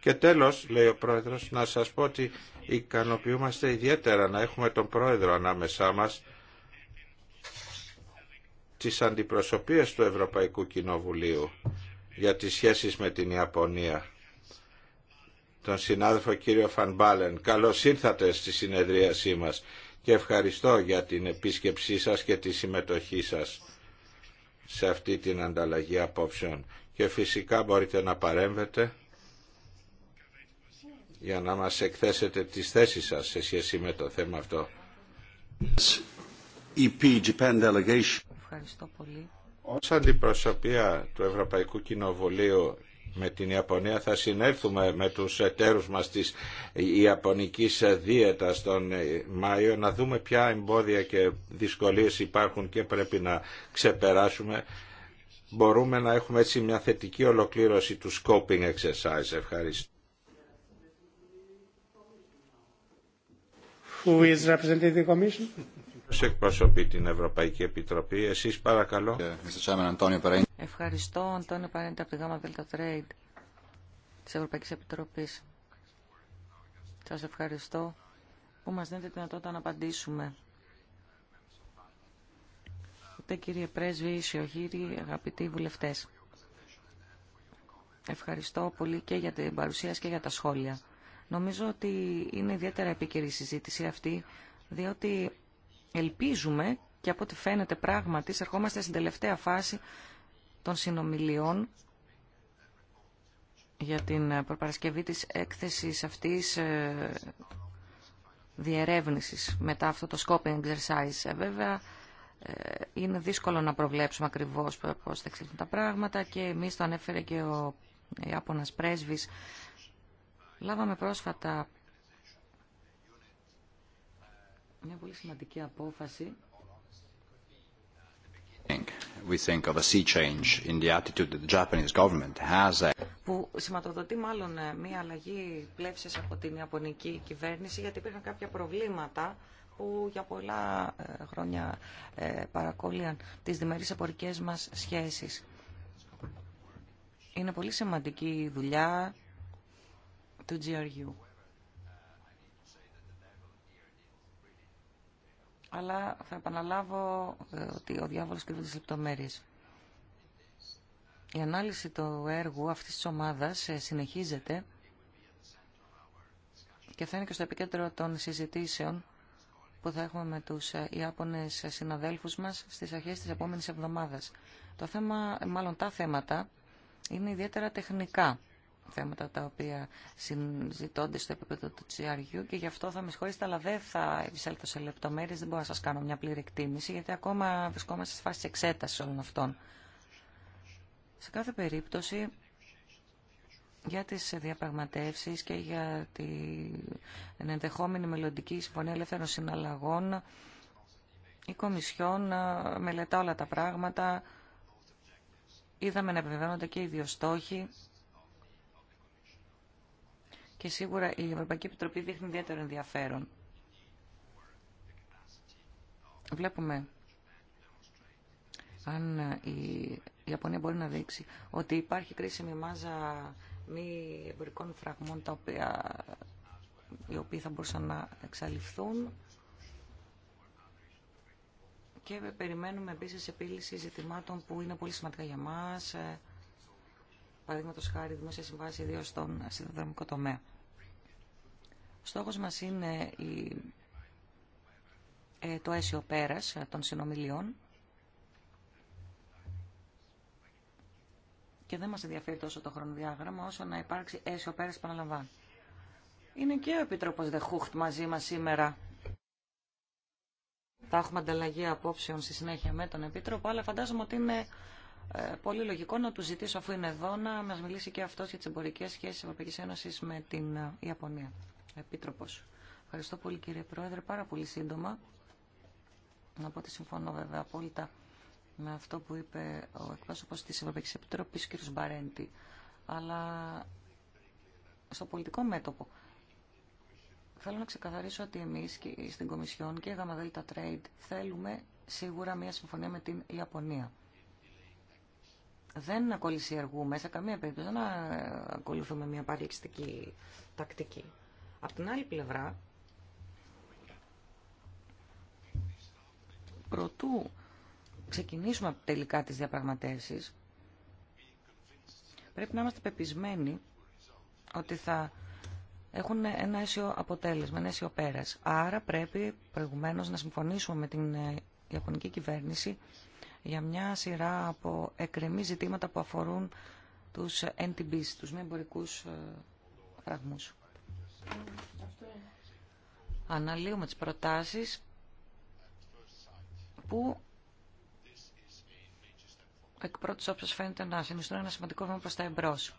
Και τέλος, λέει ο Πρόεδρος, να σας πω ότι ικανοποιούμαστε ιδιαίτερα να έχουμε τον Πρόεδρο ανάμεσά μας της αντιπροσωπείας του Ευρωπαϊκού Κοινοβουλίου για τις σχέσεις με την Ιαπωνία τον συνάδελφο κύριο Φανμπάλεν. Καλώς ήρθατε στη συνεδρίασή μας και ευχαριστώ για την επίσκεψή σας και τη συμμετοχή σας σε αυτή την ανταλλαγή απόψεων. Και φυσικά μπορείτε να παρέμβετε για να μας εκθέσετε τις θέσεις σας σε σχέση με το θέμα αυτό. E Ευχαριστώ πολύ. Ως αντιπροσωπεία του Ευρωπαϊκού Κοινοβουλίου με την Ιαπωνία θα συνέλθουμε με τους εταίρους μας της Ιαπωνικής Δίαιτας τον Μάιο να δούμε ποια εμπόδια και δυσκολίες υπάρχουν και πρέπει να ξεπεράσουμε. Μπορούμε να έχουμε έτσι μια θετική ολοκλήρωση του scoping exercise. Ευχαριστώ. Who is the Commission? εκπροσωπεί την Ευρωπαϊκή Επιτροπή, εσείς παρακαλώ. Ευχαριστώ, Αντώνιο Παρέντα, από τη ΓΑΜΑ ΔΕΛΤΑ ΤΡΕΙΝΤ της Ευρωπαϊκής Επιτροπής. Σας ευχαριστώ που μας δίνετε τη δυνατότητα να απαντήσουμε. Ούτε κύριε Πρέσβη, Ισιογύρη, αγαπητοί βουλευτές. Ευχαριστώ πολύ και για την παρουσία και για τα σχόλια. Νομίζω ότι είναι ιδιαίτερα επίκαιρη η συζήτηση αυτή, διότι Ελπίζουμε και από ό,τι φαίνεται πράγματι, ερχόμαστε στην τελευταία φάση των συνομιλιών για την ε, προπαρασκευή της έκθεσης αυτής ε, διερεύνησης μετά αυτό το scoping exercise. Ε, βέβαια, είναι δύσκολο να προβλέψουμε ακριβώς πώς θα εξελίξουν τα πράγματα και εμείς το ανέφερε και ο Ιάπωνας πρέσβης. Λάβαμε πρόσφατα μια πολύ σημαντική απόφαση. We think of a sea change in the attitude that the Japanese government has. Uh, που σηματοδοτεί μάλλον ε, μια αλλαγή πλεύσης από την Ιαπωνική κυβέρνηση γιατί υπήρχαν κάποια προβλήματα που για πολλά ε, χρόνια ε, παρακόλιαν τις διμερείς απορικές μας σχέσεις. Είναι πολύ σημαντική η δουλειά του GRU. αλλά θα επαναλάβω ε, ότι ο διάβολος κρύβεται στις λεπτομέρειες. Η ανάλυση του έργου αυτής της ομάδας ε, συνεχίζεται και θα είναι και στο επίκεντρο των συζητήσεων που θα έχουμε με τους ε, Ιάπωνες συναδέλφους μας στις αρχές της επόμενης εβδομάδας. Το θέμα, μάλλον τα θέματα, είναι ιδιαίτερα τεχνικά θέματα τα οποία συζητώνται στο επίπεδο του GRU και γι' αυτό θα με συγχωρήσετε, αλλά δεν θα εισέλθω σε λεπτομέρειε, δεν μπορώ να σα κάνω μια πλήρη εκτίμηση, γιατί ακόμα βρισκόμαστε σε φάση εξέταση όλων αυτών. Σε κάθε περίπτωση, για τι διαπραγματεύσει και για την ενδεχόμενη μελλοντική συμφωνία ελεύθερων συναλλαγών, η Κομισιόν ε, μελετά όλα τα πράγματα. Είδαμε να επιβεβαιώνονται και οι δύο στόχοι και σίγουρα η Ευρωπαϊκή Επιτροπή δείχνει ιδιαίτερο ενδιαφέρον. Βλέπουμε αν ε, η Ιαπωνία μπορεί να δείξει ότι υπάρχει κρίσιμη μάζα μη εμπορικών φραγμών τα οποία, οι οποίοι θα μπορούσαν να εξαλειφθούν και περιμένουμε επίσης επίλυση ζητημάτων που είναι πολύ σημαντικά για μας ε, παραδείγματο χάρη δημόσια συμβάση, ιδίω στον συνδρομικό τομέα. Ο στόχος μας είναι η, ε, το αίσιο πέρας των συνομιλιών και δεν μας ενδιαφέρει τόσο το χρονοδιάγραμμα όσο να υπάρξει αίσιο πέρας παραλαμβάνω. Είναι και ο Επίτροπος Δεχούχτ μαζί μας σήμερα. Θα έχουμε ανταλλαγή απόψεων στη συνέχεια με τον Επίτροπο, αλλά φαντάζομαι ότι είναι ε, πολύ λογικό να του ζητήσω αφού είναι εδώ να μα μιλήσει και αυτό για τι εμπορικέ σχέσει τη Ευρωπαϊκή Ένωση με την ε, Ιαπωνία. επίτροπο. Ευχαριστώ πολύ κύριε Πρόεδρε. Πάρα πολύ σύντομα. Να πω ότι συμφωνώ βέβαια απόλυτα με αυτό που είπε ο εκπρόσωπος τη Ευρωπαϊκή Επιτροπή κ. Μπαρέντι. Αλλά στο πολιτικό μέτωπο θέλω να ξεκαθαρίσω ότι εμεί στην Κομισιόν και η ΓΔΤ Trade θέλουμε σίγουρα μια συμφωνία με την Ιαπωνία δεν ακολουθιεργούμε σε καμία περίπτωση, δεν ακολουθούμε μια παρελκυστική τακτική. Απ' την άλλη πλευρά, προτού ξεκινήσουμε τελικά τις διαπραγματεύσεις, πρέπει να είμαστε πεπισμένοι ότι θα έχουν ένα αίσιο αποτέλεσμα, ένα αίσιο πέρας. Άρα πρέπει προηγουμένως να συμφωνήσουμε με την ε, Ιαπωνική κυβέρνηση για μια σειρά από εκκρεμή ζητήματα που αφορούν τους NTBs, τους μη εμπορικούς ε, φραγμούς. Αναλύουμε τις προτάσεις που εκ πρώτης όψης φαίνεται να συνιστούν ένα σημαντικό βήμα προς τα εμπρός.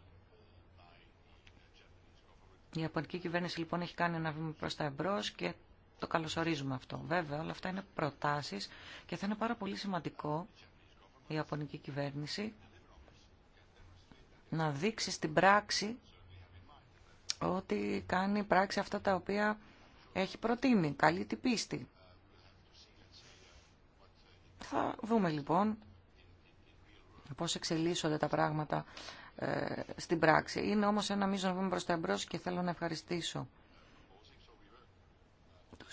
Η Ιαπωνική κυβέρνηση λοιπόν έχει κάνει ένα βήμα προς τα εμπρός και το καλωσορίζουμε αυτό. Βέβαια, όλα αυτά είναι προτάσεις και θα είναι πάρα πολύ σημαντικό η Ιαπωνική κυβέρνηση να δείξει στην πράξη ότι κάνει πράξη αυτά τα οποία έχει προτείνει. Καλή την πίστη. Θα δούμε λοιπόν πώς εξελίσσονται τα πράγματα ε, στην πράξη. Είναι όμως ένα να βγούμε προς τα εμπρός και θέλω να ευχαριστήσω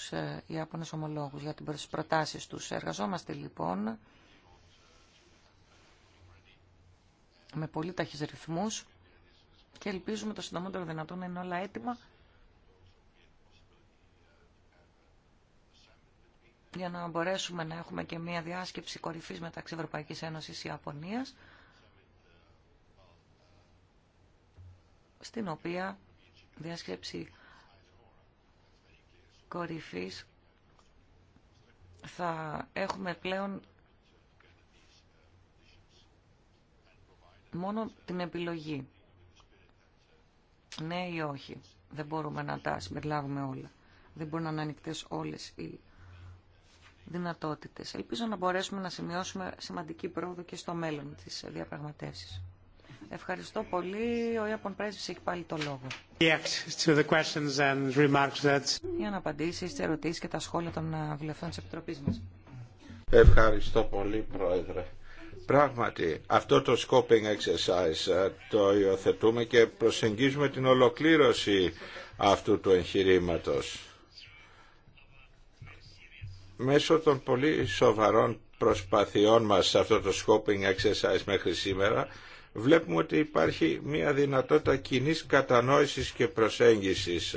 τους ε, Ιάπωνες ομολόγους για τις προτάσεις τους. Εργαζόμαστε λοιπόν με πολύ ταχύς ρυθμούς και ελπίζουμε το συντομότερο δυνατόν να είναι όλα έτοιμα για να μπορέσουμε να έχουμε και μια διάσκεψη κορυφής μεταξύ Ευρωπαϊκής Ένωσης και Ιαπωνίας στην οποία διάσκεψη κορυφής θα έχουμε πλέον μόνο την επιλογή. Ναι ή όχι. Δεν μπορούμε να τα συμπεριλάβουμε όλα. Δεν μπορούν να είναι ανοιχτέ όλε οι δυνατότητε. Ελπίζω να μπορέσουμε να σημειώσουμε σημαντική πρόοδο και στο μέλλον τη διαπραγματεύσεις. Ευχαριστώ πολύ. Ο Ιαπων Πρέσβης έχει πάλι το λόγο. Για να απαντήσει στις ερωτήσεις και τα σχόλια των ε, βουλευτών της Επιτροπής μας. Ευχαριστώ πολύ, Πρόεδρε. Πράγματι, αυτό το scoping exercise ε, το υιοθετούμε και προσεγγίζουμε την ολοκλήρωση αυτού του εγχειρήματος. Μέσω των πολύ σοβαρών προσπαθειών μας σε αυτό το scoping exercise μέχρι σήμερα, βλέπουμε ότι υπάρχει μια δυνατότητα κοινή κατανόησης και προσέγγισης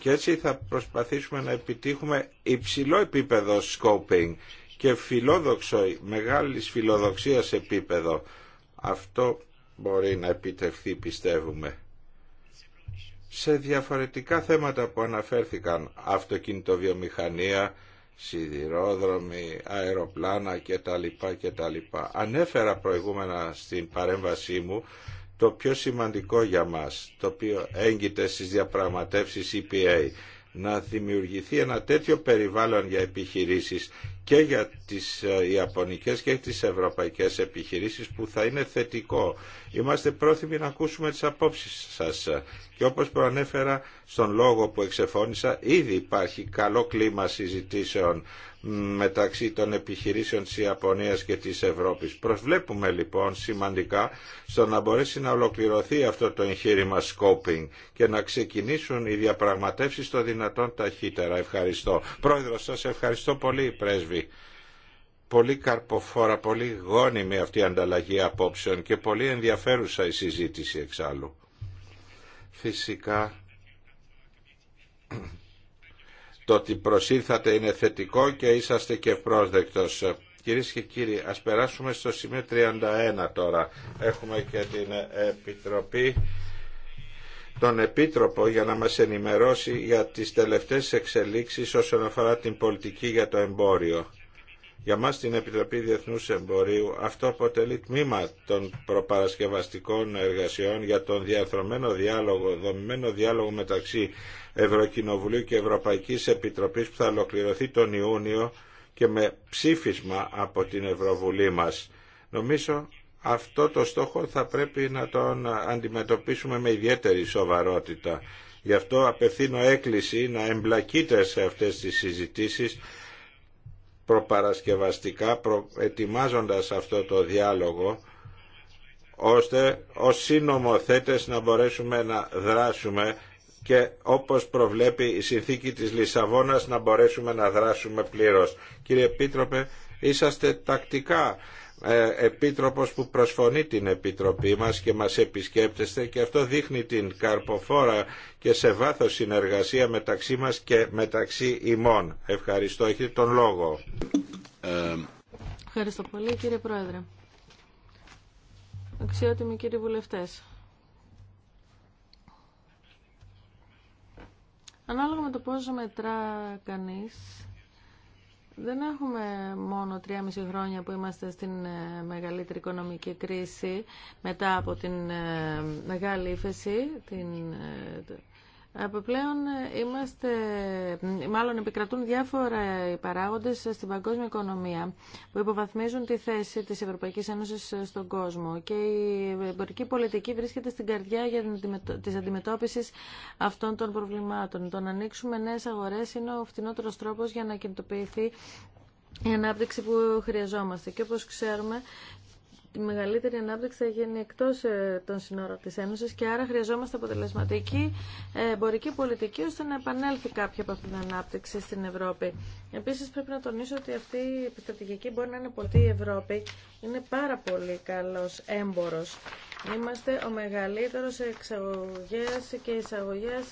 και έτσι θα προσπαθήσουμε να επιτύχουμε υψηλό επίπεδο scoping και φιλόδοξο, μεγάλης φιλοδοξίας επίπεδο. Αυτό μπορεί να επιτευχθεί πιστεύουμε. Σε διαφορετικά θέματα που αναφέρθηκαν, αυτοκινητοβιομηχανία, σιδηρόδρομοι, αεροπλάνα κτλ. κτλ. Ανέφερα προηγούμενα στην παρέμβασή μου το πιο σημαντικό για μας, το οποίο έγκυται στις διαπραγματεύσεις EPA, να δημιουργηθεί ένα τέτοιο περιβάλλον για επιχειρήσεις και για τις ε, ιαπωνικές και τις ευρωπαϊκές επιχειρήσεις που θα είναι θετικό Είμαστε πρόθυμοι να ακούσουμε τις απόψεις σας και όπως προανέφερα στον λόγο που εξεφώνησα ήδη υπάρχει καλό κλίμα συζητήσεων μεταξύ των επιχειρήσεων της Ιαπωνίας και της Ευρώπης. Προσβλέπουμε λοιπόν σημαντικά στο να μπορέσει να ολοκληρωθεί αυτό το εγχείρημα scoping και να ξεκινήσουν οι διαπραγματεύσεις το δυνατόν ταχύτερα. Ευχαριστώ. Πρόεδρο σας ευχαριστώ πολύ πρέσβη πολύ καρποφόρα, πολύ γόνιμη αυτή η ανταλλαγή απόψεων και πολύ ενδιαφέρουσα η συζήτηση εξάλλου. Φυσικά το ότι προσήλθατε είναι θετικό και είσαστε και πρόσδεκτος. Κυρίε και κύριοι, ας περάσουμε στο σημείο 31 τώρα. Έχουμε και την Επιτροπή, τον Επίτροπο για να μας ενημερώσει για τις τελευταίες εξελίξεις όσον αφορά την πολιτική για το εμπόριο για μας την Επιτροπή Διεθνούς Εμπορίου αυτό αποτελεί τμήμα των προπαρασκευαστικών εργασιών για τον διαρθρωμένο διάλογο, δομημένο διάλογο μεταξύ Ευρωκοινοβουλίου και Ευρωπαϊκής Επιτροπής που θα ολοκληρωθεί τον Ιούνιο και με ψήφισμα από την Ευρωβουλή μας. Νομίζω αυτό το στόχο θα πρέπει να τον αντιμετωπίσουμε με ιδιαίτερη σοβαρότητα. Γι' αυτό απευθύνω έκκληση να εμπλακείτε σε αυτές τις συζητήσεις προπαρασκευαστικά προ... ετοιμάζοντας αυτό το διάλογο ώστε ως συνομοθέτες να μπορέσουμε να δράσουμε και όπως προβλέπει η συνθήκη της Λισαβόνας να μπορέσουμε να δράσουμε πλήρως. Κύριε Επίτροπε, είσαστε τακτικά ε, επίτροπος που προσφωνεί την Επιτροπή μας και μας επισκέπτεστε και αυτό δείχνει την καρποφόρα και σε βάθος συνεργασία μεταξύ μας και μεταξύ ημών. Ευχαριστώ. Έχετε τον λόγο. Ευχαριστώ πολύ κύριε Πρόεδρε. Αξιότιμοι κύριοι βουλευτές. Ανάλογα με το πόσο μετρά κανείς δεν έχουμε μόνο 3,5 χρόνια που είμαστε στην ε, μεγαλύτερη οικονομική κρίση μετά από την ε, μεγάλη ύφεση, την ε, Επιπλέον είμαστε, μάλλον επικρατούν διάφορα οι παράγοντες στην παγκόσμια οικονομία που υποβαθμίζουν τη θέση της Ευρωπαϊκής Ένωσης στον κόσμο και η εμπορική πολιτική βρίσκεται στην καρδιά για της αντιμετώπισης αυτών των προβλημάτων. Το να ανοίξουμε νέες αγορές είναι ο φτηνότερος τρόπος για να κινητοποιηθεί η ανάπτυξη που χρειαζόμαστε. Και όπως ξέρουμε, Τη μεγαλύτερη ανάπτυξη θα γίνει εκτός ε, των σύνορων της Ένωσης και άρα χρειαζόμαστε αποτελεσματική ε, εμπορική πολιτική ώστε να επανέλθει κάποια από αυτήν την ανάπτυξη στην Ευρώπη. Επίσης πρέπει να τονίσω ότι αυτή η επιστρατηγική μπορεί να είναι ποτέ η Ευρώπη. Είναι πάρα πολύ καλός έμπορος. Είμαστε ο μεγαλύτερο εξαγωγέας και εισαγωγέας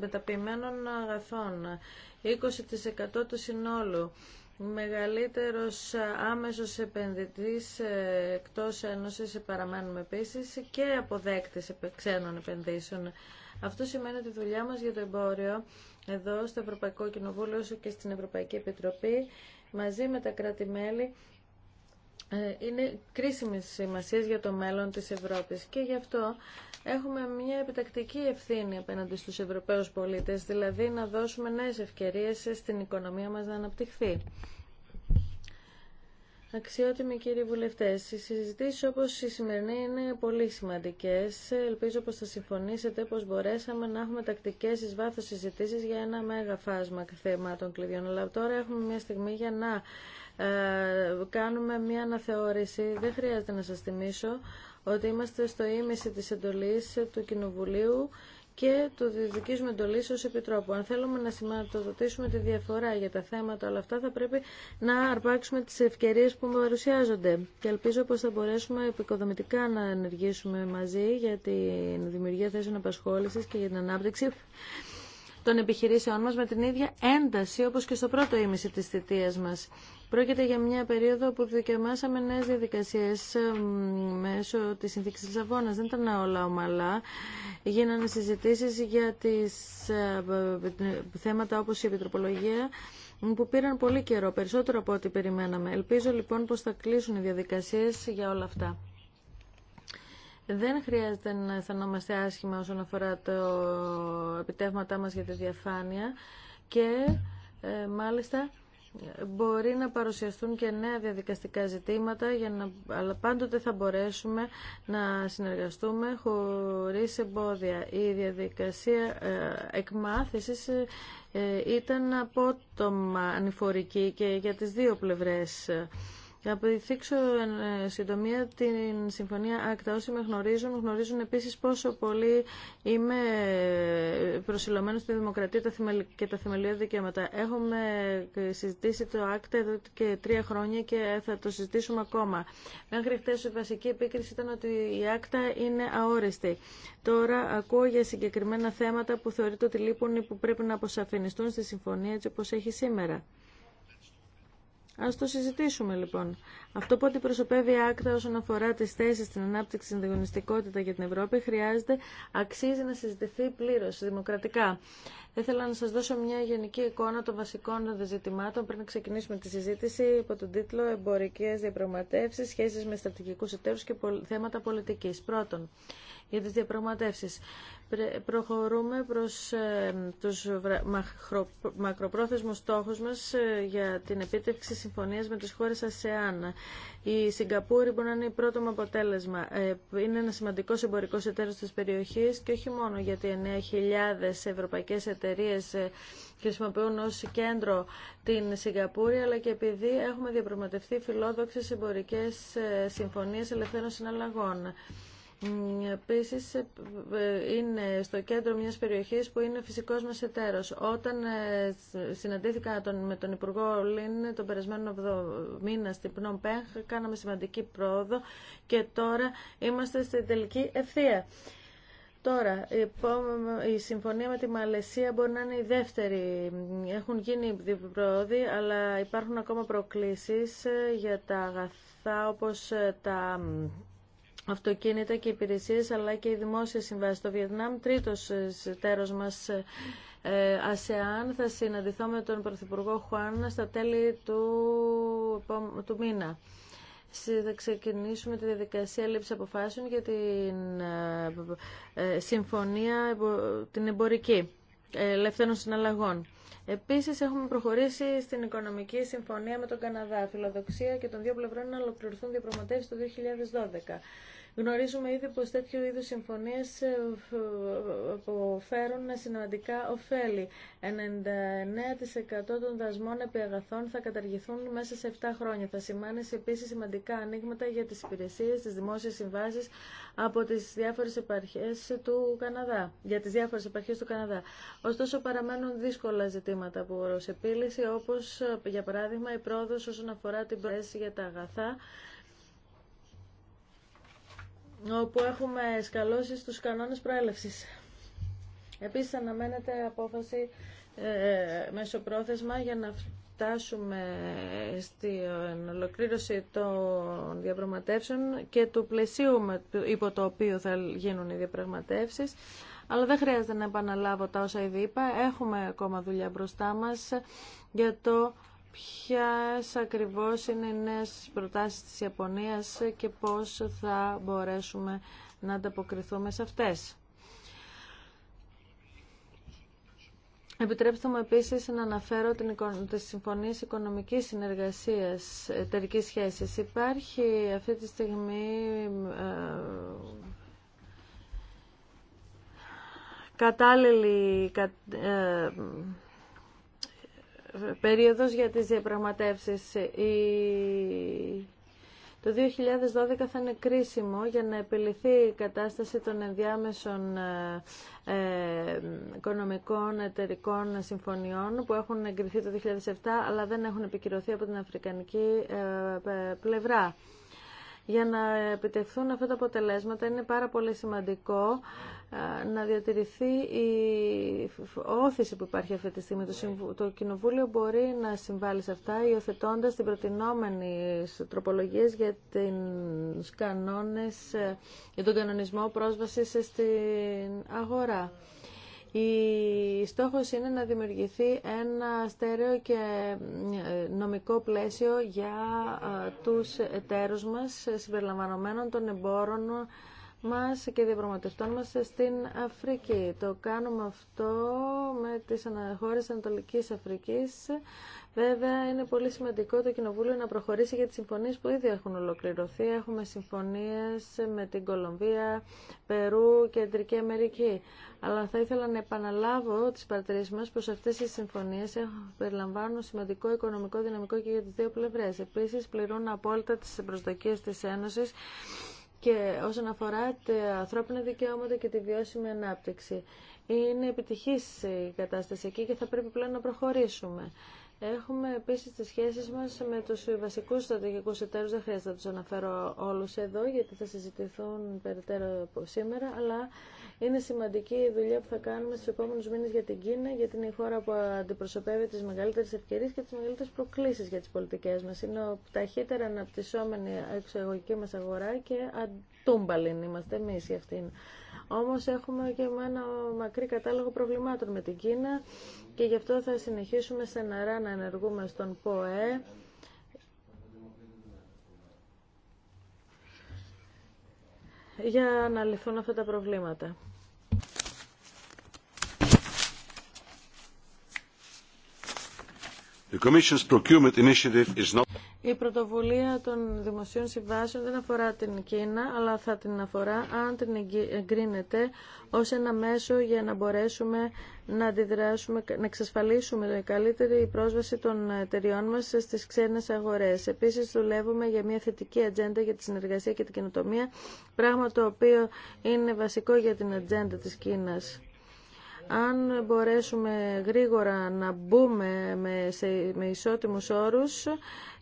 μεταποιημένων αγαθών. 20% του συνόλου μεγαλύτερος ε, άμεσος επενδυτής ε, εκτός Ένωσης παραμένουμε επίσης και αποδέκτης ξένων επενδύσεων. Αυτό σημαίνει ότι η δουλειά μας για το εμπόριο εδώ στο Ευρωπαϊκό Κοινοβούλιο και στην Ευρωπαϊκή Επιτροπή μαζί με τα κράτη-μέλη ε, είναι κρίσιμης σημασίας για το μέλλον της Ευρώπης και γι' αυτό έχουμε μια επιτακτική ευθύνη απέναντι στους Ευρωπαίους πολίτες, δηλαδή να δώσουμε νέες ευκαιρίες στην οικονομία μας να αναπτυχθεί. Αξιότιμοι κύριοι βουλευτές, οι συζητήσεις όπως η σημερινή είναι πολύ σημαντικές. Ελπίζω πως θα συμφωνήσετε πως μπορέσαμε να έχουμε τακτικές εις βάθος συζητήσεις για ένα μέγα φάσμα θεμάτων κλειδιών. Αλλά τώρα έχουμε μια στιγμή για να ε, κάνουμε μια αναθεώρηση. Δεν χρειάζεται να σας θυμίσω ότι είμαστε στο ίμιση της εντολής του Κοινοβουλίου και του μου εντολή ω επιτρόπου. Αν θέλουμε να σηματοδοτήσουμε τη διαφορά για τα θέματα όλα αυτά, θα πρέπει να αρπάξουμε τις ευκαιρίες που παρουσιάζονται. Και ελπίζω πως θα μπορέσουμε επικοδομητικά να ενεργήσουμε μαζί για την δημιουργία θέσεων απασχόληση και για την ανάπτυξη των επιχειρήσεών μας με την ίδια ένταση όπως και στο πρώτο ήμιση της θητείας μας. Πρόκειται για μια περίοδο που δικαιωμάσαμε νέες διαδικασίες ε, μέσω της συνθήκης τη Αβώνας. Δεν ήταν όλα ομαλά. Γίνανε συζητήσεις για τις, ε, ε, θέματα όπως η επιτροπολογία που πήραν πολύ καιρό, περισσότερο από ό,τι περιμέναμε. Ελπίζω λοιπόν πως θα κλείσουν οι διαδικασίες για όλα αυτά. Δεν χρειάζεται να αισθανόμαστε άσχημα όσον αφορά το επιτεύγματά μας για τη διαφάνεια και ε, μάλιστα μπορεί να παρουσιαστούν και νέα διαδικαστικά ζητήματα, για να, αλλά πάντοτε θα μπορέσουμε να συνεργαστούμε χωρίς εμπόδια. Η διαδικασία ε, εκμάθησης ε, ήταν απότομα ανηφορική και για τις δύο πλευρές. Για να εν συντομία την Συμφωνία Άκτα. Όσοι με γνωρίζουν, γνωρίζουν επίση πόσο πολύ είμαι ε, προσιλωμένο στη δημοκρατία και τα θεμελιώδη δικαιώματα. Έχουμε ε, συζητήσει το Άκτα εδώ και τρία χρόνια και θα το συζητήσουμε ακόμα. Μέχρι χτε η βασική επίκριση ήταν ότι η Άκτα είναι αόριστη. Τώρα ακούω για συγκεκριμένα θέματα που θεωρείται ότι λείπουν ή που πρέπει να αποσαφινιστούν στη Συμφωνία έτσι όπω έχει σήμερα. Ας το συζητήσουμε λοιπόν. Αυτό που αντιπροσωπεύει η άκτα όσον αφορά τις θέσεις στην ανάπτυξη στην για την Ευρώπη χρειάζεται, αξίζει να συζητηθεί πλήρως, δημοκρατικά. Θα ήθελα να σας δώσω μια γενική εικόνα των βασικών ζητημάτων πριν να ξεκινήσουμε τη συζήτηση υπό τον τίτλο «Εμπορικές διαπραγματεύσεις, σχέσεις με στρατηγικούς εταίρους και θέματα πολιτικής». Πρώτον, για τις διαπραγματεύσεις. Προχωρούμε προς ε, τους μακροπρόθεσμους στόχους μας ε, για την επίτευξη συμφωνίας με τις χώρες ΑΣΕΑΝ. Η Σιγκαπούρη μπορεί να είναι η πρώτο μου αποτέλεσμα. Ε, είναι ένα σημαντικό εμπορικό εταίρος της περιοχής και όχι μόνο γιατί 9.000 ευρωπαϊκές εταιρείες χρησιμοποιούν ως κέντρο την Σιγκαπούρη, αλλά και επειδή έχουμε διαπραγματευτεί φιλόδοξες εμπορικές συμφωνίες ελευθέρων συναλλαγών. Επίση, είναι στο κέντρο μιας περιοχής που είναι φυσικός μας εταίρος. Όταν ε, συναντήθηκα με τον Υπουργό Λίν τον περασμένο μήνα στην Πνομ κάναμε σημαντική πρόοδο και τώρα είμαστε στην τελική ευθεία. Τώρα, η συμφωνία με τη Μαλαισία μπορεί να είναι η δεύτερη. Έχουν γίνει πρόοδοι, αλλά υπάρχουν ακόμα προκλήσεις ε, για τα αγαθά όπως ε, τα αυτοκίνητα και υπηρεσίες αλλά και οι δημόσιες συμβάσεις. Στο Βιετνάμ, τρίτος ε, τέρος μας ε, ε, ΑΣΕΑΝ, θα συναντηθώ με τον Πρωθυπουργό Χουάν στα τέλη του, του μήνα. Θα ξεκινήσουμε τη διαδικασία λήψη αποφάσεων για την συμφωνία, την εμπορική ελεύθερων συναλλαγών. Επίσης έχουμε προχωρήσει στην οικονομική συμφωνία με τον Καναδά. Φιλοδοξία και των δύο πλευρών να ολοκληρωθούν διαπραγματεύσεις το 2012. Γνωρίζουμε ήδη πως τέτοιου είδους συμφωνίες ε, φέρουν σημαντικά ωφέλη. 99% των δασμών επί αγαθών θα καταργηθούν μέσα σε 7 χρόνια. Θα σημάνει επίσης σημαντικά ανοίγματα για τις υπηρεσίες, τις δημόσιες συμβάσεις από τις διάφορες επαρχές του Καναδά, για τις διάφορες επαρχές του Καναδά. Ωστόσο παραμένουν δύσκολα ζητήματα που ως επίλυση, όπως ε, για παράδειγμα η πρόοδος όσον αφορά την πρέση για τα αγαθά, όπου έχουμε σκαλώσει στους κανόνες προέλευσης. Επίσης αναμένεται απόφαση ε, μεσοπρόθεσμα για να φτάσουμε στην ολοκλήρωση των διαπραγματεύσεων και του πλαισίου υπό το οποίο θα γίνουν οι διαπραγματεύσεις. Αλλά δεν χρειάζεται να επαναλάβω τα όσα ήδη είπα. Έχουμε ακόμα δουλειά μπροστά μας για το ποια ακριβώ είναι οι νέε προτάσεις της Ιαπωνίας και πώς θα μπορέσουμε να ανταποκριθούμε σε αυτές. Επιτρέψτε μου επίσης να αναφέρω την, τις οικονομική οικονομικής συνεργασίας, εταιρική σχέσης. Υπάρχει αυτή τη στιγμή ε, κατάλληλη ε, περίοδος για τις διαπραγματεύσεις. Η... Το 2012 θα είναι κρίσιμο για να επιληθεί η κατάσταση των ενδιάμεσων ε, ε, οικονομικών εταιρικών συμφωνιών που έχουν εγκριθεί το 2007 αλλά δεν έχουν επικυρωθεί από την αφρικανική ε, πλευρά. Για να επιτευχθούν αυτά τα αποτελέσματα είναι πάρα πολύ σημαντικό ε, να διατηρηθεί η όθηση που υπάρχει αυτή τη στιγμή. Το Κοινοβούλιο μπορεί να συμβάλλει σε αυτά υιοθετώντα την προτινόμενη τροπολογία για, ε, για τον κανονισμό πρόσβασης στην αγορά. Η στόχος είναι να δημιουργηθεί ένα στέρεο και ε, νομικό πλαίσιο για ε, τους εταίρους μας συμπεριλαμβανομένων των εμπόρων μας και διαπραγματευτών μας στην Αφρική. Το κάνουμε αυτό με τις χώρες Ανατολικής Αφρικής. Βέβαια είναι πολύ σημαντικό το Κοινοβούλιο να προχωρήσει για τις συμφωνίες που ήδη έχουν ολοκληρωθεί. Έχουμε συμφωνίες με την Κολομβία, Περού, Κεντρική Αμερική. Αλλά θα ήθελα να επαναλάβω τις παρατηρήσεις μας πως αυτές οι συμφωνίες περιλαμβάνουν σημαντικό οικονομικό δυναμικό και για τις δύο πλευρές. Επίσης πληρούν απόλυτα τις προσδοκίες της Ένωσης και όσον αφορά τα ανθρώπινα δικαιώματα και τη βιώσιμη ανάπτυξη. Είναι επιτυχής η κατάσταση εκεί και θα πρέπει πλέον να προχωρήσουμε. Έχουμε επίσης τις σχέσεις μας με τους βασικούς στρατηγικούς εταίρους, δεν χρειάζεται να τους αναφέρω όλους εδώ γιατί θα συζητηθούν περαιτέρω σήμερα, αλλά είναι σημαντική η δουλειά που θα κάνουμε στου επόμενου μήνε για την Κίνα, γιατί είναι η χώρα που αντιπροσωπεύει τι μεγαλύτερε ευκαιρίε και τι μεγαλύτερε προκλήσει για τι πολιτικέ μα. Είναι ο ταχύτερα αναπτυσσόμενη εξαγωγική μα αγορά και αντούμπαλιν είμαστε εμεί για αυτήν. Όμω έχουμε και με ένα μακρύ κατάλογο προβλημάτων με την Κίνα και γι' αυτό θα συνεχίσουμε στεναρά να ενεργούμε στον ΠΟΕ για να λυθούν αυτά τα προβλήματα. The Commission's procurement initiative is not... Η πρωτοβουλία των δημοσίων συμβάσεων δεν αφορά την Κίνα, αλλά θα την αφορά αν την εγκρίνεται ως ένα μέσο για να μπορέσουμε να αντιδράσουμε, να εξασφαλίσουμε το καλύτερη πρόσβαση των εταιριών μας στις ξένες αγορές. Επίσης, δουλεύουμε για μια θετική ατζέντα για τη συνεργασία και την καινοτομία, πράγμα το οποίο είναι βασικό για την ατζέντα της Κίνας. Αν μπορέσουμε γρήγορα να μπούμε με ισότιμους όρους,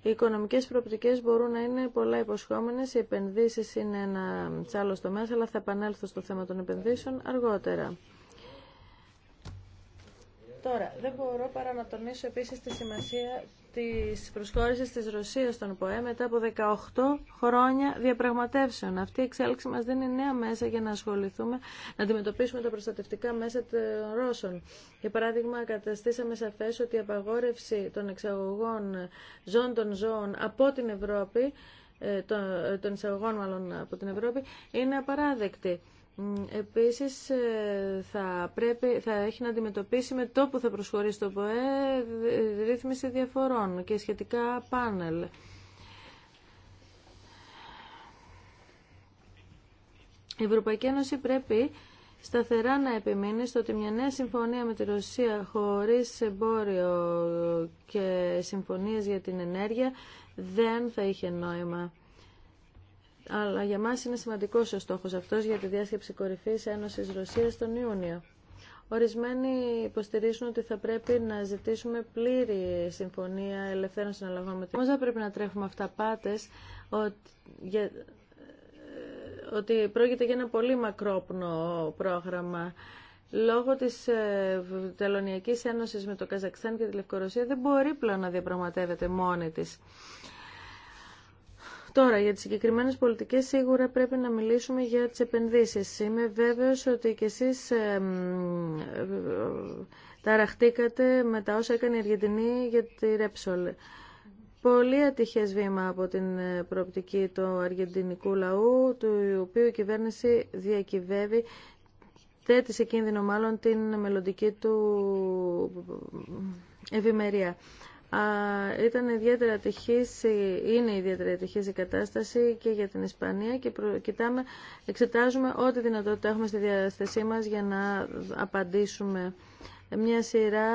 οι οικονομικές προοπτικές μπορούν να είναι πολλά υποσχόμενες. Οι επενδύσεις είναι ένα στο τομέα, αλλά θα επανέλθω στο θέμα των επενδύσεων αργότερα. Τώρα, δεν μπορώ παρά να τονίσω επίσης τη σημασία της προσχώρηση της Ρωσία στον ΠΟΕ μετά από 18 χρόνια διαπραγματεύσεων. Αυτή η εξέλιξη μας δίνει νέα μέσα για να ασχοληθούμε, να αντιμετωπίσουμε τα προστατευτικά μέσα των Ρώσων. Για παράδειγμα, καταστήσαμε σαφέ ότι η απαγόρευση των εξαγωγών ζών των ζώων από την Ευρώπη ε, ε, των εισαγωγών μάλλον από την Ευρώπη είναι απαράδεκτη. Επίσης ε, θα, πρέπει, θα έχει να αντιμετωπίσει με το που θα προσχωρήσει το ΠΟΕ ρύθμιση διαφορών και σχετικά πάνελ. Η Ευρωπαϊκή Ένωση πρέπει σταθερά να επιμείνει στο ότι μια νέα συμφωνία με τη Ρωσία χωρίς εμπόριο και συμφωνίες για την ενέργεια δεν θα είχε νόημα. Αλλά για μας είναι σημαντικός ο στόχος αυτός για τη διάσκεψη κορυφής Ένωσης Ρωσίας τον Ιούνιο. Ορισμένοι υποστηρίζουν ότι θα πρέπει να ζητήσουμε πλήρη συμφωνία ελευθέρων συναλλαγών με την Όμως δεν πρέπει να τρέχουμε αυτά πάτες ότι, ε, ότι πρόκειται για ένα πολύ μακρόπνο πρόγραμμα. Λόγω της ε, Τελωνιακής με το Καζακστάν και τη Λευκορωσία δεν μπορεί πλέον να διαπραγματεύεται μόνη της. Τώρα, για τις συγκεκριμένες πολιτικές σίγουρα πρέπει να μιλήσουμε για τις επενδύσεις. Είμαι βέβαιος ότι και εσείς ε, ταραχτήκατε με τα όσα έκανε η Αργεντινή για τη Ρέψολ. Πολύ ατυχές βήμα από την ε, προοπτική του αργεντινικού λαού, του οποίου η κυβέρνηση διακυβεύει θέτει σε κίνδυνο μάλλον την μελλοντική του ε, ευημερία ήταν ιδιαίτερα είναι ιδιαίτερα ατυχής η κατάσταση και για την Ισπανία και κοιτάμε, εξετάζουμε ό,τι δυνατότητα έχουμε στη διαθεσή μας για να απαντήσουμε μια σειρά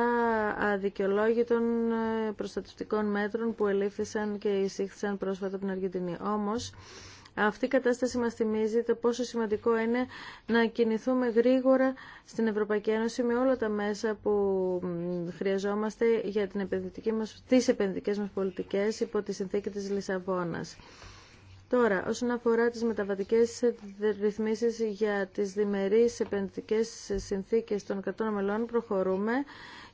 αδικαιολόγητων ε, προστατευτικών μέτρων που ελήφθησαν και εισήχθησαν πρόσφατα από την Αργεντινή. Όμως, αυτή η κατάσταση μας θυμίζει το πόσο σημαντικό είναι να κινηθούμε γρήγορα στην Ευρωπαϊκή Ένωση με όλα τα μέσα που χρειαζόμαστε για την επενδυτική μας, τις επενδυτικές μας πολιτικές υπό τη συνθήκη της Λισαβόνας. Τώρα, όσον αφορά τις μεταβατικές ρυθμίσεις για τις διμερείς επενδυτικές συνθήκες των κρατών μελών, προχωρούμε.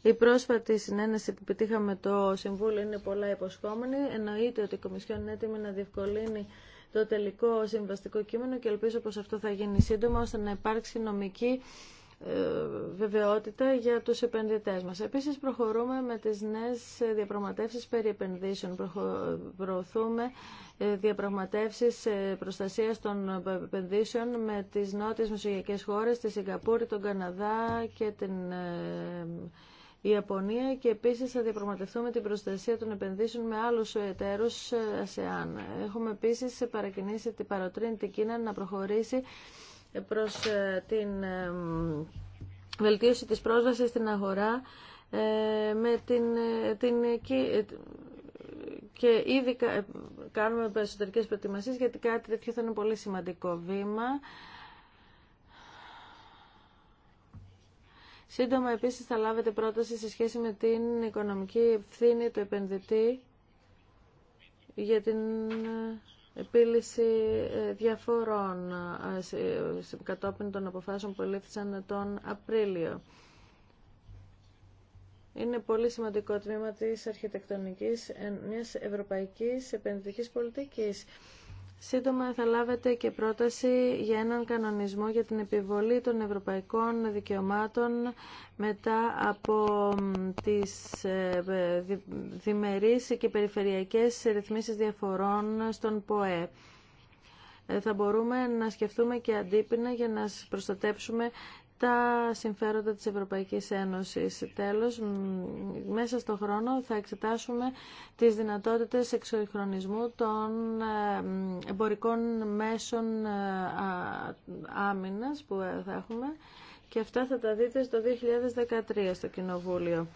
Η πρόσφατη συνένεση που πετύχαμε το Συμβούλιο είναι πολλά υποσχόμενη. Εννοείται ότι η Κομισιόν είναι έτοιμη να διευκολύνει το τελικό συμβαστικό κείμενο και ελπίζω πως αυτό θα γίνει σύντομα ώστε να υπάρξει νομική ε, βεβαιότητα για τους επενδυτές μας. Επίσης προχωρούμε με τις νέες διαπραγματεύσεις περί επενδύσεων. Προωθούμε ε, διαπραγματεύσεις ε, προστασίας των επενδύσεων με τις νότιες μεσογειακές χώρες, τη Σιγκαπούρη, τον Καναδά και την η Ιαπωνία και επίσης θα διαπραγματευτούμε την προστασία των επενδύσεων με άλλους εταίρους ε, ΑΣΕΑΝ. Έχουμε επίσης παρακινήσει την παροτρύνη την Κίνα να προχωρήσει προς ε, την ε, βελτίωση της πρόσβασης στην αγορά με την, την, και ήδη κάνουμε περισσότερες προετοιμασίες γιατί κάτι τέτοιο θα είναι πολύ σημαντικό βήμα. Σύντομα επίσης θα λάβετε πρόταση σε σχέση με την οικονομική ευθύνη του επενδυτή για την ε, επίλυση ε, διαφορών ε, κατόπιν των αποφάσεων που ελήφθησαν τον Απρίλιο. Είναι πολύ σημαντικό τμήμα της αρχιτεκτονικής μιας ευρωπαϊκής επενδυτικής πολιτικής. Σύντομα θα λάβετε και πρόταση για έναν κανονισμό για την επιβολή των ευρωπαϊκών δικαιωμάτων μετά από τις ε, διμερείς και περιφερειακές ρυθμίσεις διαφορών στον ΠΟΕ. Ε, θα μπορούμε να σκεφτούμε και αντίπεινα για να προστατέψουμε τα συμφέροντα της Ευρωπαϊκής Ένωσης. Τέλος, μέσα στο χρόνο θα εξετάσουμε τις δυνατότητες εξοχρονισμού των ε, εμπορικών μέσων ε, άμυνας που ε, θα έχουμε και αυτά θα τα δείτε στο 2013 στο Κοινοβούλιο.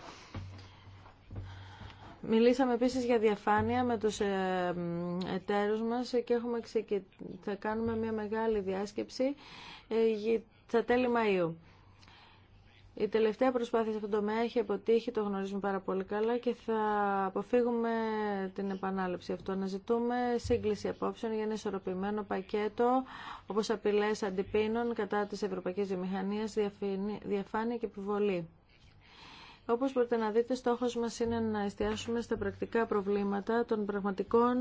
Μιλήσαμε επίσης για διαφάνεια με τους εταίρους μας και έχουμε θα κάνουμε μια μεγάλη διάσκεψη στα τέλη Μαΐου. Η τελευταία προσπάθεια σε αυτό το τομέα έχει αποτύχει, το γνωρίζουμε πάρα πολύ καλά και θα αποφύγουμε την επανάληψη αυτό. Να ζητούμε σύγκληση απόψεων για ένα ισορροπημένο πακέτο, όπως απειλέ αντιπίνων κατά τη ευρωπαϊκή βιομηχανία, διαφάνεια και επιβολή. Όπως μπορείτε να δείτε, στόχος μας είναι να εστιάσουμε στα πρακτικά προβλήματα των πραγματικών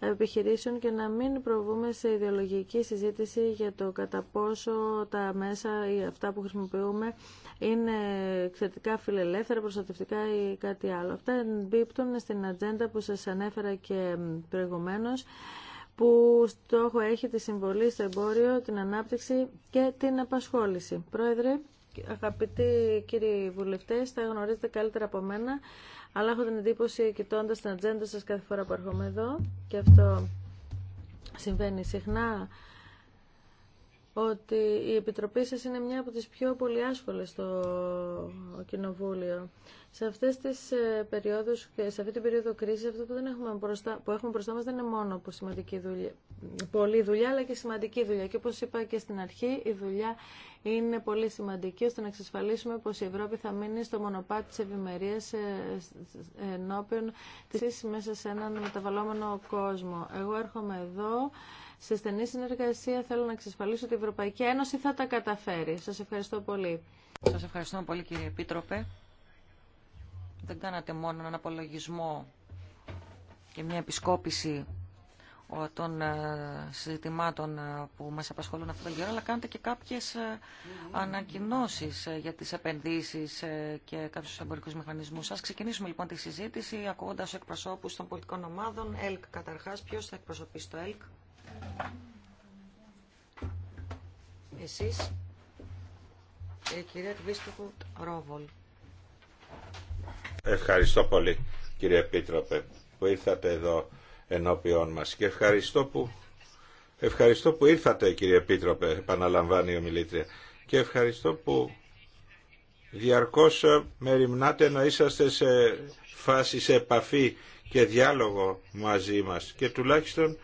επιχειρήσεων και να μην προβούμε σε ιδεολογική συζήτηση για το κατά πόσο τα μέσα ή αυτά που χρησιμοποιούμε είναι εξαιρετικά φιλελεύθερα, προστατευτικά ή κάτι άλλο. Αυτά εμπίπτουν στην ατζέντα που σας ανέφερα και προηγουμένως που στόχο έχει τη συμβολή στο εμπόριο, την ανάπτυξη και την απασχόληση. Πρόεδρε, αγαπητοί κύριοι βουλευτές, τα γνωρίζετε καλύτερα από μένα, αλλά έχω την εντύπωση, κοιτώντας την ατζέντα σας κάθε φορά που έρχομαι εδώ, και αυτό συμβαίνει συχνά, ότι η Επιτροπή σας είναι μια από τις πιο πολυάσχολες στο Κοινοβούλιο. Σε, αυτές τις ε, περιόδους, σε αυτή την περίοδο κρίσης αυτό που, δεν έχουμε μπροστά, που έχουμε μπροστά μας δεν είναι μόνο που σημαντική δουλειά, πολλή δουλειά αλλά και σημαντική δουλειά. Και όπως είπα και στην αρχή η δουλειά είναι πολύ σημαντική ώστε να εξασφαλίσουμε πως η Ευρώπη θα μείνει στο μονοπάτι της ευημερία ε, ενώπιον της μέσα σε έναν μεταβαλλόμενο κόσμο. Εγώ έρχομαι εδώ σε στενή συνεργασία θέλω να εξασφαλίσω ότι η Ευρωπαϊκή Ένωση θα τα καταφέρει. Σας ευχαριστώ πολύ. Σας ευχαριστώ πολύ κύριε Επίτροπε δεν κάνατε μόνο έναν απολογισμό και μια επισκόπηση των ε, συζητημάτων ε, που μας απασχολούν αυτόν τον καιρό, αλλά κάνετε και κάποιες ε, ανακοινώσεις για τις επενδύσεις και κάποιους εμπορικούς μηχανισμούς. Ας ξεκινήσουμε λοιπόν τη συζήτηση ακούγοντας εκπροσώπους των πολιτικών ομάδων. ΕΛΚ καταρχάς, ποιος θα εκπροσωπήσει το ΕΛΚ. Εσείς, η κυρία Κβίστοφουτ Ρόβολ. Ευχαριστώ πολύ κύριε Επίτροπε που ήρθατε εδώ ενώπιόν μας και ευχαριστώ που, ευχαριστώ που ήρθατε κύριε Επίτροπε επαναλαμβάνει η ομιλήτρια και ευχαριστώ που διαρκώς μεριμνάτε να είσαστε σε φάση, σε επαφή και διάλογο μαζί μας και τουλάχιστον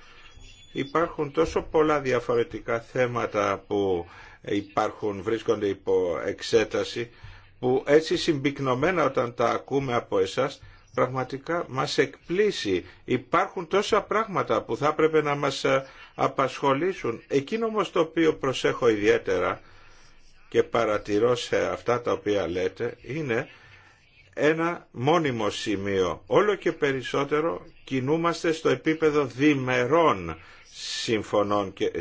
υπάρχουν τόσο πολλά διαφορετικά θέματα που υπάρχουν, βρίσκονται υπό εξέταση που έτσι συμπυκνωμένα όταν τα ακούμε από εσάς πραγματικά μας εκπλήσει. Υπάρχουν τόσα πράγματα που θα έπρεπε να μας ε, απασχολήσουν. Εκείνο όμως το οποίο προσέχω ιδιαίτερα και παρατηρώ σε αυτά τα οποία λέτε είναι ένα μόνιμο σημείο. Όλο και περισσότερο κινούμαστε στο επίπεδο διμερών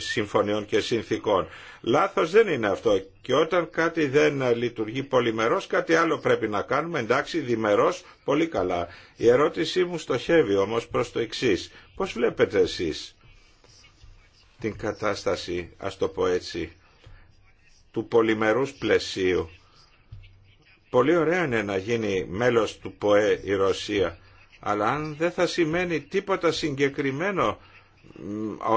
συμφωνιών και συνθήκων. Λάθος δεν είναι αυτό και όταν κάτι δεν λειτουργεί πολυμερός κάτι άλλο πρέπει να κάνουμε εντάξει διμερός πολύ καλά. Η ερώτησή μου στοχεύει όμως προς το εξή. Πώς βλέπετε εσείς την κατάσταση ας το πω έτσι του πολυμερούς πλαισίου. Πολύ ωραία είναι να γίνει μέλος του ΠΟΕ η Ρωσία αλλά αν δεν θα σημαίνει τίποτα συγκεκριμένο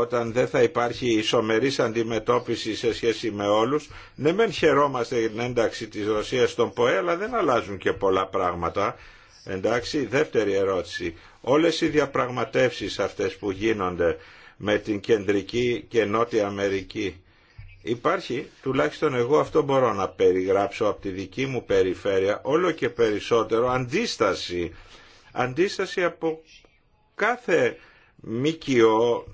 όταν δεν θα υπάρχει ισομερής αντιμετώπιση σε σχέση με όλους. Ναι μεν χαιρόμαστε την ένταξη της Ρωσίας στον ΠΟΕ αλλά δεν αλλάζουν και πολλά πράγματα. Εντάξει, δεύτερη ερώτηση. Όλες οι διαπραγματεύσεις αυτές που γίνονται με την Κεντρική και Νότια Αμερική υπάρχει, τουλάχιστον εγώ αυτό μπορώ να περιγράψω από τη δική μου περιφέρεια, όλο και περισσότερο αντίσταση. Αντίσταση από κάθε μίκιο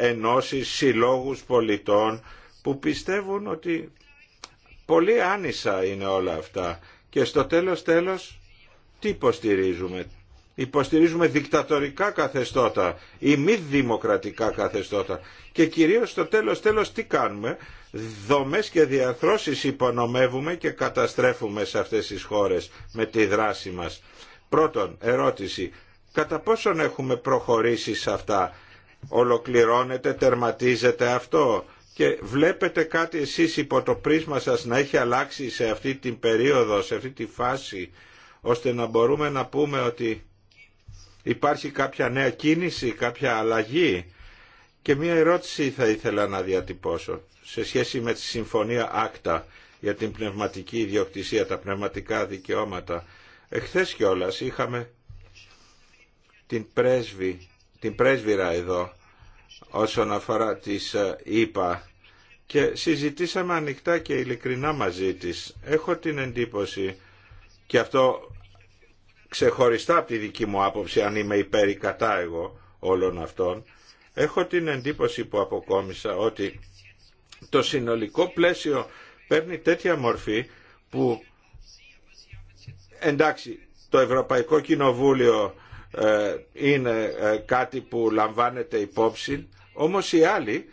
ενώσεις συλλόγους πολιτών που πιστεύουν ότι πολύ άνισα είναι όλα αυτά και στο τέλος τέλος τι υποστηρίζουμε υποστηρίζουμε δικτατορικά καθεστώτα ή μη δημοκρατικά καθεστώτα και κυρίως στο τέλος τέλος τι κάνουμε δομές και διαθρώσεις υπονομεύουμε και καταστρέφουμε σε αυτές τις χώρες με τη δράση μας πρώτον ερώτηση κατά πόσον έχουμε προχωρήσει σε αυτά. Ολοκληρώνεται, τερματίζεται αυτό και βλέπετε κάτι εσείς υπό το πρίσμα σας να έχει αλλάξει σε αυτή την περίοδο, σε αυτή τη φάση, ώστε να μπορούμε να πούμε ότι υπάρχει κάποια νέα κίνηση, κάποια αλλαγή. Και μία ερώτηση θα ήθελα να διατυπώσω σε σχέση με τη Συμφωνία Άκτα για την πνευματική ιδιοκτησία, τα πνευματικά δικαιώματα. Εχθές κιόλας είχαμε την, πρέσβη, την πρέσβυρα εδώ όσον αφορά τις ΙΠΑ ε, και συζητήσαμε ανοιχτά και ειλικρινά μαζί της. Έχω την εντύπωση και αυτό ξεχωριστά από τη δική μου άποψη αν είμαι υπέρ ή κατά εγώ όλων αυτών έχω την εντύπωση που αποκόμισα ότι το συνολικό πλαίσιο παίρνει τέτοια μορφή που εντάξει το Ευρωπαϊκό Κοινοβούλιο ε, είναι ε, κάτι που λαμβάνεται υπόψη, όμως οι άλλοι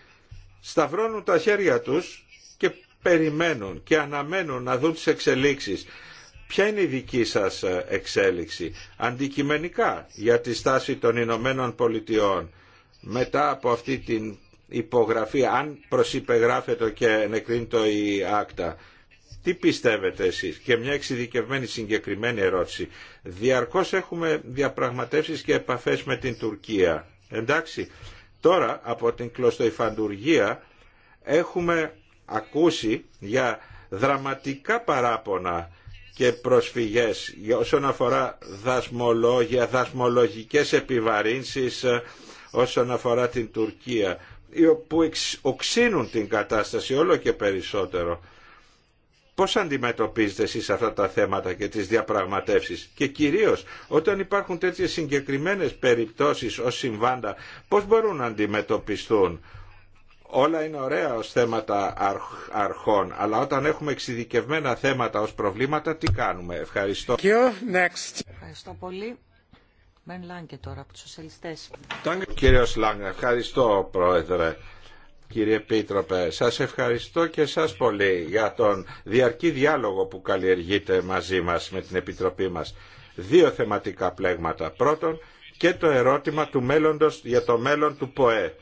σταυρώνουν τα χέρια τους και περιμένουν και αναμένουν να δουν τις εξελίξεις. Ποια είναι η δική σας ε, εξέλιξη αντικειμενικά για τη στάση των Ηνωμένων Πολιτειών μετά από αυτή την υπογραφή, αν προσυπεγράφεται και ενεκρίνεται το η άκτα τι πιστεύετε εσείς και μια εξειδικευμένη συγκεκριμένη ερώτηση. Διαρκώς έχουμε διαπραγματεύσεις και επαφές με την Τουρκία. Εντάξει, τώρα από την κλωστοϊφαντουργία έχουμε ακούσει για δραματικά παράπονα και προσφυγές όσον αφορά δασμολόγια, δασμολογικές επιβαρύνσεις ε, όσον αφορά την Τουρκία που οξύνουν την κατάσταση όλο και περισσότερο. Πώς αντιμετωπίζετε εσείς αυτά τα θέματα και τις διαπραγματεύσεις και κυρίως όταν υπάρχουν τέτοιες συγκεκριμένες περιπτώσεις ως συμβάντα πώς μπορούν να αντιμετωπιστούν. Όλα είναι ωραία ως θέματα αρχών, αλλά όταν έχουμε εξειδικευμένα θέματα ως προβλήματα, τι κάνουμε. Ευχαριστώ. Ευχαριστώ πολύ. Μεν Λάγκε τώρα από τους σοσιαλιστές. Κύριος Λάγκε, ευχαριστώ πρόεδρε. Κύριε Πίτροπε, σας ευχαριστώ και σας πολύ για τον διαρκή διάλογο που καλλιεργείτε μαζί μας με την Επιτροπή μας. Δύο θεματικά πλέγματα. Πρώτον, και το ερώτημα του μέλλοντος για το μέλλον του ΠΟΕ.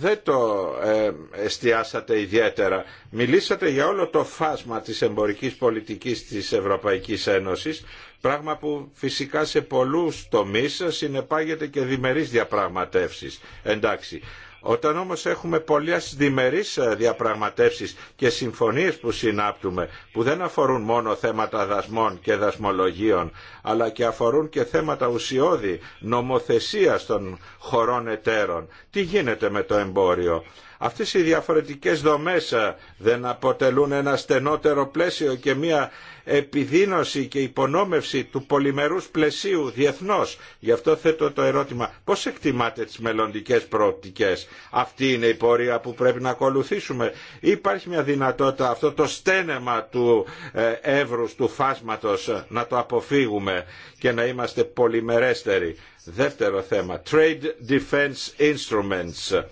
Δεν το ε, εστιάσατε ιδιαίτερα. Μιλήσατε για όλο το φάσμα της εμπορικής πολιτικής της Ευρωπαϊκής Ένωσης, πράγμα που φυσικά σε πολλούς τομείς συνεπάγεται και διμερείς διαπραγματεύσεις. Εντάξει, όταν όμως έχουμε πολλές διμερείς ε, διαπραγματεύσεις και συμφωνίες που συνάπτουμε που δεν αφορούν μόνο θέματα δασμών και δασμολογίων αλλά και αφορούν και θέματα ουσιώδη νομοθεσίας των χωρών εταίρων. Τι γίνεται με το εμπόριο. Αυτές οι διαφορετικές δομές ε, δεν αποτελούν ένα στενότερο πλαίσιο και μια επιδίνωση και υπονόμευση του πολυμερούς πλαισίου διεθνώς. Γι' αυτό θέτω το ερώτημα πώς εκτιμάτε τις μελλοντικές προοπτικές. Αυτή είναι η πορεία που πρέπει να ακολουθήσουμε. Υπάρχει μια δυνατότητα αυτό το στένεμα του ε, εύρους, του φάσματος ε, να το αποφύγουμε και να είμαστε πολυμερέστεροι. Δεύτερο θέμα, Trade Defense Instruments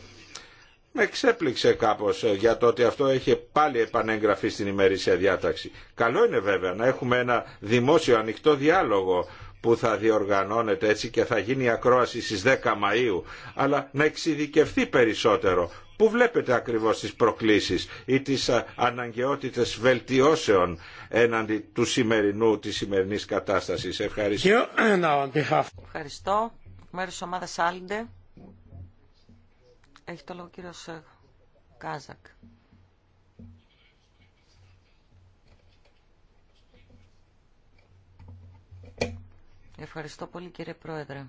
με ξέπληξε κάπως ε, για το ότι αυτό έχει πάλι επανεγγραφεί στην ημερήσια διάταξη. Καλό είναι βέβαια να έχουμε ένα δημόσιο ανοιχτό διάλογο που θα διοργανώνεται έτσι και θα γίνει η ακρόαση στις 10 Μαΐου, αλλά να εξειδικευθεί περισσότερο. Πού βλέπετε ακριβώς τις προκλήσεις ή τις ε, αναγκαιότητες βελτιώσεων έναντι του σημερινού, της σημερινής κατάστασης. Ευχαριστώ. Ευχαριστώ. Μέρος ομάδας Άλντε. Έχει το λόγο ο κύριος ε, Κάζακ. Ευχαριστώ πολύ κύριε Πρόεδρε.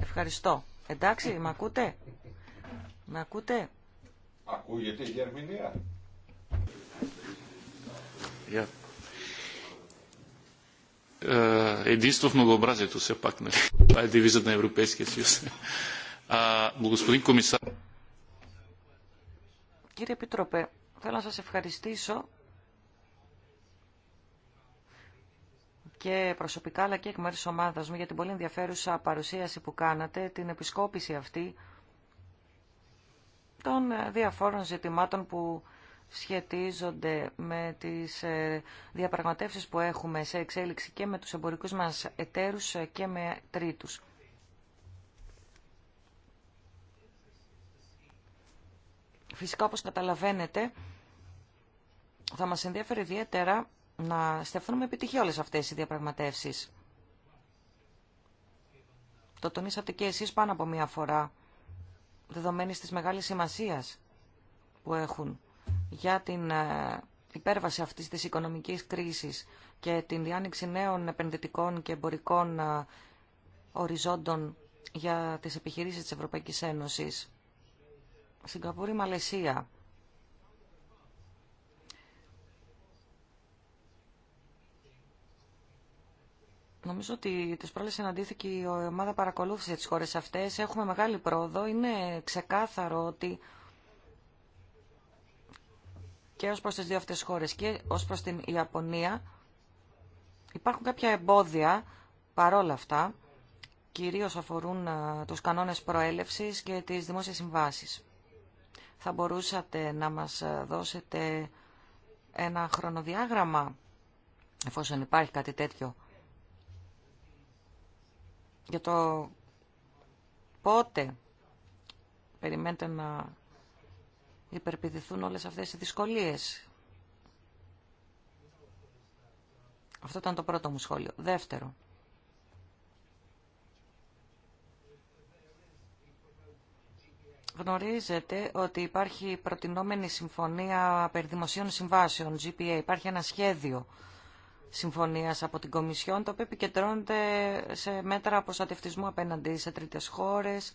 Ευχαριστώ. Εντάξει, με ακούτε. Με ακούτε. Ακούγεται η Γερμηνία. Yeah единство в многообразието, все пак. Това е девизът на Европейския съюз. А, господин комисар. Κύριε Επίτροπε, θέλω να σας ευχαριστήσω και προσωπικά αλλά και εκ μέρου της ομάδας μου για την πολύ ενδιαφέρουσα παρουσίαση που κάνατε, την επισκόπηση αυτή των διαφόρων ζητημάτων που σχετίζονται με τις ε, διαπραγματεύσεις που έχουμε σε εξέλιξη και με τους εμπορικούς μας εταίρους και με τρίτους. Φυσικά, όπως καταλαβαίνετε, θα μας ενδιαφέρει ιδιαίτερα να στεφθούμε με επιτυχία όλες αυτές οι διαπραγματεύσεις. Το τονίσατε και εσείς πάνω από μία φορά, δεδομένης της μεγάλης σημασίας που έχουν για την ε, υπέρβαση αυτής της οικονομικής κρίσης και την διάνοιξη νέων επενδυτικών και εμπορικών ε, οριζόντων για τις επιχειρήσεις της Ευρωπαϊκής Ένωσης. Σιγκαπούρη, Μαλαισία. Νομίζω ότι τις πρόλες συναντήθηκε η ομάδα παρακολούθησε τις χώρες αυτές. Έχουμε μεγάλη πρόοδο. Είναι ξεκάθαρο ότι και ως προς τις δύο αυτές χώρες και ως προς την Ιαπωνία υπάρχουν κάποια εμπόδια παρόλα αυτά, κυρίως αφορούν τους κανόνες προέλευσης και τις δημόσιες συμβάσεις. Θα μπορούσατε να μας δώσετε ένα χρονοδιάγραμμα, εφόσον υπάρχει κάτι τέτοιο, για το πότε περιμένετε να υπερπηδηθούν όλες αυτές οι δυσκολίες. Αυτό ήταν το πρώτο μου σχόλιο. Δεύτερο. Γνωρίζετε ότι υπάρχει προτινόμενη συμφωνία περί δημοσίων συμβάσεων, GPA. Υπάρχει ένα σχέδιο συμφωνίας από την Κομισιόν, το οποίο επικεντρώνεται σε μέτρα προστατευτισμού απέναντι σε τρίτες χώρες,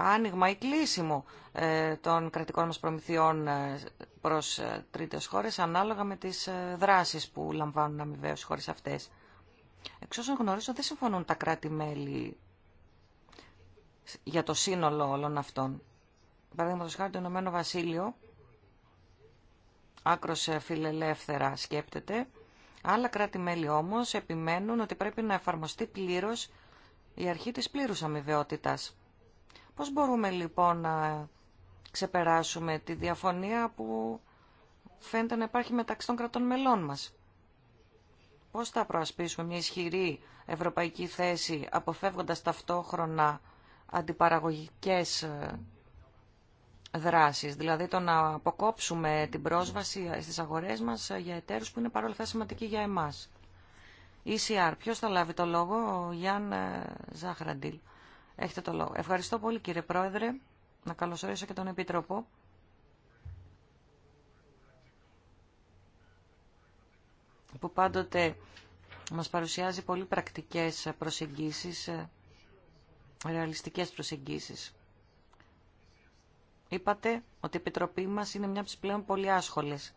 άνοιγμα ή κλείσιμο ε, των κρατικών μας προμηθειών ε, προς ε, τρίτες χώρες ανάλογα με τις δράσεις που λαμβάνουν αμοιβαίως οι χώρες αυτές. Εξ όσων γνωρίζω δεν συμφωνούν τα κράτη-μέλη για το σύνολο όλων αυτών. Παραδείγματος χάρη το Ηνωμένο Βασίλειο άκρος φιλελεύθερα σκέπτεται. Άλλα κράτη-μέλη όμως επιμένουν ότι πρέπει να εφαρμοστεί πλήρως η αρχή της πλήρους αμοιβαιότητας. Πώς μπορούμε λοιπόν να ξεπεράσουμε τη διαφωνία που φαίνεται να υπάρχει μεταξύ των κρατών μελών μας. Πώς θα προασπίσουμε μια ισχυρή ευρωπαϊκή θέση αποφεύγοντας ταυτόχρονα αντιπαραγωγικές ε, δράσεις, δηλαδή το να αποκόψουμε την πρόσβαση στις αγορές μας ε, για εταίρους που είναι παρόλα αυτά σημαντικοί για εμάς. ECR, ποιος θα λάβει το λόγο, ο Γιάν ε, Ζάχραντιλ. Έχετε το λόγο. Ευχαριστώ πολύ κύριε Πρόεδρε. Να καλωσορίσω και τον Επίτροπο. που πάντοτε μας παρουσιάζει πολύ πρακτικές προσεγγίσεις, ρεαλιστικές προσεγγίσεις. Είπατε ότι η Επιτροπή μας είναι μια από τις πλέον πολύ άσχολες.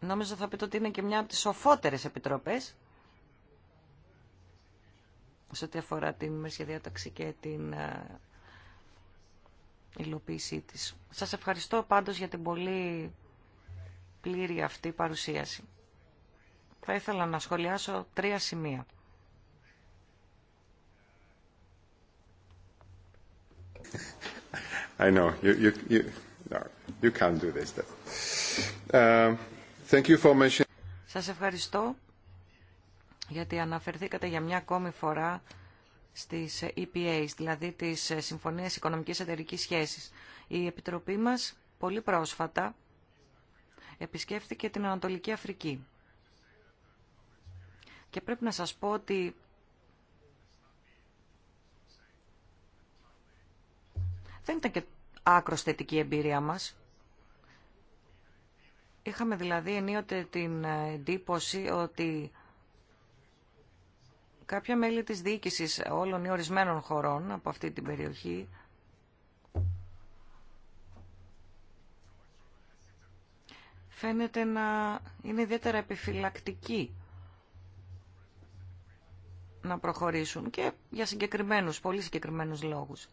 Νόμιζα θα πείτε ότι είναι και μια από τις σοφότερες επιτροπές σε ό,τι αφορά την μέση διάταξη και την ε, υλοποίησή της. Σας ευχαριστώ πάντως για την πολύ πλήρη αυτή παρουσίαση. Θα ήθελα να σχολιάσω τρία σημεία. I know. You, you, you, you can't do this. Um, thank you for mentioning... Σας ευχαριστώ γιατί αναφερθήκατε για μια ακόμη φορά στις EPA, δηλαδή τις Συμφωνίες Οικονομικής Εταιρικής Σχέσης. Η Επιτροπή μας πολύ πρόσφατα επισκέφθηκε την Ανατολική Αφρική. Και πρέπει να σας πω ότι δεν ήταν και άκρο θετική εμπειρία μας. Είχαμε δηλαδή ενίοτε την εντύπωση ότι κάποια μέλη της διοίκησης όλων ή ορισμένων χωρών από αυτή την περιοχή φαίνεται να είναι ιδιαίτερα επιφυλακτικοί να προχωρήσουν και για συγκεκριμένους, πολύ συγκεκριμένους λόγους.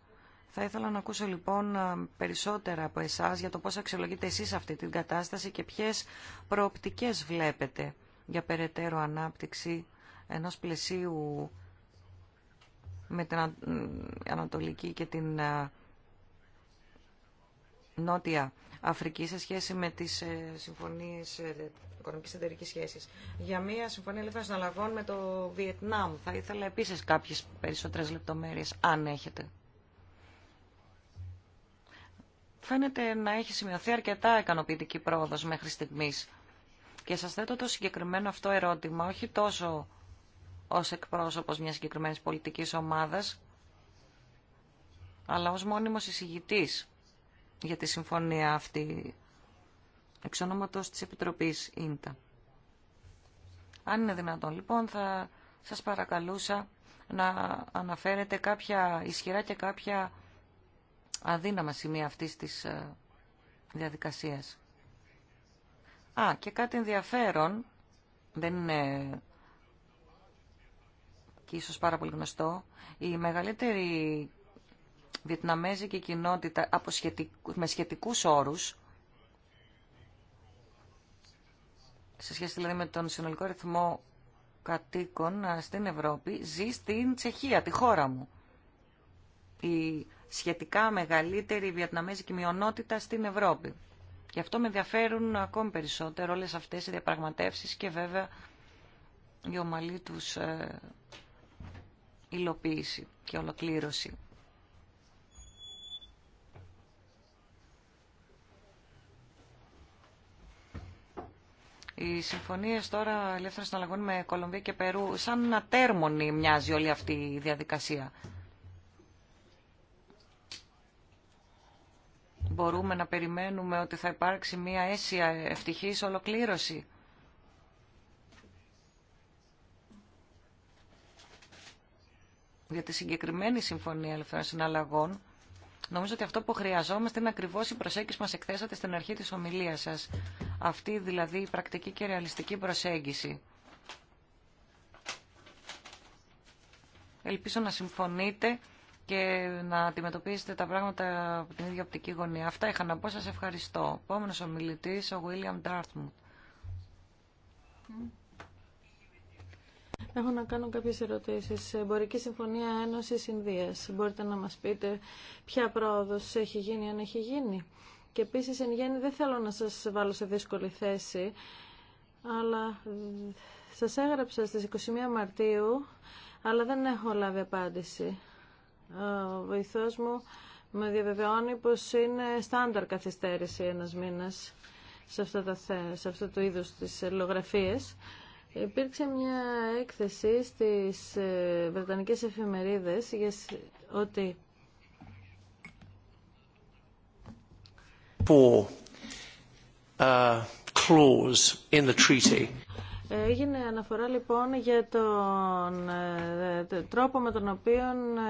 Θα ήθελα να ακούσω λοιπόν περισσότερα από εσάς για το πώς αξιολογείτε εσείς αυτή την κατάσταση και ποιες προοπτικές βλέπετε για περαιτέρω ανάπτυξη ενός πλαισίου με την Ανατολική και την ε, Νότια Αφρική σε σχέση με τις ε, συμφωνίες ε, οικονομικής εταιρικής σχέσης. Για μια συμφωνία ελεύθερων συναλλαγών με το Βιετνάμ θα ήθελα επίσης κάποιες περισσότερες λεπτομέρειες, αν έχετε. Φαίνεται να έχει σημειωθεί αρκετά ικανοποιητική πρόοδος μέχρι στιγμής. Και σας θέτω το συγκεκριμένο αυτό ερώτημα, όχι τόσο ως εκπρόσωπος μιας συγκεκριμένης πολιτικής ομάδας, αλλά ως μόνιμος εισηγητής για τη συμφωνία αυτή εξ ονόματος της Επιτροπής ΙΝΤΑ. Αν είναι δυνατόν λοιπόν θα σας παρακαλούσα να αναφέρετε κάποια ισχυρά και κάποια αδύναμα σημεία αυτής της ε, διαδικασίας. Α, και κάτι ενδιαφέρον, δεν είναι και ίσως πάρα πολύ γνωστό, η μεγαλύτερη βιετναμέζικη κοινότητα από με σχετικούς όρους, σε σχέση δηλαδή με τον συνολικό ρυθμό κατοίκων στην Ευρώπη, ζει στην Τσεχία, τη χώρα μου. Η σχετικά μεγαλύτερη βιετναμέζικη μειονότητα στην Ευρώπη. Γι' αυτό με ενδιαφέρουν ακόμη περισσότερο όλες αυτές οι διαπραγματεύσεις και βέβαια οι ομαλή τους ε, υλοποίηση και ολοκλήρωση. Οι συμφωνίες τώρα ελεύθερων συναλλαγών με Κολομβία και Περού, σαν να τέρμονη μοιάζει όλη αυτή η διαδικασία. Μπορούμε να περιμένουμε ότι θα υπάρξει μια αίσια ευτυχής ολοκλήρωση. για τη συγκεκριμένη Συμφωνία Ελευθερών Συναλλαγών, νομίζω ότι αυτό που χρειαζόμαστε είναι ακριβώς η προσέγγιση που μας εκθέσατε στην αρχή της ομιλίας σας. Αυτή δηλαδή η πρακτική και ρεαλιστική προσέγγιση. Ελπίζω να συμφωνείτε και να αντιμετωπίσετε τα πράγματα από την ίδια οπτική γωνία. Αυτά είχα να πω. Σας ευχαριστώ. Επόμενος ομιλητής, ο William Dartmouth. Mm. Έχω να κάνω κάποιε ερωτήσει. Εμπορική Συμφωνία Ένωση Ινδία. Μπορείτε να μας πείτε ποια πρόοδο έχει γίνει, αν έχει γίνει. Και επίση εν γέννη, δεν θέλω να σας βάλω σε δύσκολη θέση, αλλά σα έγραψα στις 21 Μαρτίου, αλλά δεν έχω λάβει απάντηση. Ο βοηθό μου με διαβεβαιώνει πως είναι στάνταρ καθυστέρηση ένα μήνα σε, σε αυτό το είδο τη λογραφίες. Υπήρξε μια έκθεση στις ε, Βρετανικές εφημερίδες για ότι four uh, in the treaty. Έγινε αναφορά λοιπόν για τον ε, τρόπο με τον οποίο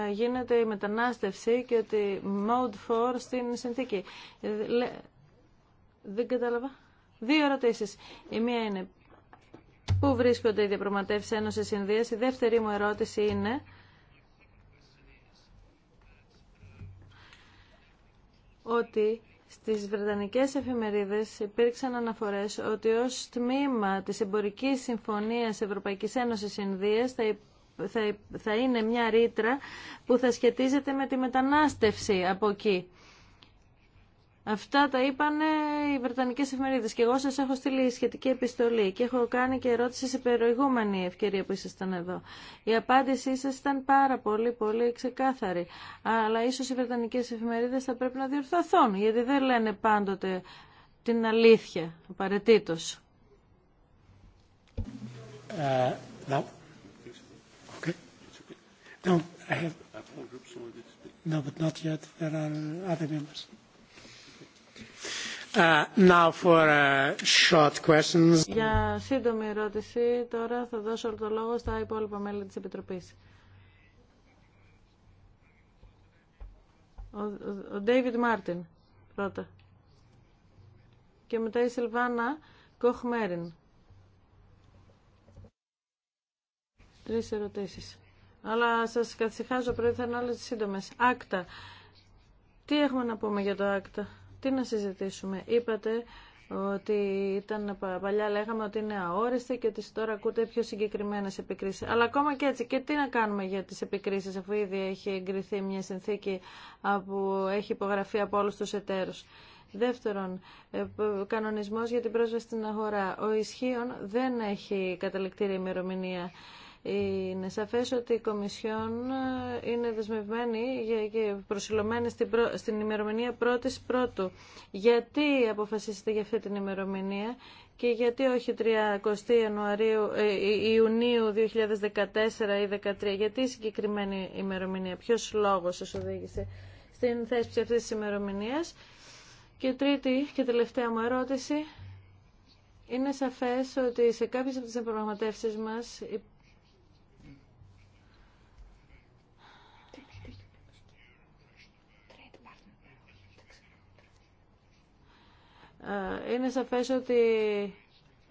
ε, γίνεται η μετανάστευση και ότι mode for στην συνθήκη. Δεν κατάλαβα. Δύο ερωτήσεις. Η μία είναι Πού βρίσκονται οι διαπραγματεύσει Ένωση Ινδία. Η δεύτερη μου ερώτηση είναι. ότι στις Βρετανικές εφημερίδες υπήρξαν αναφορές ότι ως τμήμα της εμπορικής συμφωνίας Ευρωπαϊκής Ένωσης Ινδίας θα θα είναι μια ρήτρα που θα σχετίζεται με τη μετανάστευση από εκεί. Αυτά τα είπαν οι Βρετανικέ εφημερίδε και εγώ σα έχω στείλει σχετική επιστολή και έχω κάνει και ερώτηση σε προηγούμενη ευκαιρία που ήσασταν εδώ. Η απάντησή σα ήταν πάρα πολύ, πολύ ξεκάθαρη. Αλλά ίσω οι Βρετανικέ εφημερίδε θα πρέπει να διορθωθούν, γιατί δεν λένε πάντοτε την αλήθεια, απαραίτητο. Uh, ε, no. okay. no, no, but not yet. other members. Uh, uh, για σύντομη ερώτηση, τώρα θα δώσω το λόγο στα υπόλοιπα μέλη της Επιτροπής. Ο Ντέιβιντ Μάρτιν πρώτα. Και μετά η Σιλβάνα Κοχμέριν. Τρεις ερωτήσεις. Αλλά σας καθυσυχάζω, είναι όλες τις σύντομες. Άκτα. Τι έχουμε να πούμε για το άκτα. Τι να συζητήσουμε. Είπατε ότι ήταν, παλιά λέγαμε ότι είναι αόριστη και ότι τώρα ακούτε πιο συγκεκριμένες επικρίσεις. Αλλά ακόμα και έτσι, και τι να κάνουμε για τις επικρίσεις αφού ήδη έχει εγκριθεί μια συνθήκη που έχει υπογραφεί από όλους τους εταίρους. Δεύτερον, ε, κανονισμός για την πρόσβαση στην αγορά. Ο ισχύων δεν έχει καταληκτήρια ημερομηνία. Είναι σαφέ ότι η Κομισιόν είναι δεσμευμένη και προσιλωμένη στην, στην ημερομηνία πρώτης πρώτου. Γιατί αποφασίσετε για αυτή την ημερομηνία και γιατί όχι 30 Ιανουαρίου, ε, ε, Ιουνίου 2014 ή 2013, γιατί η συγκεκριμένη ημερομηνία, ποιο λόγος σας οδήγησε στην θέση αυτής της ημερομηνίας. Και τρίτη και τελευταία μου ερώτηση, είναι σαφές ότι σε κάποιες από τις διαπραγματεύσεις μας Ε, είναι σαφές ότι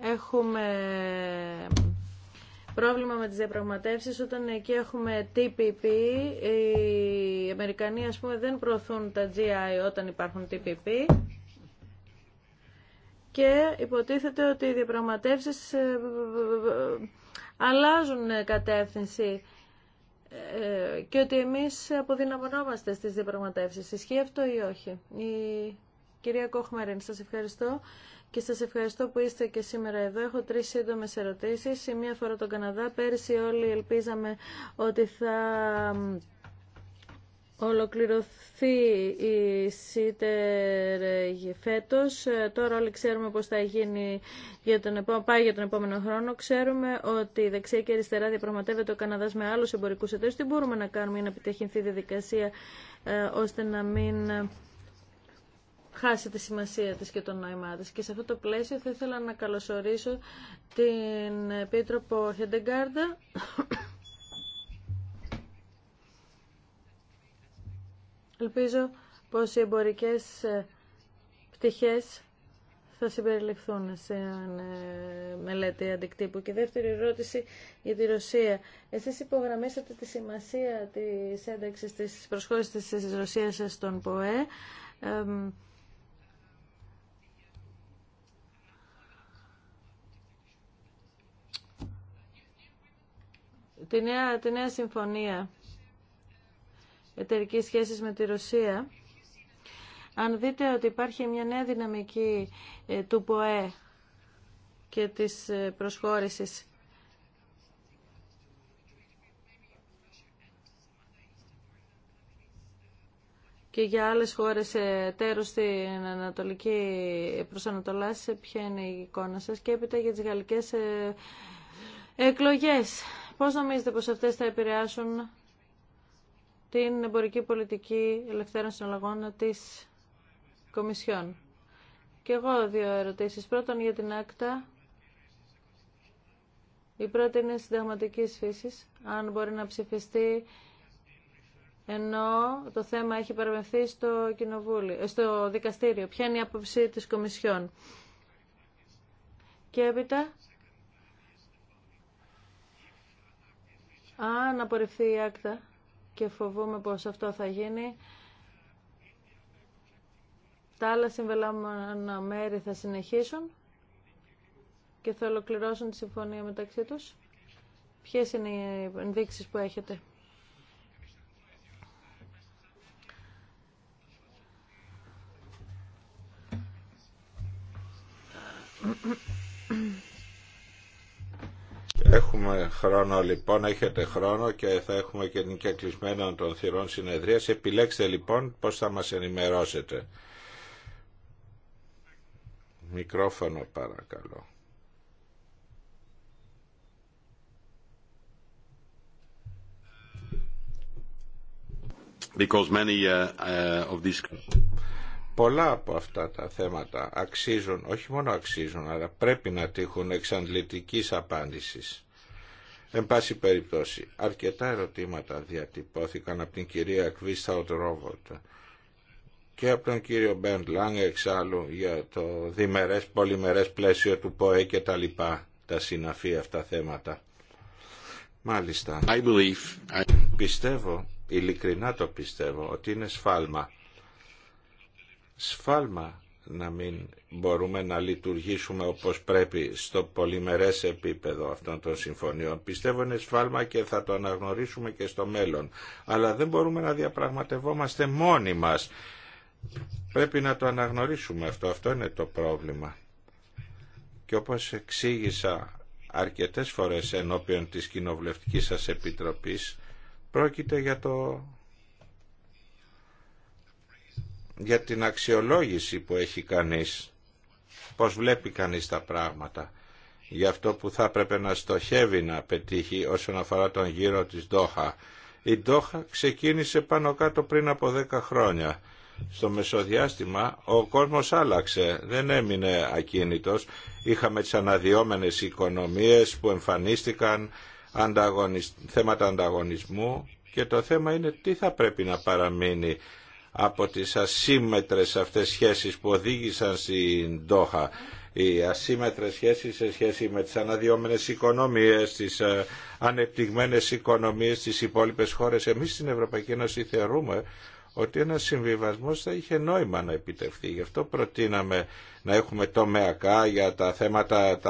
έχουμε πρόβλημα με τις διαπραγματεύσεις όταν εκεί έχουμε TPP. Οι Αμερικανοί ας πούμε δεν προωθούν τα GI όταν υπάρχουν TPP. Και υποτίθεται ότι οι διαπραγματεύσεις ε, αλλάζουν κατεύθυνση ε, και ότι εμείς αποδυναμωνόμαστε στις διαπραγματεύσεις. Ισχύει αυτό ή όχι. Η Κυρία Κόχμαριν, σας ευχαριστώ και σας ευχαριστώ που είστε και σήμερα εδώ. Έχω τρεις σύντομες ερωτήσεις. Η μία φορά τον Καναδά. Πέρσι όλοι ελπίζαμε ότι θα Ολοκληρωθεί η ΣΥΤΕΡ ε, φέτος. Ε, τώρα όλοι ξέρουμε πώς θα γίνει για τον πάει για τον επόμενο χρόνο. Ξέρουμε ότι η δεξιά και η αριστερά διαπραγματεύεται ο Καναδάς με άλλους εμπορικούς εταίρους. Τι μπορούμε να κάνουμε για να επιτεχυνθεί η διαδικασία ε, ώστε να μην χάσει τη σημασία της και το νόημά της. Και σε αυτό το πλαίσιο θα ήθελα να καλωσορίσω την Επίτροπο Χεντεγκάρντα Ελπίζω πως οι εμπορικές ε, πτυχές θα συμπεριληφθούν σε ε, μελέτη αντικτύπου. Και δεύτερη ερώτηση για τη Ρωσία. Εσείς υπογραμμίσατε τη σημασία της ένταξης της προσχώρησης της Ρωσίας στον ΠΟΕ. τη νέα, τη νέα συμφωνία εταιρικής σχέσης με τη Ρωσία, αν δείτε ότι υπάρχει μια νέα δυναμική ε, του ΠΟΕ και της ε, προσχώρησης και για άλλες χώρες τέρους στην Ανατολική προς Ανατολάς, ποια είναι η εικόνα σας και έπειτα για τις γαλλικές ε, εκλογές. Πώς νομίζετε πως αυτές θα επηρεάσουν την εμπορική πολιτική ελευθέρων συναλλαγών της Κομισιόν. Και εγώ δύο ερωτήσεις. Πρώτον για την άκτα. Η πρώτη είναι συνταγματική φύση. αν μπορεί να ψηφιστεί ενώ το θέμα έχει παραμευθεί στο, κοινοβούλιο, ε, στο δικαστήριο. Ποια είναι η άποψη της Κομισιόν. Και έπειτα, Αν απορριφθεί η άκτα και φοβούμε πως αυτό θα γίνει, τα άλλα συμβελάμενα μέρη θα συνεχίσουν και θα ολοκληρώσουν τη συμφωνία μεταξύ τους. Ποιες είναι οι ενδείξεις που έχετε. Έχουμε χρόνο λοιπόν, έχετε χρόνο και θα έχουμε και την κεκλεισμένη των θυρών συνεδρίας. Επιλέξτε λοιπόν πώς θα μας ενημερώσετε. Μικρόφωνο παρακαλώ. Because many, uh, uh, of these... Πολλά από αυτά τα θέματα αξίζουν, όχι μόνο αξίζουν, αλλά πρέπει να τύχουν εξαντλητικής απάντησης. Εν πάση περιπτώσει, αρκετά ερωτήματα διατυπώθηκαν από την κυρία Κβίστα Ρόβοτ και από τον κύριο Μπέντ Λάγκ εξάλλου για το διμερές, πολυμερές πλαίσιο του ΠΟΕ και τα λοιπά, τα συναφή αυτά θέματα. Μάλιστα, I believe, I... πιστεύω, ειλικρινά το πιστεύω, ότι είναι σφάλμα σφάλμα να μην μπορούμε να λειτουργήσουμε όπως πρέπει στο πολυμερές επίπεδο αυτών των συμφωνιών. Πιστεύω είναι σφάλμα και θα το αναγνωρίσουμε και στο μέλλον. Αλλά δεν μπορούμε να διαπραγματευόμαστε μόνοι μας. Πρέπει να το αναγνωρίσουμε αυτό. Αυτό είναι το πρόβλημα. Και όπως εξήγησα αρκετές φορές ενώπιον της κοινοβουλευτικής σας επιτροπής, πρόκειται για το για την αξιολόγηση που έχει κανείς, πώς βλέπει κανείς τα πράγματα, για αυτό που θα έπρεπε να στοχεύει να πετύχει όσον αφορά τον γύρο της Ντόχα. Η Ντόχα ξεκίνησε πάνω κάτω πριν από δέκα χρόνια. Στο μεσοδιάστημα ο κόσμος άλλαξε, δεν έμεινε ακίνητος. Είχαμε τις αναδυόμενες οικονομίες που εμφανίστηκαν, θέματα ανταγωνισμού και το θέμα είναι τι θα πρέπει να παραμείνει από τις ασύμμετρες αυτές σχέσεις που οδήγησαν στην Ντόχα οι ασύμμετρες σχέσεις σε σχέση με τις αναδυόμενες οικονομίες, τις ε, ανεπτυγμένες οικονομίες στις υπόλοιπες χώρες. Εμείς στην Ευρωπαϊκή Ένωση θεωρούμε ότι ένας συμβιβασμός θα είχε νόημα να επιτευχθεί. Γι' αυτό προτείναμε να έχουμε τομεακά για τα θέματα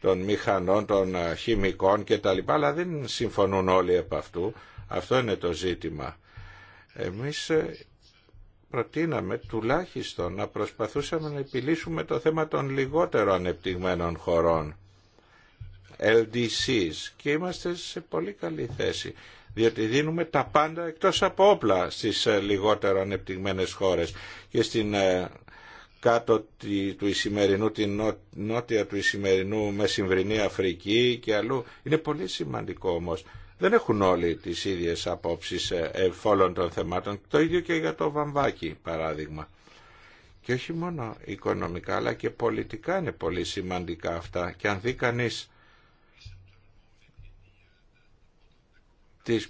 των μηχανών, των ε, χημικών κτλ. Αλλά δεν συμφωνούν όλοι από αυτού. Αυτό είναι το ζήτημα. Εμείς ε, προτείναμε τουλάχιστον να προσπαθούσαμε να επιλύσουμε το θέμα των λιγότερο ανεπτυγμένων χωρών, LDCs, και είμαστε σε πολύ καλή θέση, διότι δίνουμε τα πάντα εκτός από όπλα στις ε, λιγότερο ανεπτυγμένες χώρες και στην ε, κάτω του Ισημερινού, την νότια του Ισημερινού Μεσημβρινή Αφρική και αλλού. Είναι πολύ σημαντικό όμως δεν έχουν όλοι τις ίδιες απόψεις εφόλων ε, των θεμάτων. Το ίδιο και για το βαμβάκι παράδειγμα. Και όχι μόνο οικονομικά αλλά και πολιτικά είναι πολύ σημαντικά αυτά. Και αν δει κανείς τις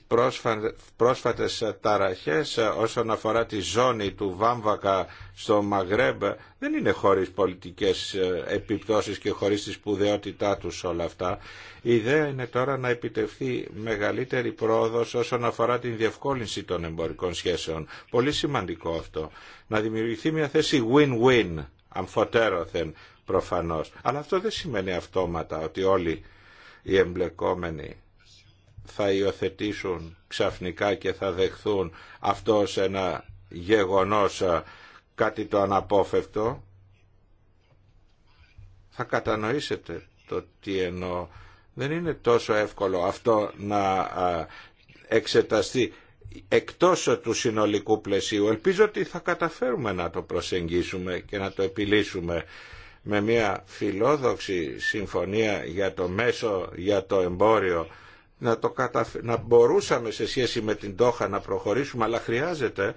πρόσφατες ταραχές ε, όσον αφορά τη ζώνη του Βάμβακα στο Μαγρέμ δεν είναι χωρίς πολιτικές ε, επιπτώσεις και χωρίς τη σπουδαιότητά τους όλα αυτά. Η ιδέα είναι τώρα να επιτευχθεί μεγαλύτερη πρόοδος όσον αφορά την διευκόλυνση των εμπορικών σχέσεων. Πολύ σημαντικό αυτό. Να δημιουργηθεί μια θέση win-win, αμφωτέρωθεν προφανώς. Αλλά αυτό δεν σημαίνει αυτόματα ότι όλοι οι εμπλεκόμενοι θα υιοθετήσουν ξαφνικά και θα δεχθούν αυτό ως ένα γεγονός κάτι το αναπόφευκτο θα κατανοήσετε το τι εννοώ. Δεν είναι τόσο εύκολο αυτό να εξεταστεί εκτός του συνολικού πλαισίου. Ελπίζω ότι θα καταφέρουμε να το προσεγγίσουμε και να το επιλύσουμε με μια φιλόδοξη συμφωνία για το μέσο, για το εμπόριο να, το να μπορούσαμε σε σχέση με την Τόχα να προχωρήσουμε, αλλά χρειάζεται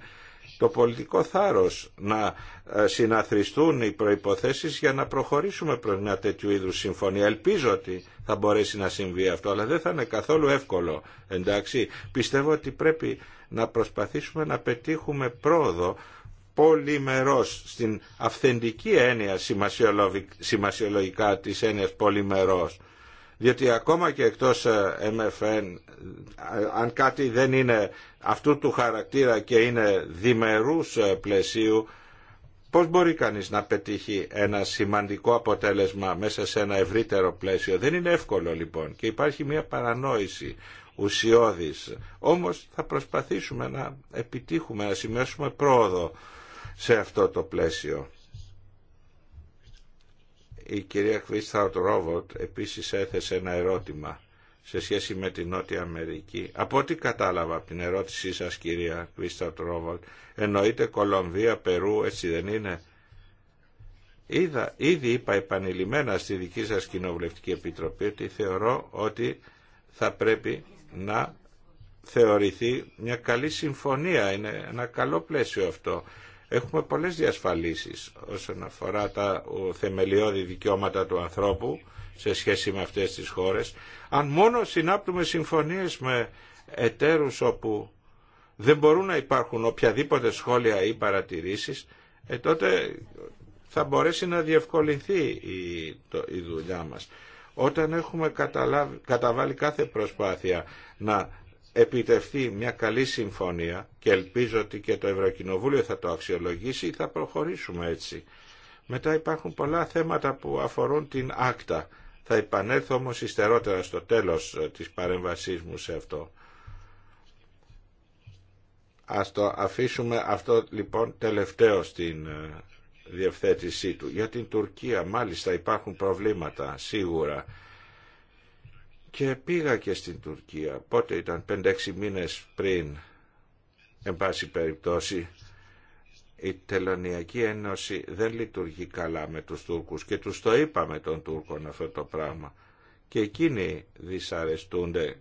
το πολιτικό θάρρος να ε, συναθριστούν οι προϋποθέσεις για να προχωρήσουμε προς μια τέτοιου είδους συμφωνία. Ελπίζω ότι θα μπορέσει να συμβεί αυτό, αλλά δεν θα είναι καθόλου εύκολο. Εντάξει, πιστεύω ότι πρέπει να προσπαθήσουμε να πετύχουμε πρόοδο πολυμερός, στην αυθεντική έννοια σημασιολογικά της έννοιας πολυμερός διότι ακόμα και εκτός ε, MFN ε, αν κάτι δεν είναι αυτού του χαρακτήρα και είναι διμερούς ε, πλαισίου πώς μπορεί κανείς να πετύχει ένα σημαντικό αποτέλεσμα μέσα σε ένα ευρύτερο πλαίσιο. Δεν είναι εύκολο λοιπόν και υπάρχει μια παρανόηση ουσιώδης. Όμως θα προσπαθήσουμε να επιτύχουμε, να σημειώσουμε πρόοδο σε αυτό το πλαίσιο. Η κυρία Κρίστα Ρόβοτ επίσης έθεσε ένα ερώτημα σε σχέση με την Νότια Αμερική. Από ό,τι κατάλαβα από την ερώτησή σας κυρία Κρίστα Ρόβοτ, εννοείται Κολομβία, Περού, έτσι δεν είναι. Είδα, ήδη είπα επανειλημμένα στη δική σας Κοινοβουλευτική Επιτροπή ότι θεωρώ ότι θα πρέπει να θεωρηθεί μια καλή συμφωνία. Είναι ένα καλό πλαίσιο αυτό Έχουμε πολλές διασφαλίσεις όσον αφορά τα θεμελιώδη δικαιώματα του ανθρώπου σε σχέση με αυτές τις χώρες. Αν μόνο συνάπτουμε συμφωνίες με εταίρους όπου δεν μπορούν να υπάρχουν οποιαδήποτε σχόλια ή παρατηρήσεις, ε, τότε θα μπορέσει να διευκολυνθεί η, η δουλειά μας. Όταν έχουμε καταλάβει, καταβάλει κάθε προσπάθεια να επιτευχθεί μια καλή συμφωνία και ελπίζω ότι και το Ευρωκοινοβούλιο θα το αξιολογήσει, θα προχωρήσουμε έτσι. Μετά υπάρχουν πολλά θέματα που αφορούν την άκτα. Θα επανέλθω όμως υστερότερα στο τέλος ε, της παρέμβασής μου σε αυτό. Ας το αφήσουμε αυτό λοιπόν τελευταίο στην ε, διευθέτησή του. Για την Τουρκία μάλιστα υπάρχουν προβλήματα σίγουρα και πήγα και στην Τουρκία. Πότε ήταν 5-6 μήνες πριν, εν πάση περιπτώσει, η Τελωνιακή Ένωση δεν λειτουργεί καλά με τους Τούρκους και τους το είπαμε των Τούρκων αυτό το πράγμα. Και εκείνοι δυσαρεστούνται.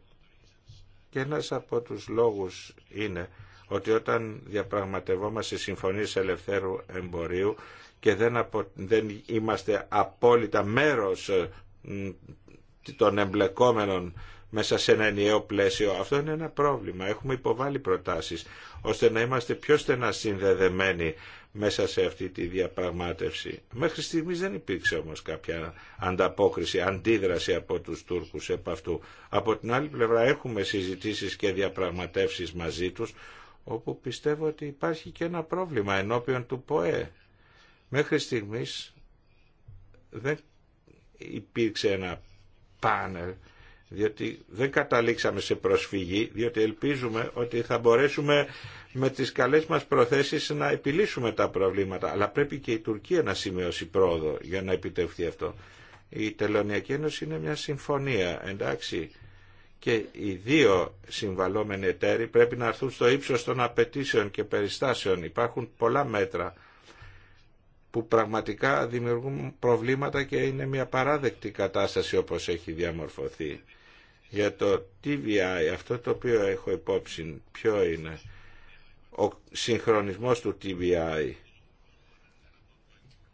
Και ένας από τους λόγους είναι ότι όταν διαπραγματευόμαστε συμφωνίες ελευθέρου εμπορίου και δεν, απο... δεν είμαστε απόλυτα μέρος των εμπλεκόμενων μέσα σε ένα ενιαίο πλαίσιο. Αυτό είναι ένα πρόβλημα. Έχουμε υποβάλει προτάσεις ώστε να είμαστε πιο στενά συνδεδεμένοι μέσα σε αυτή τη διαπραγμάτευση. Μέχρι στιγμή δεν υπήρξε όμως κάποια ανταπόκριση, αντίδραση από τους Τούρκους επ' αυτού. Από την άλλη πλευρά έχουμε συζητήσεις και διαπραγματεύσεις μαζί τους όπου πιστεύω ότι υπάρχει και ένα πρόβλημα ενώπιον του ΠΟΕ. Μέχρι στιγμή δεν υπήρξε ένα πάνελ διότι δεν καταλήξαμε σε προσφυγή, διότι ελπίζουμε ότι θα μπορέσουμε με τις καλές μας προθέσεις να επιλύσουμε τα προβλήματα. Αλλά πρέπει και η Τουρκία να σημειώσει πρόοδο για να επιτευχθεί αυτό. Η Τελωνιακή Ένωση είναι μια συμφωνία, εντάξει. Και οι δύο συμβαλόμενοι εταίροι πρέπει να έρθουν στο ύψος των απαιτήσεων και περιστάσεων. Υπάρχουν πολλά μέτρα που πραγματικά δημιουργούν προβλήματα και είναι μια παράδεκτη κατάσταση όπως έχει διαμορφωθεί. Για το TVI, αυτό το οποίο έχω υπόψη, ποιο είναι ο συγχρονισμός του TBI.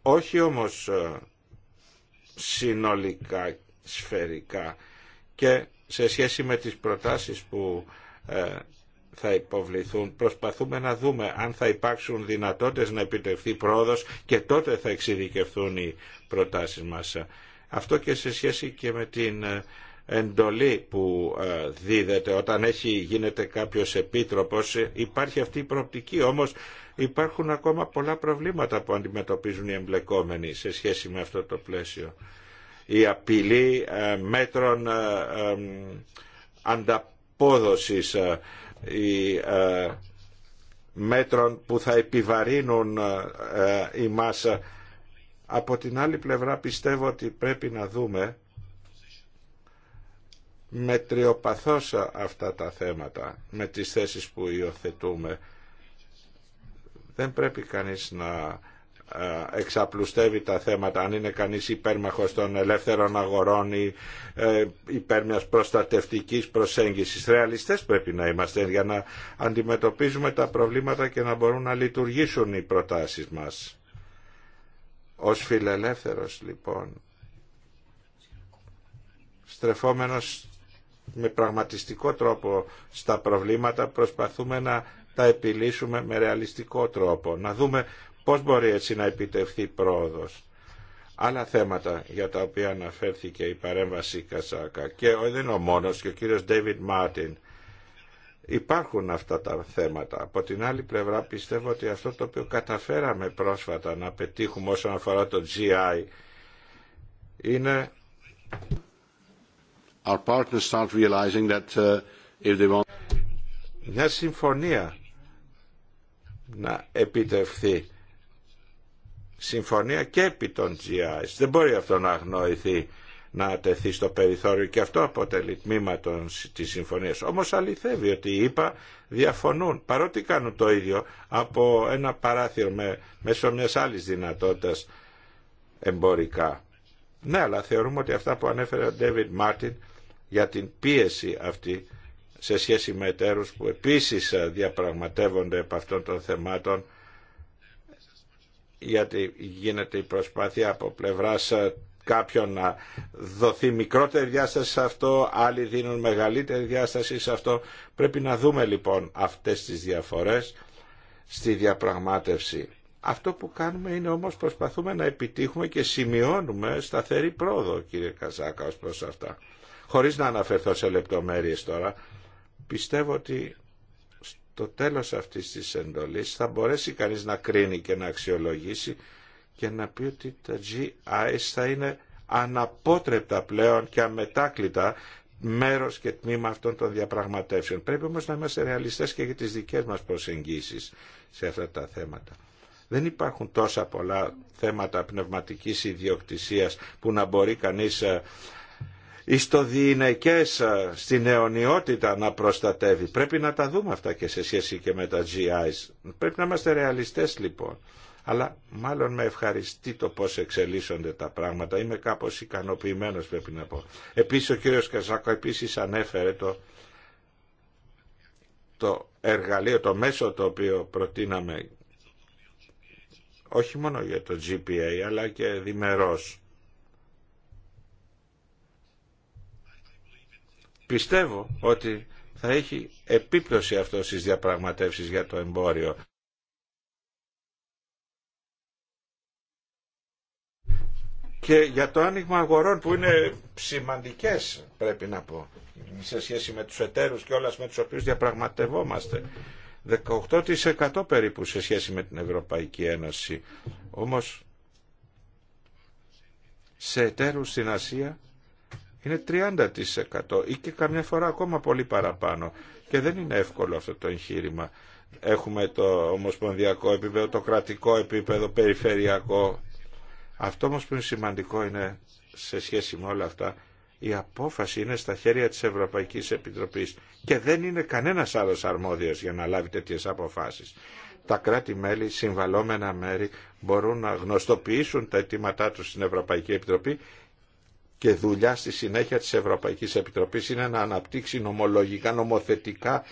Όχι όμως ε, συνολικά, σφαιρικά και σε σχέση με τις προτάσεις που ε, θα υποβληθούν. Προσπαθούμε να δούμε αν θα υπάρξουν δυνατότητες να επιτευχθεί πρόοδος και τότε θα εξειδικευθούν οι προτάσεις μας. Αυτό και σε σχέση και με την ε, εντολή που ε, δίδεται όταν έχει γίνεται κάποιος επίτροπος ε, υπάρχει αυτή η προοπτική όμως υπάρχουν ακόμα πολλά προβλήματα που αντιμετωπίζουν οι εμπλεκόμενοι σε σχέση με αυτό το πλαίσιο η απειλή μέτρων ανταπόδοσης η, ε, μέτρων που θα επιβαρύνουν ε, η μάσα. Από την άλλη πλευρά πιστεύω ότι πρέπει να δούμε μετριοπαθώς αυτά τα θέματα με τις θέσεις που υιοθετούμε. Δεν πρέπει κανείς να ε, εξαπλουστεύει τα θέματα αν είναι κανείς υπέρμαχος των ελεύθερων αγορών ή ε, υπέρ μιας προστατευτικής προσέγγισης. Ρεαλιστές πρέπει να είμαστε για να αντιμετωπίζουμε τα προβλήματα και να μπορούν να λειτουργήσουν οι προτάσεις μας. Ως φιλελεύθερος λοιπόν, στρεφόμενος με πραγματιστικό τρόπο στα προβλήματα προσπαθούμε να τα επιλύσουμε με ρεαλιστικό τρόπο. Να δούμε Πώς μπορεί έτσι να επιτευχθεί πρόοδος. Άλλα θέματα για τα οποία αναφέρθηκε η παρέμβαση Κασάκα και δεν ο μόνος και ο κύριος Ντέιβιν Μάρτιν Υπάρχουν αυτά τα θέματα. Από την άλλη πλευρά πιστεύω ότι αυτό το οποίο καταφέραμε πρόσφατα να πετύχουμε όσον αφορά το GI είναι Our partners uh, μια συμφωνία να επιτευχθεί συμφωνία και επί των GIs. Δεν μπορεί αυτό να αγνοηθεί να τεθεί στο περιθώριο και αυτό αποτελεί τμήμα των, της συμφωνίας. Όμως αληθεύει ότι οι ΙΠΑ διαφωνούν, παρότι κάνουν το ίδιο από ένα παράθυρο με, μέσω μιας άλλης δυνατότητας εμπορικά. Ναι, αλλά θεωρούμε ότι αυτά που ανέφερε ο David Μάρτιν για την πίεση αυτή σε σχέση με εταίρους που επίσης διαπραγματεύονται από αυτών των θεμάτων γιατί γίνεται η προσπάθεια από πλευρά ε, κάποιων να δοθεί μικρότερη διάσταση σε αυτό, άλλοι δίνουν μεγαλύτερη διάσταση σε αυτό. Πρέπει να δούμε λοιπόν αυτές τις διαφορές στη διαπραγμάτευση. Αυτό που κάνουμε είναι όμως προσπαθούμε να επιτύχουμε και σημειώνουμε σταθερή πρόοδο κύριε Καζάκα ως προς αυτά. Χωρίς να αναφερθώ σε λεπτομέρειες τώρα, πιστεύω ότι το τέλος αυτής της εντολής θα μπορέσει κανείς να κρίνει και να αξιολογήσει και να πει ότι τα GIs θα είναι αναπότρεπτα πλέον και αμετάκλητα μέρος και τμήμα αυτών των διαπραγματεύσεων. Πρέπει όμως να είμαστε ρεαλιστές και για τις δικές μας προσεγγίσεις σε αυτά τα θέματα. Δεν υπάρχουν τόσα πολλά θέματα πνευματικής ιδιοκτησίας που να μπορεί κανείς ε, εις το διηναικές, στην αιωνιότητα να προστατεύει. Πρέπει να τα δούμε αυτά και σε σχέση και με τα GIs. Πρέπει να είμαστε ρεαλιστές λοιπόν. Αλλά μάλλον με ευχαριστεί το πώς εξελίσσονται τα πράγματα. Είμαι κάπως ικανοποιημένος πρέπει να πω. Επίσης ο κύριος Καζάκο επίσης ανέφερε το, το εργαλείο, το μέσο το οποίο προτείναμε όχι μόνο για το GPA αλλά και διμερός Πιστεύω ότι θα έχει επίπτωση αυτό στις διαπραγματεύσεις για το εμπόριο. Και για το άνοιγμα αγορών που είναι σημαντικές πρέπει να πω σε σχέση με τους εταίρους και όλας με τους οποίους διαπραγματευόμαστε. 18% περίπου σε σχέση με την Ευρωπαϊκή Ένωση. Όμως σε εταίρους στην Ασία είναι 30% ή και καμιά φορά ακόμα πολύ παραπάνω. Και δεν είναι εύκολο αυτό το εγχείρημα. Έχουμε το ομοσπονδιακό επίπεδο, το κρατικό επίπεδο, περιφερειακό. Αυτό όμως που είναι σημαντικό είναι σε σχέση με όλα αυτά η απόφαση είναι στα χέρια της Ευρωπαϊκής Επιτροπής και δεν είναι κανένας άλλος αρμόδιος για να λάβει τέτοιες αποφάσεις. Τα κράτη-μέλη, συμβαλόμενα μέρη, μπορούν να γνωστοποιήσουν τα αιτήματά τους στην Ευρωπαϊκή Επιτροπή και δουλειά στη συνέχεια της Ευρωπαϊκής Επιτροπής είναι να αναπτύξει νομολογικά, νομοθετικά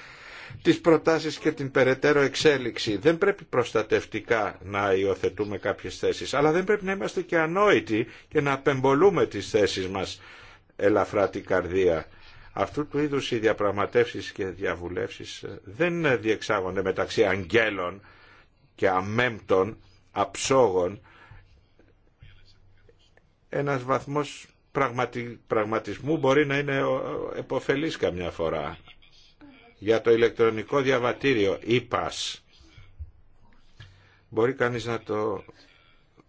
τις προτάσεις και την περαιτέρω εξέλιξη. Δεν πρέπει προστατευτικά να υιοθετούμε κάποιες θέσεις, αλλά δεν πρέπει να είμαστε και ανόητοι και να απεμπολούμε τις θέσεις μας ελαφρά την καρδία. Αυτού του είδους οι διαπραγματεύσεις και διαβουλεύσεις δεν διεξάγονται μεταξύ αγγέλων και αμέμπτων, αψόγων. Ένας βαθμός πραγματισμού μπορεί να είναι επωφελής καμιά φορά. Για το ηλεκτρονικό διαβατήριο, e-pass μπορεί κανείς να το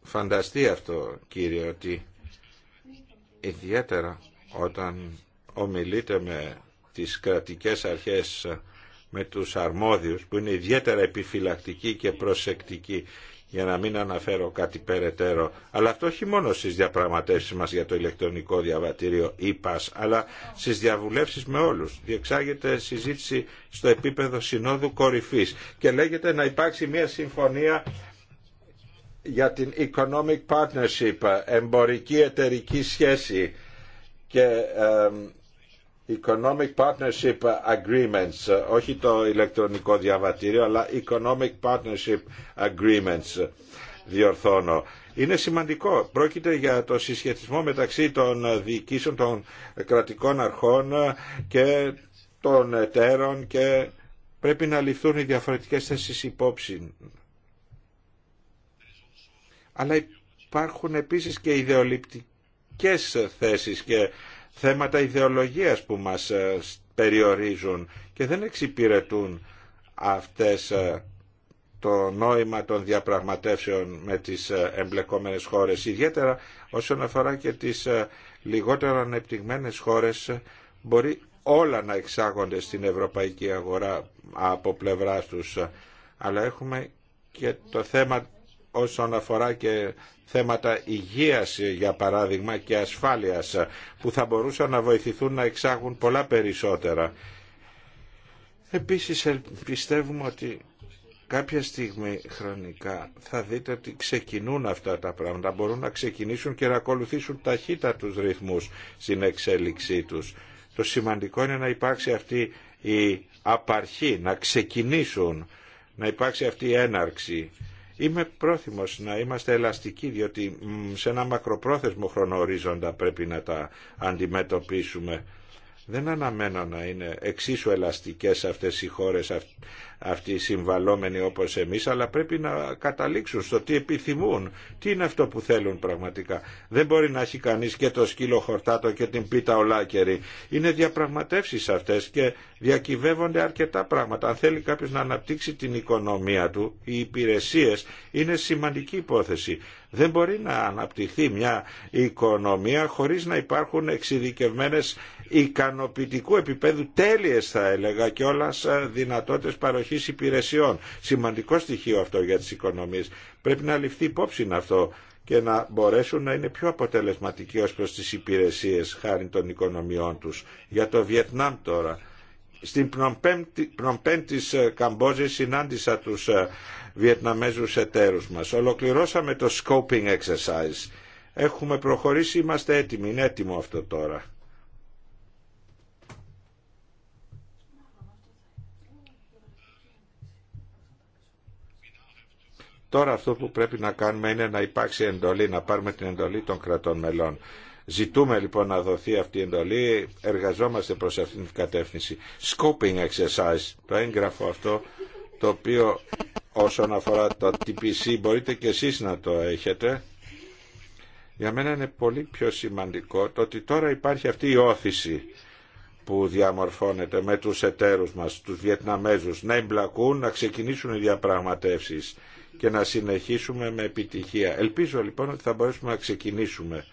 φανταστεί αυτό κύριε ότι ιδιαίτερα όταν ομιλείτε με τις κρατικές αρχές με τους αρμόδιους που είναι ιδιαίτερα επιφυλακτικοί και προσεκτικοί για να μην αναφέρω κάτι περαιτέρω. Αλλά αυτό όχι μόνο στις διαπραγματεύσεις μας για το ηλεκτρονικό διαβατήριο ΙΠΑΣ, αλλά στις διαβουλεύσεις με όλους. Διεξάγεται συζήτηση στο επίπεδο συνόδου κορυφής και λέγεται να υπάρξει μια συμφωνία για την Economic Partnership, εμπορική εταιρική σχέση και Economic Partnership Agreements, ε, όχι το ηλεκτρονικό διαβατήριο, αλλά Economic Partnership Agreements ε, διορθώνω. Είναι σημαντικό. Πρόκειται για το συσχετισμό μεταξύ των ε, διοικήσεων των κρατικών αρχών και των εταίρων και πρέπει να ληφθούν οι διαφορετικές θέσεις υπόψη. Αλλά υπάρχουν επίσης και ιδεολειπτικές θέσεις και θέματα ιδεολογίας που μας ε, περιορίζουν και δεν εξυπηρετούν αυτές ε, το νόημα των διαπραγματεύσεων με τις ε, εμπλεκόμενες χώρες, ιδιαίτερα όσον αφορά και τις λιγότερο ανεπτυγμένες χώρες, μπορεί όλα να εξάγονται στην ευρωπαϊκή αγορά από πλευρά τους. Αλλά έχουμε και το θέμα όσον αφορά και θέματα υγείας για παράδειγμα και ασφάλειας που θα μπορούσαν να βοηθηθούν να εξάγουν πολλά περισσότερα. Επίσης πιστεύουμε ότι κάποια στιγμή χρονικά θα δείτε ότι ξεκινούν αυτά τα πράγματα, μπορούν να ξεκινήσουν και να ακολουθήσουν ταχύτα τους ρυθμούς στην εξέλιξή τους. Το σημαντικό είναι να υπάρξει αυτή η απαρχή, να ξεκινήσουν, να υπάρξει αυτή η έναρξη Είμαι πρόθυμος να είμαστε ελαστικοί διότι σε ένα μακροπρόθεσμο χρονοορίζοντα πρέπει να τα αντιμετωπίσουμε δεν αναμένω να είναι εξίσου ελαστικές αυτές οι χώρες αυτοί οι συμβαλόμενοι όπως εμείς, αλλά πρέπει να καταλήξουν στο τι επιθυμούν, τι είναι αυτό που θέλουν πραγματικά. Δεν μπορεί να έχει κανείς και το σκύλο χορτάτο και την πίτα ολάκερη. Είναι διαπραγματεύσεις αυτές και διακυβεύονται αρκετά πράγματα. Αν θέλει κάποιος να αναπτύξει την οικονομία του, οι υπηρεσίες είναι σημαντική υπόθεση. Δεν μπορεί να αναπτυχθεί μια οικονομία χωρίς να υπάρχουν εξειδικευμένες ικανοποιητικού επίπεδου τέλειες θα έλεγα και όλας ε, δυνατότητες παροχής υπηρεσιών. Σημαντικό στοιχείο αυτό για τις οικονομίες. Πρέπει να ληφθεί υπόψη αυτό και να μπορέσουν να είναι πιο αποτελεσματικοί ως προς τις υπηρεσίες χάρη των οικονομιών τους. Για το Βιετνάμ τώρα. Στην Πνομπέν της ε, Καμπόζης συνάντησα τους ε, Βιετναμέζους εταίρους μας. Ολοκληρώσαμε το scoping exercise. Έχουμε προχωρήσει, είμαστε έτοιμοι, είναι έτοιμο αυτό τώρα. Τώρα αυτό που πρέπει να κάνουμε είναι να υπάρξει εντολή, να πάρουμε την εντολή των κρατών μελών. Ζητούμε λοιπόν να δοθεί αυτή η εντολή, εργαζόμαστε προς αυτήν την κατεύθυνση. Scoping exercise, το έγγραφο αυτό, το οποίο όσον αφορά το TPC μπορείτε και εσείς να το έχετε. Για μένα είναι πολύ πιο σημαντικό το ότι τώρα υπάρχει αυτή η όθηση που διαμορφώνεται με τους εταίρους μας, τους Βιετναμέζους, να εμπλακούν, να ξεκινήσουν οι διαπραγματεύσεις και να συνεχίσουμε με επιτυχία. Ελπίζω λοιπόν ότι θα μπορέσουμε να ξεκινήσουμε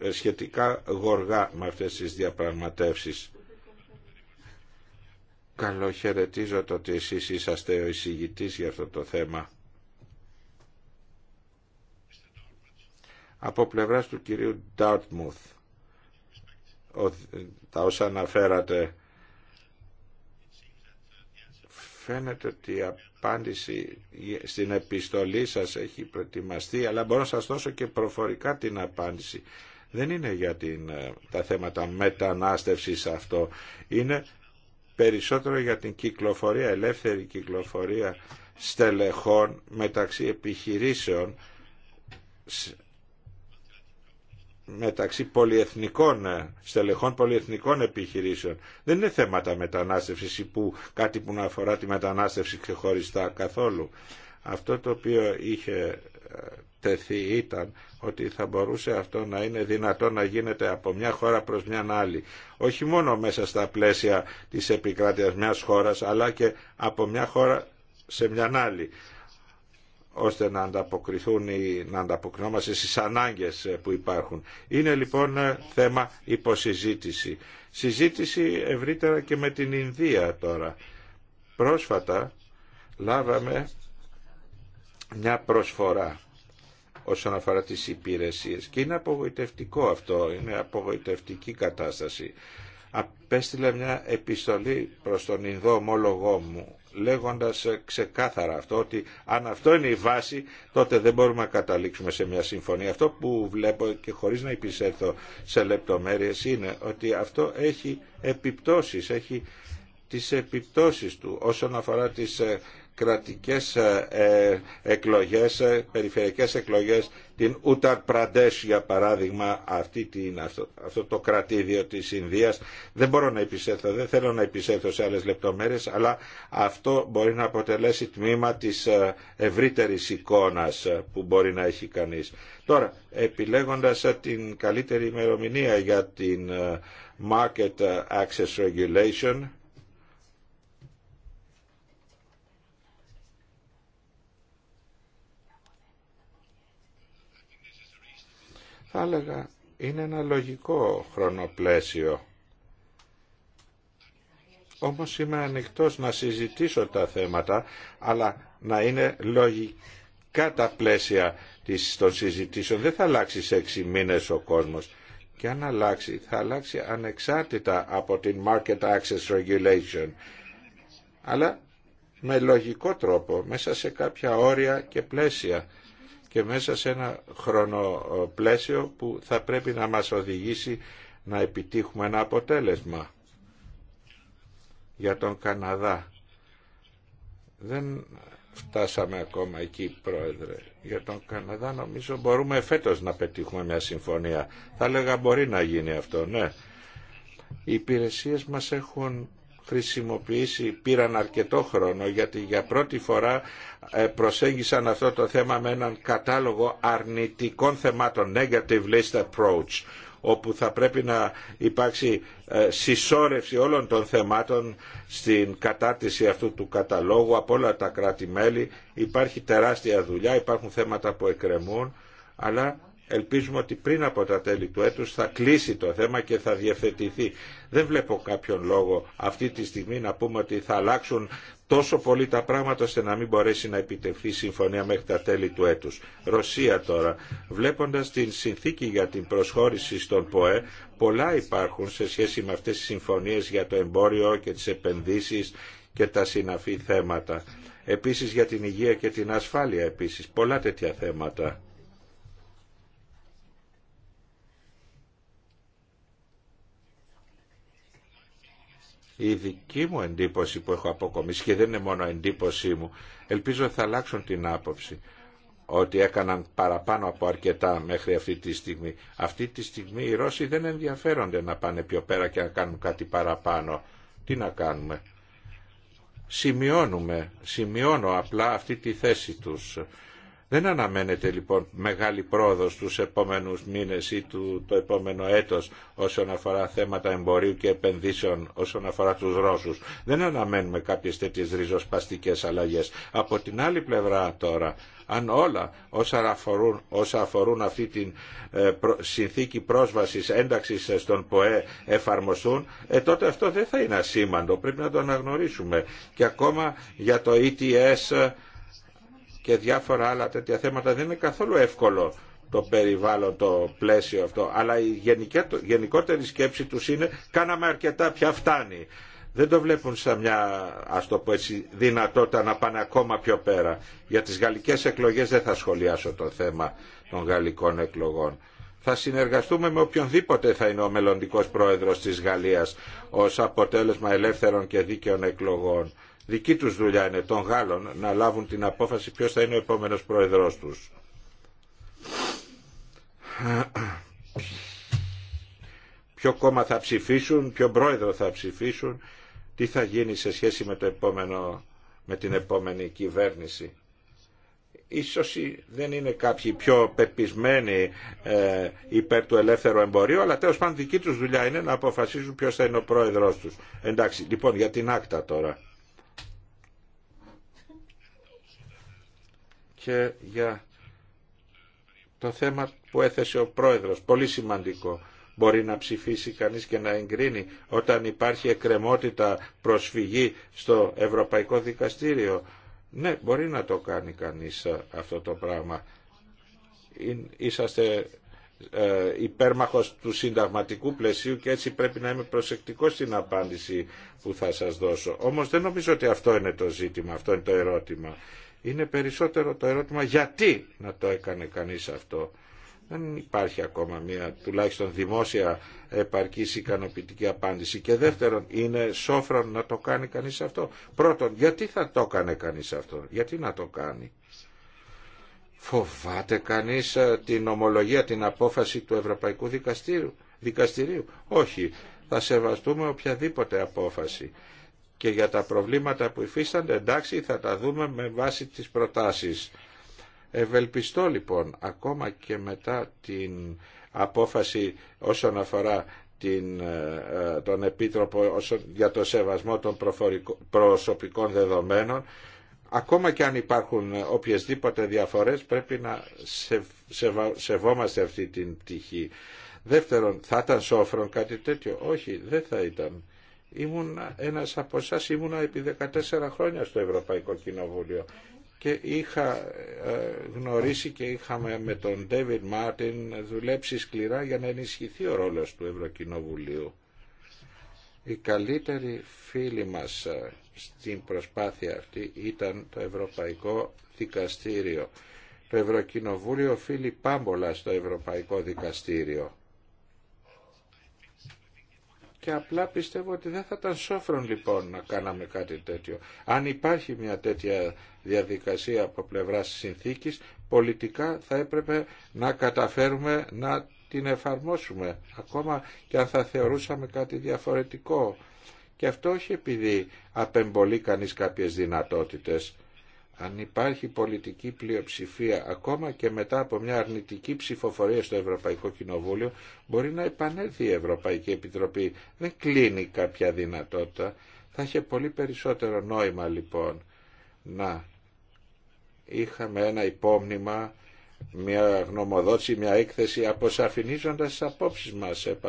ε, σχετικά γοργά με αυτές τις διαπραγματεύσεις. χαιρετίζω το ότι εσείς είσαστε ο εισηγητής για αυτό το θέμα. Από πλευράς του κυρίου Ντάρτμουθ τα όσα αναφέρατε φαίνεται ότι η απάντηση στην επιστολή σας έχει προετοιμαστεί, αλλά μπορώ να σας δώσω και προφορικά την απάντηση. Δεν είναι για την, ε, τα θέματα μετανάστευσης αυτό. Είναι περισσότερο για την κυκλοφορία, ελεύθερη κυκλοφορία στελεχών μεταξύ επιχειρήσεων μεταξύ πολυεθνικών ε, στελεχών πολυεθνικών επιχειρήσεων. Δεν είναι θέματα μετανάστευσης ή που, κάτι που να αφορά τη μετανάστευση ξεχωριστά καθόλου. Αυτό το οποίο είχε ε, τεθεί ήταν ότι θα μπορούσε αυτό να είναι δυνατό να γίνεται από μια χώρα προς μια άλλη. Όχι μόνο μέσα στα πλαίσια της επικράτειας μιας χώρας, αλλά και από μια χώρα σε μια άλλη ώστε να, ανταποκριθούν ή να ανταποκρινόμαστε στις ανάγκες που υπάρχουν. Είναι λοιπόν θέμα υποσυζήτηση. Συζήτηση ευρύτερα και με την Ινδία τώρα. Πρόσφατα λάβαμε μια προσφορά όσον αφορά τις υπηρεσίες και είναι απογοητευτικό αυτό, είναι απογοητευτική κατάσταση. Απέστειλα μια επιστολή προς τον Ινδό ομόλογό μου λέγοντας ε, ξεκάθαρα αυτό ότι αν αυτό είναι η βάση τότε δεν μπορούμε να καταλήξουμε σε μια συμφωνία. Αυτό που βλέπω και χωρίς να υπησέλθω σε λεπτομέρειες είναι ότι αυτό έχει επιπτώσεις, έχει τις επιπτώσεις του όσον αφορά τις ε, κρατικές ε, ε, εκλογές, ε, περιφερειακές εκλογές, την Ούταρ Πραντές για παράδειγμα, αυτή την, αυτό, αυτό, το κρατήδιο της Ινδίας. Δεν μπορώ να επισέλθω, δεν θέλω να επισέλθω σε άλλες λεπτομέρειες, αλλά αυτό μπορεί να αποτελέσει τμήμα της ευρύτερης εικόνας που μπορεί να έχει κανείς. Τώρα, επιλέγοντας την καλύτερη ημερομηνία για την Market Access Regulation, θα έλεγα είναι ένα λογικό χρονοπλαίσιο. Όμως είμαι ανοιχτός να συζητήσω τα θέματα, αλλά να είναι λογικά τα πλαίσια των συζητήσεων. Δεν θα αλλάξει σε έξι μήνες ο κόσμος. Και αν αλλάξει, θα αλλάξει ανεξάρτητα από την Market Access Regulation. Αλλά με λογικό τρόπο, μέσα σε κάποια όρια και πλαίσια και μέσα σε ένα χρονοπλαίσιο ε, που θα πρέπει να μας οδηγήσει να επιτύχουμε ένα αποτέλεσμα για τον Καναδά. Δεν φτάσαμε ακόμα εκεί, Πρόεδρε. Για τον Καναδά νομίζω μπορούμε φέτος να πετύχουμε μια συμφωνία. Θα έλεγα μπορεί να γίνει αυτό, ναι. Οι υπηρεσίες μας έχουν χρησιμοποιήσει, πήραν αρκετό χρόνο γιατί για πρώτη φορά ε, προσέγγισαν αυτό το θέμα με έναν κατάλογο αρνητικών θεμάτων, negative list approach, όπου θα πρέπει να υπάρξει ε, συσσόρευση όλων των θεμάτων στην κατάρτιση αυτού του καταλόγου από όλα τα κράτη-μέλη. Υπάρχει τεράστια δουλειά, υπάρχουν θέματα που εκκρεμούν, αλλά ελπίζουμε ότι πριν από τα τέλη του έτους θα κλείσει το θέμα και θα διευθετηθεί. Δεν βλέπω κάποιον λόγο αυτή τη στιγμή να πούμε ότι θα αλλάξουν τόσο πολύ τα πράγματα ώστε να μην μπορέσει να επιτευχθεί συμφωνία μέχρι τα τέλη του έτους. Ρωσία τώρα. Βλέποντας την συνθήκη για την προσχώρηση στον ΠΟΕ, πολλά υπάρχουν σε σχέση με αυτές τις συμφωνίες για το εμπόριο και τις επενδύσεις και τα συναφή θέματα. Επίσης για την υγεία και την ασφάλεια επίσης. Πολλά τέτοια θέματα. η δική μου εντύπωση που έχω αποκομίσει και δεν είναι μόνο εντύπωσή μου, ελπίζω θα αλλάξουν την άποψη ότι έκαναν παραπάνω από αρκετά μέχρι αυτή τη στιγμή. Αυτή τη στιγμή οι Ρώσοι δεν ενδιαφέρονται να πάνε πιο πέρα και να κάνουν κάτι παραπάνω. Τι να κάνουμε. Σημειώνουμε, σημειώνω απλά αυτή τη θέση τους δεν αναμένεται λοιπόν μεγάλη πρόοδος τους επόμενους μήνες ή του, το επόμενο έτος όσον αφορά θέματα εμπορίου και επενδύσεων όσον αφορά τους Ρώσους. Δεν αναμένουμε κάποιες τέτοιες ριζοσπαστικές αλλαγές. Από την άλλη πλευρά τώρα, αν όλα όσα αφορούν, αφορούν αυτή την ε, συνθήκη πρόσβασης ένταξης στον ΠΟΕ εφαρμοστούν, ε, τότε αυτό δεν θα είναι ασήμαντο. Πρέπει να το αναγνωρίσουμε. Και ακόμα για το ETS και διάφορα άλλα τέτοια θέματα δεν είναι καθόλου εύκολο το περιβάλλον, το πλαίσιο αυτό. Αλλά η γενικότερη σκέψη τους είναι κάναμε αρκετά, πια φτάνει. Δεν το βλέπουν σαν μια ας το πω δυνατότητα να πάνε ακόμα πιο πέρα. Για τις γαλλικές εκλογές δεν θα σχολιάσω το θέμα των γαλλικών εκλογών. Θα συνεργαστούμε με οποιονδήποτε θα είναι ο μελλοντικός πρόεδρος της Γαλλίας ως αποτέλεσμα ελεύθερων και δίκαιων εκλογών δική τους δουλειά είναι των Γάλλων να λάβουν την απόφαση ποιος θα είναι ο επόμενος πρόεδρός τους. Ποιο κόμμα θα ψηφίσουν, ποιο πρόεδρο θα ψηφίσουν, τι θα γίνει σε σχέση με, το επόμενο, με την επόμενη κυβέρνηση. Ίσως δεν είναι κάποιοι πιο πεπισμένοι ε, υπέρ του ελεύθερου εμπορίου, αλλά τέλος πάντων δική τους δουλειά είναι να αποφασίζουν ποιος θα είναι ο πρόεδρός τους. Εντάξει, λοιπόν για την άκτα τώρα. και για το θέμα που έθεσε ο Πρόεδρος, πολύ σημαντικό. Μπορεί να ψηφίσει κανείς και να εγκρίνει όταν υπάρχει εκκρεμότητα προσφυγή στο Ευρωπαϊκό Δικαστήριο. Ναι, μπορεί να το κάνει κανείς ε, αυτό το πράγμα. Είσαστε ε, υπέρμαχος του συνταγματικού πλαισίου και έτσι πρέπει να είμαι προσεκτικός στην απάντηση που θα σας δώσω. Όμως δεν νομίζω ότι αυτό είναι το ζήτημα, αυτό είναι το ερώτημα. Είναι περισσότερο το ερώτημα γιατί να το έκανε κανείς αυτό. Δεν υπάρχει ακόμα μια τουλάχιστον δημόσια επαρκής ικανοποιητική απάντηση. Και δεύτερον, είναι σόφρον να το κάνει κανείς αυτό. Πρώτον, γιατί θα το έκανε κανείς αυτό. Γιατί να το κάνει. Φοβάται κανείς ε, την ομολογία, την απόφαση του Ευρωπαϊκού Δικαστηρίου. Δικαστηρίου. Όχι. Θα σεβαστούμε οποιαδήποτε απόφαση και για τα προβλήματα που υφίστανται εντάξει θα τα δούμε με βάση τις προτάσεις. Ευελπιστώ λοιπόν ακόμα και μετά την απόφαση όσον αφορά την, ε, ε, τον Επίτροπο για το σεβασμό των προσωπικών δεδομένων ακόμα και αν υπάρχουν οποιασδήποτε διαφορές πρέπει να σεβόμαστε αυτή την πτυχή. Δεύτερον, θα ήταν σόφρον κάτι τέτοιο. Όχι, δεν θα ήταν. Ήμουν ένας από εσά ήμουνα επί 14 χρόνια στο Ευρωπαϊκό Κοινοβούλιο και είχα ε, γνωρίσει και είχαμε με τον Ντέβιν Μάρτιν δουλέψει σκληρά για να ενισχυθεί ο ρόλος του Ευρωκοινοβουλίου. Οι καλύτεροι φίλοι μας ε, στην προσπάθεια αυτή ήταν το Ευρωπαϊκό Δικαστήριο. Το Ευρωκοινοβούλιο οφείλει πάμπολα στο Ευρωπαϊκό Δικαστήριο και απλά πιστεύω ότι δεν θα ήταν σόφρον λοιπόν να κάναμε κάτι τέτοιο. Αν υπάρχει μια τέτοια διαδικασία από πλευράς συνθήκης, πολιτικά θα έπρεπε να καταφέρουμε να την εφαρμόσουμε, ακόμα και αν θα θεωρούσαμε κάτι διαφορετικό. Και αυτό όχι επειδή απεμπολεί κανείς κάποιες δυνατότητες αν υπάρχει πολιτική πλειοψηφία ακόμα και μετά από μια αρνητική ψηφοφορία στο Ευρωπαϊκό Κοινοβούλιο μπορεί να επανέλθει η Ευρωπαϊκή Επιτροπή. Δεν κλείνει κάποια δυνατότητα. Θα είχε πολύ περισσότερο νόημα λοιπόν να είχαμε ένα υπόμνημα, μια γνωμοδότηση, μια έκθεση αποσαφηνίζοντας τις απόψεις μας επ'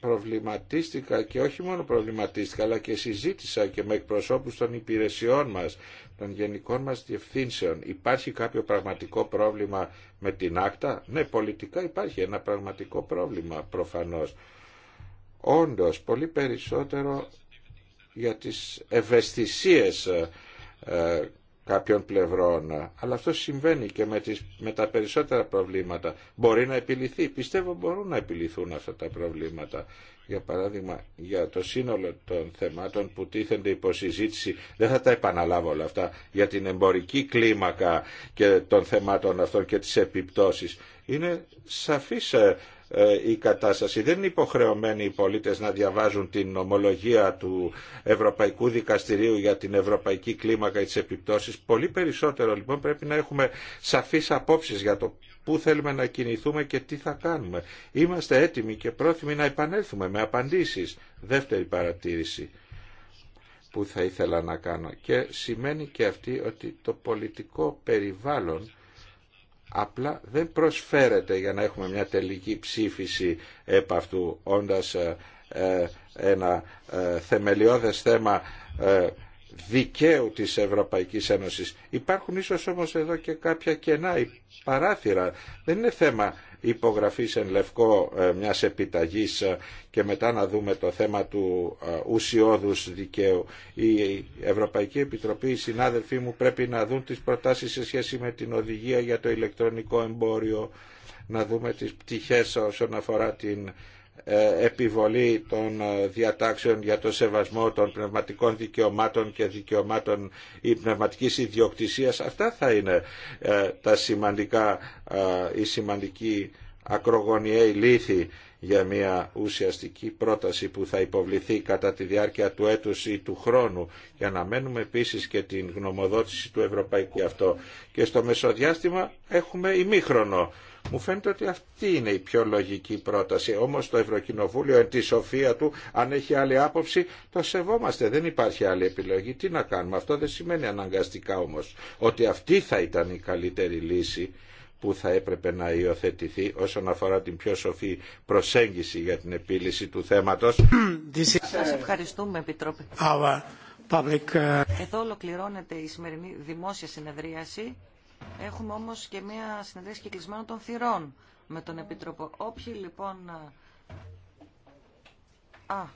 προβληματίστηκα και όχι μόνο προβληματίστηκα αλλά και συζήτησα και με εκπροσώπους των υπηρεσιών μας, των γενικών μας διευθύνσεων. Υπάρχει κάποιο πραγματικό πρόβλημα με την άκτα. Ναι, πολιτικά υπάρχει ένα πραγματικό πρόβλημα προφανώς. Όντως, πολύ περισσότερο για τις ευαισθησίες ε, κάποιων πλευρών. Αλλά αυτό συμβαίνει και με, τις, με τα περισσότερα προβλήματα. Μπορεί να επιληθεί. Πιστεύω μπορούν να επιληθούν αυτά τα προβλήματα. Για παράδειγμα, για το σύνολο των θεμάτων που τίθενται υπό συζήτηση, δεν θα τα επαναλάβω όλα αυτά, για την εμπορική κλίμακα και των θεμάτων αυτών και τις επιπτώσεις. Είναι σαφής ε, ε, η κατάσταση. Δεν είναι υποχρεωμένοι οι πολίτες να διαβάζουν την ομολογία του Ευρωπαϊκού Δικαστηρίου για την Ευρωπαϊκή Κλίμακα και τις επιπτώσεις. Πολύ περισσότερο λοιπόν πρέπει να έχουμε σαφείς απόψεις για το πού θέλουμε να κινηθούμε και τι θα κάνουμε. Είμαστε έτοιμοι και πρόθυμοι να επανέλθουμε με απαντήσεις. Δεύτερη παρατήρηση που θα ήθελα να κάνω και σημαίνει και αυτή ότι το πολιτικό περιβάλλον απλά δεν προσφέρεται για να έχουμε μια τελική ψήφιση επ' αυτού, όντας ε, ε, ένα ε, θεμελιώδες θέμα δικαίου της Ευρωπαϊκής Ένωσης. Υπάρχουν ίσως όμως εδώ και κάποια κενά, παράθυρα. Δεν είναι θέμα υπογραφής εν λευκό ε, μιας επιταγής ε, και μετά να δούμε το θέμα του ε, ουσιώδους δικαίου. Η Ευρωπαϊκή Επιτροπή, οι συνάδελφοί μου πρέπει να δουν τις προτάσεις σε σχέση με την οδηγία για το ηλεκτρονικό εμπόριο, να δούμε τις πτυχές όσον αφορά την ε, επιβολή των ε, διατάξεων για το σεβασμό των πνευματικών δικαιωμάτων και δικαιωμάτων ή πνευματικής ιδιοκτησίας. Αυτά θα είναι ε, τα σημαντικά, η σημαντική ακρογωνιαίοι σημαντικη ακρογωνιαί λυθη για μια ουσιαστική πρόταση που θα υποβληθεί κατά τη διάρκεια του έτους ή του χρόνου για να μένουμε επίσης και την γνωμοδότηση του Ευρωπαϊκού αυτό. Και στο μεσοδιάστημα έχουμε ημίχρονο μου φαίνεται ότι αυτή είναι η πιο λογική πρόταση. Όμως το Ευρωκοινοβούλιο εν τη σοφία του, αν έχει άλλη άποψη, το σεβόμαστε. Δεν υπάρχει άλλη επιλογή. Τι να κάνουμε. Αυτό δεν σημαίνει αναγκαστικά όμως ότι αυτή θα ήταν η καλύτερη λύση που θα έπρεπε να υιοθετηθεί όσον αφορά την πιο σοφή προσέγγιση για την επίλυση του θέματος. Σας ευχαριστούμε, uh, Εδώ ολοκληρώνεται η σημερινή δημόσια συνεδρίαση. Έχουμε όμως και μια συνεδρίαση κυκλισμένων των θυρών με τον Επίτροπο. Όποιοι λοιπόν... Α,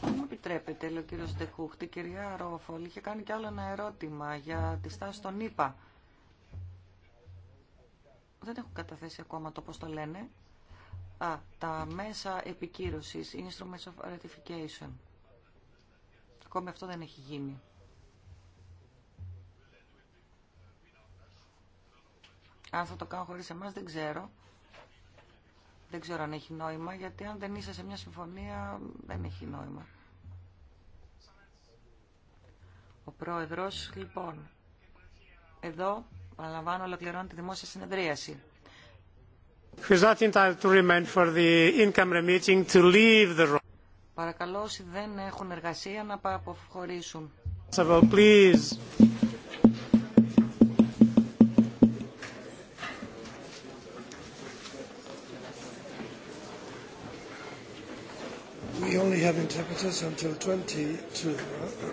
δεν μου επιτρέπετε, λέει ο κύριος Τεχούχτη, η κυρία Ρόφολ, είχε κάνει κι άλλο ένα ερώτημα για τη στάση των ΗΠΑ. Δεν έχω καταθέσει ακόμα το πώς το λένε. Α, τα μέσα επικύρωσης, instruments of ratification. Ακόμη αυτό δεν έχει γίνει. Αν θα το κάνω χωρίς εμάς δεν ξέρω. Δεν ξέρω αν έχει νόημα, γιατί αν δεν είσαι σε μια συμφωνία δεν έχει νόημα. Ο πρόεδρος, λοιπόν, εδώ, παραλαμβάνω, ολοκληρώνει τη δημόσια συνεδρίαση. Παρακαλώ όσοι δεν έχουν εργασία να αποχωρήσουν. Please. have interpreters until 22.